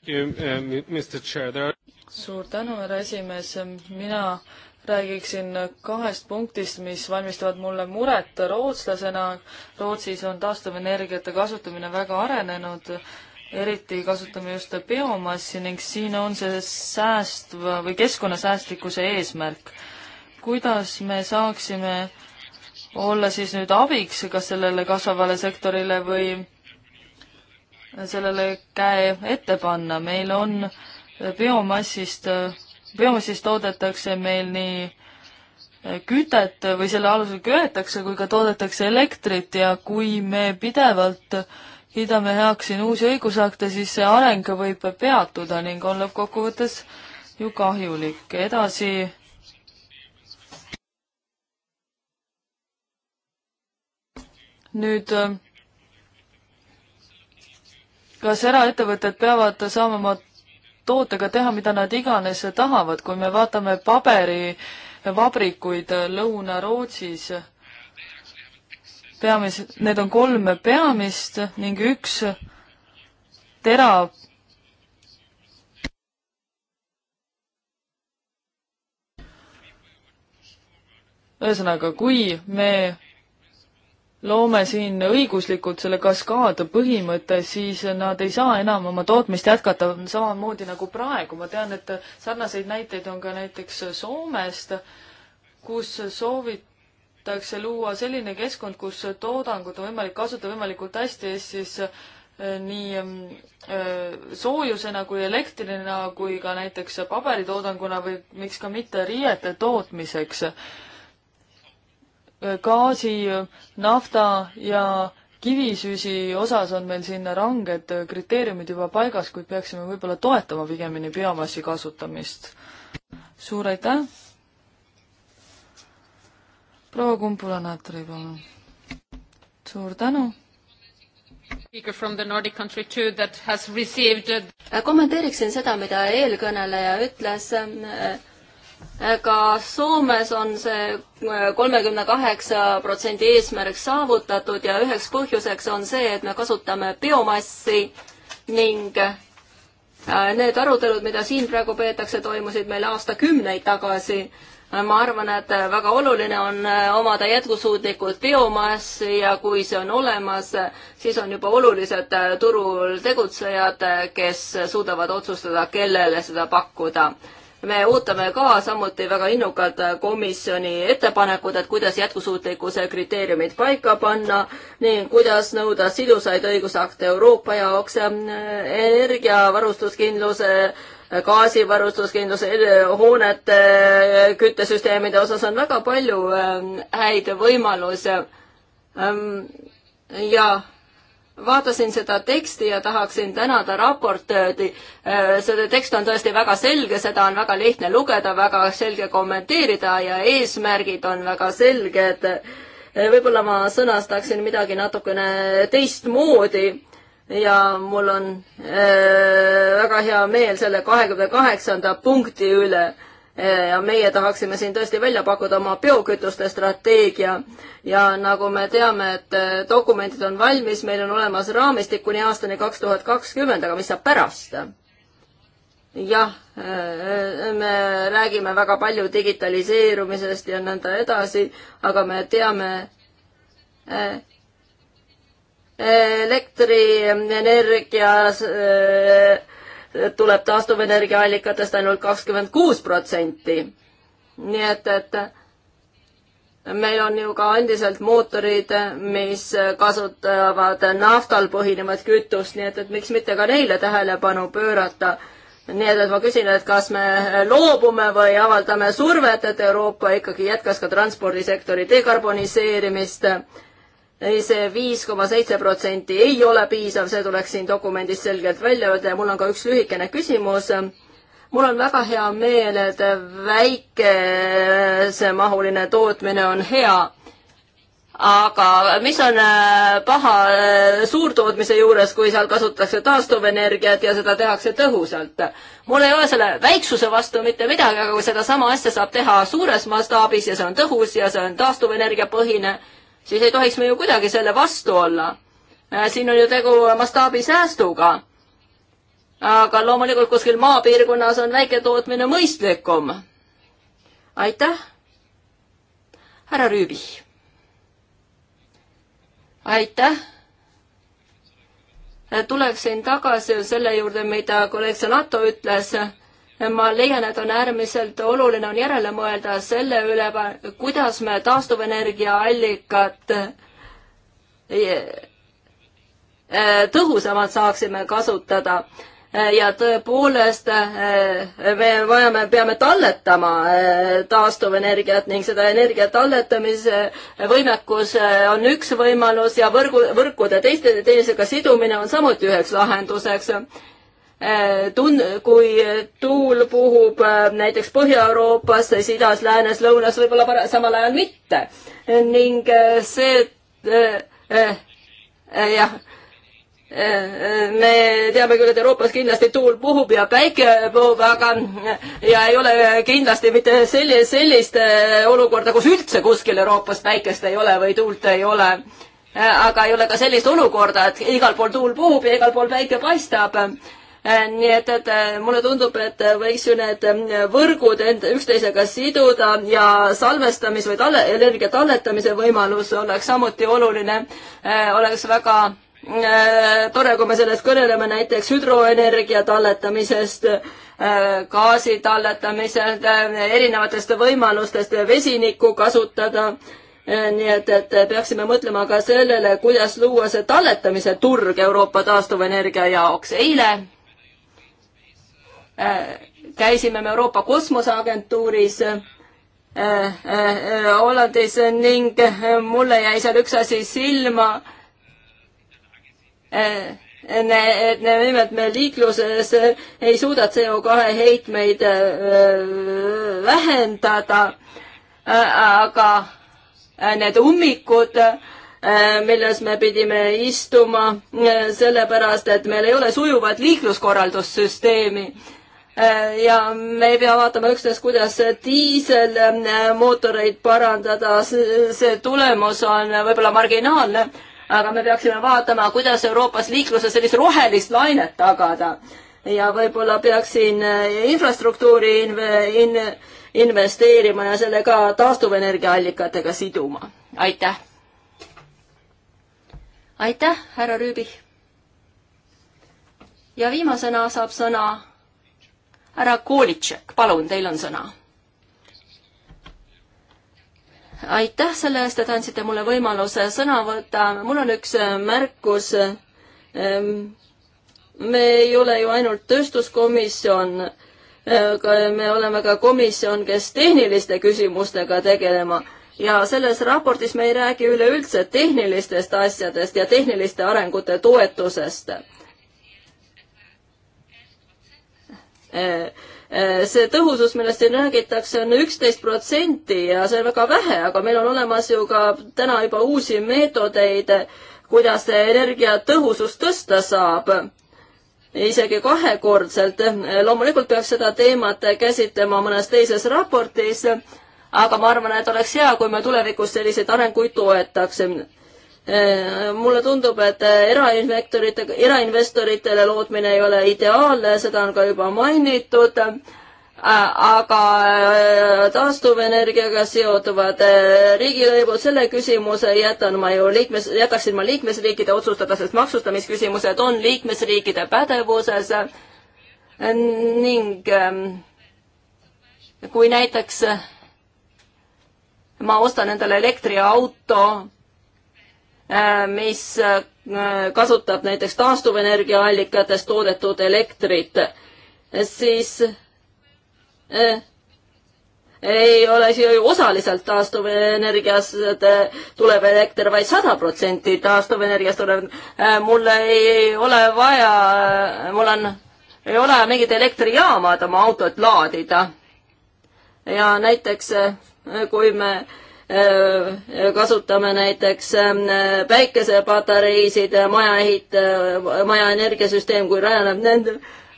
suur tänu, härra esimees. mina räägiksin kahest punktist, mis valmistavad mulle muret rootslasena. Rootsis on taastuvenergiate kasutamine väga arenenud, eriti kasutame just biomassi ning siin on see säästva või keskkonnasäästlikkuse eesmärk kuidas me saaksime olla siis nüüd abiks kas sellele kasvavale sektorile või sellele käe ette panna, meil on biomassist, biomassist toodetakse meil nii kütet või selle alusel köetakse, kui ka toodetakse elektrit ja kui me pidevalt kiidame heaks siin uusi õigusakte, siis see areng võib peatuda ning on lõppkokkuvõttes ju kahjulik. edasi nüüd äh, kas eraettevõtted peavad saama oma tootega teha, mida nad iganes tahavad, kui me vaatame paberivabrikuid Lõuna-Rootsis, peamis-, need on kolm peamist ning üks terav ühesõnaga, kui me loome siin õiguslikult selle kaskaade põhimõtte, siis nad ei saa enam oma tootmist jätkata samamoodi nagu praegu. ma tean, et sarnaseid näiteid on ka näiteks Soomest, kus soovitakse luua selline keskkond, kus toodangut on võimalik kasutada võimalikult hästi, ehk siis eh, nii mm, eh, soojusena kui elektrina kui ka näiteks paberitoodanguna või miks ka mitte riiete tootmiseks gaasi, nafta ja kivisüsi osas on meil siin ranged kriteeriumid juba paigas, kuid peaksime võib-olla toetama pigemini biomassi kasutamist. suur aitäh! proua Kumpula-Natri, palun! suur tänu! kommenteeriksin seda, mida eelkõneleja ütles ka Soomes on see äh, kolmekümne kaheksa protsendi eesmärk saavutatud ja üheks põhjuseks on see, et me kasutame biomassi ning äh, need arutelud, mida siin praegu peetakse, toimusid meil aastakümneid tagasi. Äh, ma arvan, et väga oluline on omada jätkusuutlikult biomassi ja kui see on olemas, siis on juba olulised turul tegutsejad, kes suudavad otsustada, kellele seda pakkuda me ootame ka samuti väga innukalt komisjoni ettepanekud, et kuidas jätkusuutlikkuse kriteeriumid paika panna ning kuidas nõuda sidusaid õigusakte Euroopa jaoks energiavarustuskindluse gaasivarustuskindluse, hoonete, küttesüsteemide osas on väga palju äh, häid võimalusi. Ehm, ja vaatasin seda teksti ja tahaksin tänada raportööri. Äh, see tekst on tõesti väga selge, seda on väga lihtne lugeda, väga selge kommenteerida ja eesmärgid on väga selged. Äh, võib-olla ma sõnastaksin midagi natukene teistmoodi ja mul on äh, väga hea meel selle kahekümne kaheksanda punkti üle ja meie tahaksime siin tõesti välja pakkuda oma biokütuste strateegia ja nagu me teame, et eh, dokumendid on valmis, meil on olemas raamistik kuni aastani kaks tuhat kakskümmend, aga mis saab pärast? jah, eh, me räägime väga palju digitaliseerumisest ja nõnda edasi, aga me teame, eh, elektrienergias äh, tuleb taastuvenergiaallikatest ainult kakskümmend kuus protsenti. nii et, et meil on ju ka endiselt mootorid, mis kasutavad naftal põhinevat kütust, nii et, et miks mitte ka neile tähelepanu pöörata nii et, et ma küsin, et kas me loobume või avaldame survet, et Euroopa ikkagi jätkas ka transpordisektori dekarboniseerimist äh, ei see, see viis koma seitse protsenti ei ole piisav, see tuleks siin dokumendis selgelt välja öelda ja mul on ka üks lühikene küsimus. mul on väga hea meel, et väikesemahuline tootmine on hea aga mis on äh, paha äh, suurtootmise juures, kui seal kasutatakse taastuvenergiat ja seda tehakse tõhusalt? mul ei ole selle väiksuse vastu mitte midagi, aga kui sedasama asja saab teha suures mastaabis ja see on tõhus ja see on taastuvenergiapõhine, siis ei tohiks me ju kuidagi selle vastu olla. Äh, siin on ju tegu mastaabisäästuga. aga loomulikult kuskil maapiirkonnas on väiketootmine mõistlikum. aitäh, härra Rüübi. aitäh äh, tuleksin tagasi selle juurde, mida kolleeg Sanato ütles ma leian, et on äärmiselt oluline on järele mõelda selle üle, kuidas me taastuvenergiaallikat eh, eh, tõhusamalt saaksime kasutada. Eh, ja tõepoolest me vajame, peame talletama taastuvenergiat ning seda energia talletamise võimekus on üks võimalus ja võrgu, võrkude teiste, teisega sidumine on samuti üheks lahenduseks Äh, tun-, kui tuul puhub äh, näiteks Põhja-Euroopas, siis idas, läänes, lõunas võib-olla para-, samal ajal mitte. ning äh, see äh, äh, jah, me teame küll, et Euroopas kindlasti tuul puhub ja päike puhub, aga ja ei ole kindlasti mitte selli-, sellist olukorda, kus üldse kuskil Euroopas päikest ei ole või tuult ei ole. aga ei ole ka sellist olukorda, et igal pool tuul puhub ja igal pool päike paistab Äh, nii et, et äh, mulle tundub, et äh, võiks ju need võrgud end üksteisega siduda ja salvestamis- või talle, energia talletamise võimalus oleks samuti oluline, oleks väga tore, kui me sellest kõneleme näiteks hüdroenergia talletamisest, gaasi talletamisest, erinevatest võimalustest vesinikku kasutada. nii et, et peaksime mõtlema ka sellele, kuidas luua see talletamise turg Euroopa taastuvenergia jaoks. eile Äh, käisime me Euroopa Kosmoseagentuuris äh, äh, Hollandis ning mulle jäi seal üks asi silma. et nimelt me liikluses ei suuda CO2 heitmeid vähendada, aga need ummikud, milles me pidime istuma, sellepärast et meil ei ole sujuvat liikluskorraldussüsteemi Äh, ja me ei pea vaatama üksnes, kuidas diiselmootoreid äh, parandada, see tulemus on võib-olla marginaalne, aga me peaksime vaatama, kuidas Euroopas liikluses sellist rohelist lainet tagada. ja võib-olla peaksin äh, infrastruktuuri inv-, in-, investeerima ja selle ka taastuvenergiaallikatega siduma. aitäh! aitäh, härra Rüübi! ja viimasena saab sõna härra Koolitšek, palun, teil on sõna. aitäh selle eest, et andsite mulle võimaluse sõna võtta. mul on üks äh, märkus. Ehm, me ei ole ju ainult tööstuskomisjon, me oleme ka komisjon, kes tehniliste küsimustega tegelema ja selles raportis me ei räägi üleüldse tehnilistest asjadest ja tehniliste arengute toetusest Äh, äh, see tõhusus, millest siin räägitakse, on üksteist protsenti ja see on väga vähe, aga meil on olemas ju ka täna juba uusi meetodeid, kuidas energiatõhusust tõsta saab isegi kahekordselt. loomulikult peaks seda teemat käsitlema mõnes teises raportis, aga ma arvan, et oleks hea, kui me tulevikus selliseid arenguid toetaksime Äh, mulle tundub, et äh, erainvektorite, erainvestoritele lootmine ei ole ideaalne, seda on ka juba mainitud äh, aga taastuvenergiaga seotuvad riigilõivud, selle küsimuse jätan ma ju liikmes, jätaksin ma liikmesriikide otsustada, sest maksustamisküsimused on liikmesriikide pädevuses ning ähm, kui näiteks ma ostan endale elektriauto Äh, mis äh, kasutab näiteks taastuvenergiaallikates toodetud elektrit, siis äh, ei ole see ju osaliselt taastuvenergiast tulev elekter vaid, vaid sada protsenti taastuvenergiast tulev. mul ei ole vaja, mul on, ei ole mingit elektrijaama, et oma autot laadida. ja näiteks kui me Äh, kasutame näiteks ähm, päikesepatareisid, äh, maja ehit-, äh, maja energiasüsteem, kui rajaneb nende,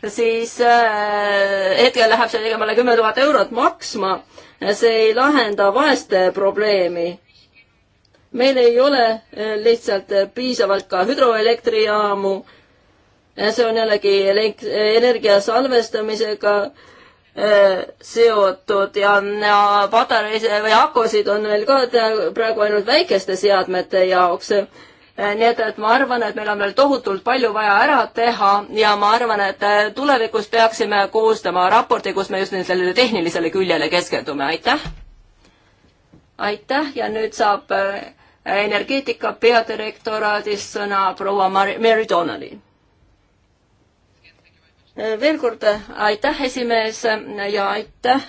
siis hetkel läheb see ligemale kümme tuhat eurot maksma. see ei lahenda vaeste probleemi meil ei ole lihtsalt piisavalt ka hüdroelektrijaamu. see on jällegi energia salvestamisega seotud ja, ja patareisid või akusid on meil ka praegu ainult väikeste seadmete jaoks. nii et, et ma arvan, et meil on veel tohutult palju vaja ära teha ja ma arvan, et tulevikus peaksime koostama raporti, kus me just sellele tehnilisele küljele keskendume, aitäh. aitäh ja nüüd saab äh, energeetika peadirektoraadist sõna proua Mary Donnelly veel kord aitäh, esimees ja aitäh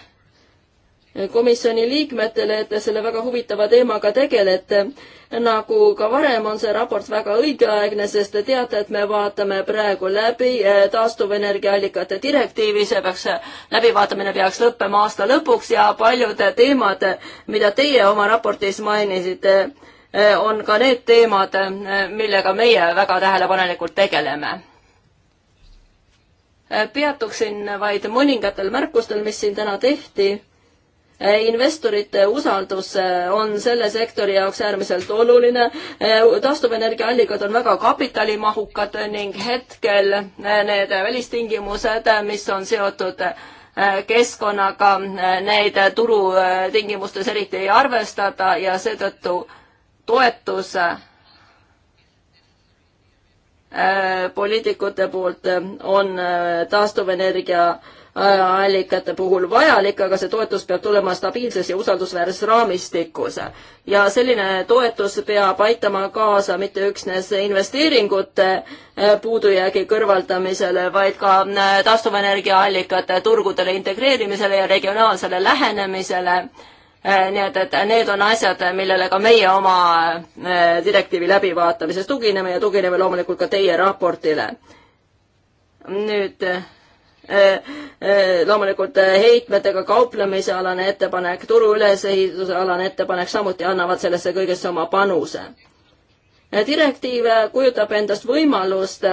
komisjoni liikmetele, et te selle väga huvitava teemaga tegelete. nagu ka varem, on see raport väga õigeaegne, sest te teate, et me vaatame praegu läbi eh, taastuvenergiaallikate direktiivi, see peaks, eh, läbivaatamine peaks lõppema aasta lõpuks ja paljud teemad, mida teie oma raportis mainisite, eh, on ka need teemad, millega meie väga tähelepanelikult tegeleme Äh, peatuksin vaid mõningatel märkustel, mis siin täna tehti äh, investorite usaldus äh, on selle sektori jaoks äärmiselt oluline. taastuvenergiaallikad on väga kapitalimahukad ning hetkel need välistingimused, mis on seotud keskkonnaga, neid turutingimustes eriti ei arvestata ja seetõttu toetus Äh, poliitikute poolt äh, on äh, taastuvenergia allikate puhul vajalik, aga see toetus peab tulema stabiilses ja usaldusväärses raamistikus. ja selline toetus peab aitama kaasa mitte üksnes investeeringute puudujäägi kõrvaldamisele, vaid ka taastuvenergia allikate turgudele integreerimisele ja regionaalsele lähenemisele Äh, nii et, et need on asjad, millele ka meie oma äh, direktiivi läbivaatamises tugineme ja tugineme loomulikult ka teie raportile. nüüd äh, loomulikult heitmetega kauplemise alane ettepanek, turu ülesehituse alane ettepanek samuti annavad sellesse kõigesse oma panuse. direktiiv kujutab endast võimalust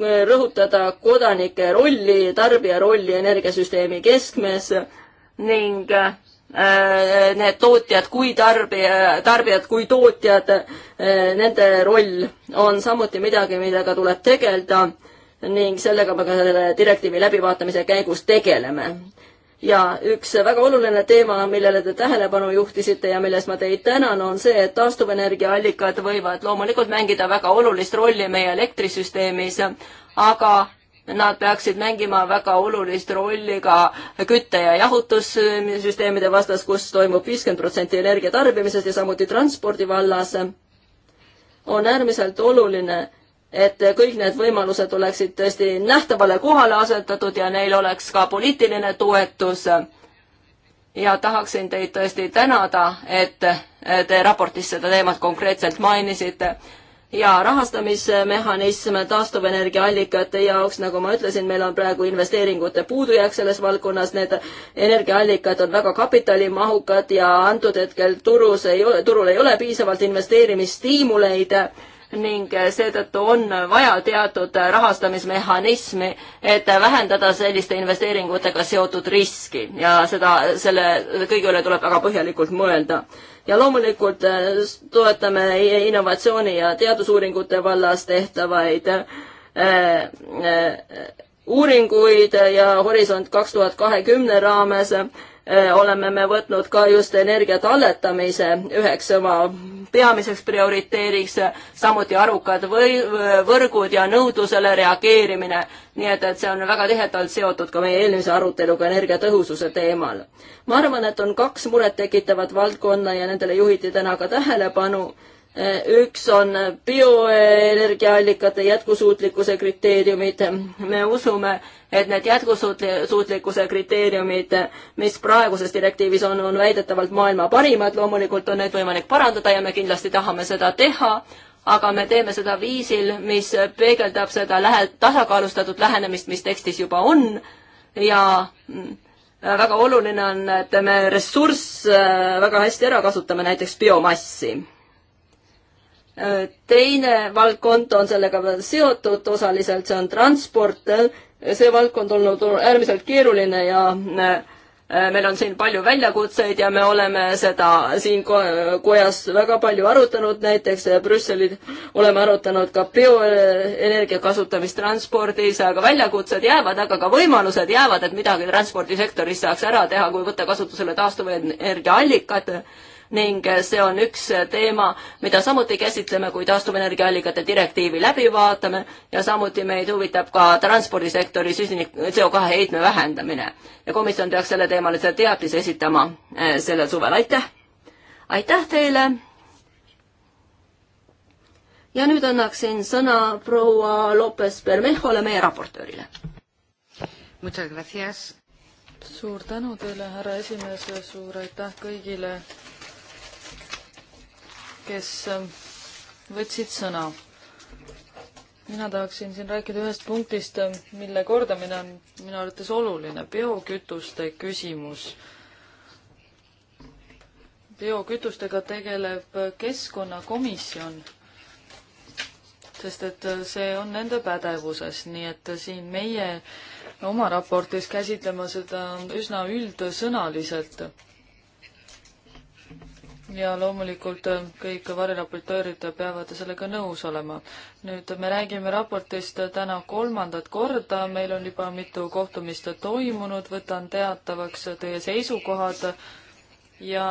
rõhutada kodanike rolli, tarbija rolli energiasüsteemi keskmes ning äh, need tootjad kui tarbija, tarbijad kui tootjad, äh, nende roll on samuti midagi, millega tuleb tegeleda ning sellega me ka selle direktiivi läbivaatamise käigus tegeleme ja üks väga oluline teema, millele te tähelepanu juhtisite ja milles ma teid tänan, on see, et taastuvenergiaallikad võivad loomulikult mängida väga olulist rolli meie elektrisüsteemis, aga nad peaksid mängima väga olulist rolli ka kütte- ja jahutussüsteemide vastas, kus toimub viiskümmend protsenti energia tarbimisest ja samuti transpordi vallas. on äärmiselt oluline, et kõik need võimalused oleksid tõesti nähtavale kohale asetatud ja neil oleks ka poliitiline toetus. ja tahaksin teid tõesti tänada, et te raportis seda teemat konkreetselt mainisite ja rahastamismehhanism taastuvenergiaallikate jaoks, nagu ma ütlesin, meil on praegu investeeringute puudujääk selles valdkonnas, need energiaallikad on väga kapitalimahukad ja antud hetkel turus ei ole, turul ei ole piisavalt investeerimisstiimuleid ning seetõttu on vaja teatud rahastamismehhanismi, et vähendada selliste investeeringutega seotud riski ja seda, selle kõige üle tuleb väga põhjalikult mõelda. ja loomulikult äh, toetame innovatsiooni ja teadusuuringute vallas tehtavaid äh, äh, uuringuid ja Horisont kaks tuhat kahekümne raames Äh, oleme me võtnud ka just energia talletamise üheks oma peamiseks prioriteeriks, samuti arukad või, võrgud ja nõudlusele reageerimine. nii et, et see on väga tihedalt seotud ka meie eelmise aruteluga energiatõhususe teemal. ma arvan, et on kaks murettekitavat valdkonna ja nendele juhiti täna ka tähelepanu üks on bioenergiaallikate jätkusuutlikkuse kriteeriumid. me usume, et need jätkusuutlikkuse kriteeriumid, mis praeguses direktiivis on, on väidetavalt maailma parimad, loomulikult on neid võimalik parandada ja me kindlasti tahame seda teha, aga me teeme seda viisil, mis peegeldab seda lähe-, tasakaalustatud lähenemist, mis tekstis juba on ja mm, väga oluline on, et me ressurss äh, väga hästi ära kasutame, näiteks biomassi teine valdkond on sellega seotud osaliselt, see on transport. see valdkond on olnud äärmiselt keeruline ja äh, meil on siin palju väljakutseid ja me oleme seda siin ko kojas väga palju arutanud, näiteks äh, Brüsselil oleme arutanud ka bioenergia kasutamist transpordis, aga väljakutsed jäävad, aga ka võimalused jäävad, et midagi transpordisektoris saaks ära teha, kui võtta kasutusele taastuvenergiaallikad allikad ning see on üks teema, mida samuti käsitleme, kui taastuvenergiaallikate direktiivi läbi vaatame ja samuti meid huvitab ka transpordisektori süsinik, CO2 heitme vähendamine. ja komisjon peaks selle teemalise teatise esitama eh, sellel suvel, aitäh! aitäh teile! ja nüüd annaksin sõna proua Lopez Bermejole, meie raportöörile. suur tänu teile, härra esimees, suur aitäh kõigile kes ähm, võtsid sõna. mina tahaksin siin rääkida ühest punktist, ähm, mille kordamine on minu arvates oluline, biokütuste küsimus. biokütustega tegeleb Keskkonnakomisjon, sest et äh, see on nende pädevuses, nii et äh, siin meie oma raportis käsitlema seda üsna üldsõnaliselt ja loomulikult äh, kõik variraportöörid peavad sellega nõus olema. nüüd me räägime raportist täna kolmandat korda, meil on juba mitu kohtumist toimunud, võtan teatavaks teie seisukohad ja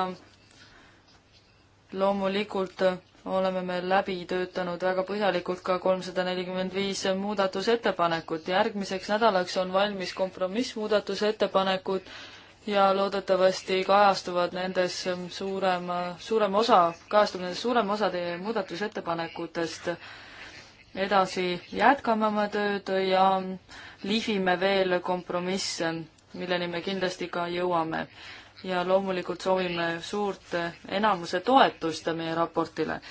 loomulikult oleme me läbi töötanud väga põhjalikult ka kolmsada nelikümmend viis muudatusettepanekut. järgmiseks nädalaks on valmis kompromissmuudatusettepanekud ja loodetavasti kajastuvad nendes suurema, suurem osa, kajastub nendes suurem osa teie muudatusettepanekutest. edasi jätkame oma tööd ja lihvime veel kompromisse, milleni me kindlasti ka jõuame. ja loomulikult soovime suurt enamuse toetust meie raportile.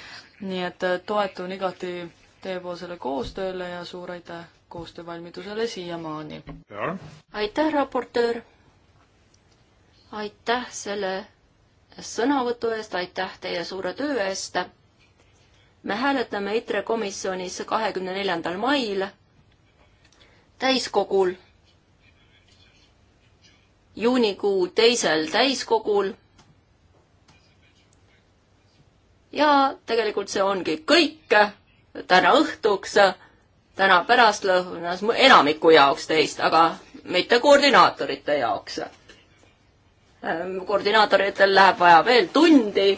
nii et toetun igati teiepoolsele koostööle ja suur aitäh koostöövalmidusele siiamaani. aitäh, raportöör! aitäh selle sõnavõtu eest, aitäh teie suure töö eest. me hääletame ITRE komisjonis kahekümne neljandal mail täiskogul, juunikuu teisel täiskogul. ja tegelikult see ongi kõik täna õhtuks, täna pärastlõunas enamiku jaoks teist, aga mitte koordinaatorite jaoks Ehm, koordinaatoritel läheb vaja veel tundi,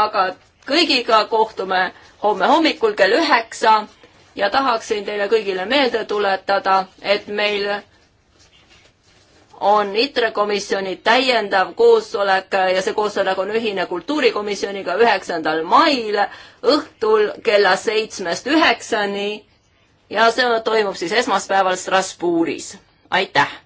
aga kõigiga kohtume homme hommikul kell üheksa ja tahaksin teile kõigile meelde tuletada, et meil on ITRE komisjoni täiendav koosolek ja see koosolek on ühine kultuurikomisjoniga üheksandal mail õhtul kella seitsmest üheksani ja see toimub siis esmaspäeval Strasbourgis. aitäh!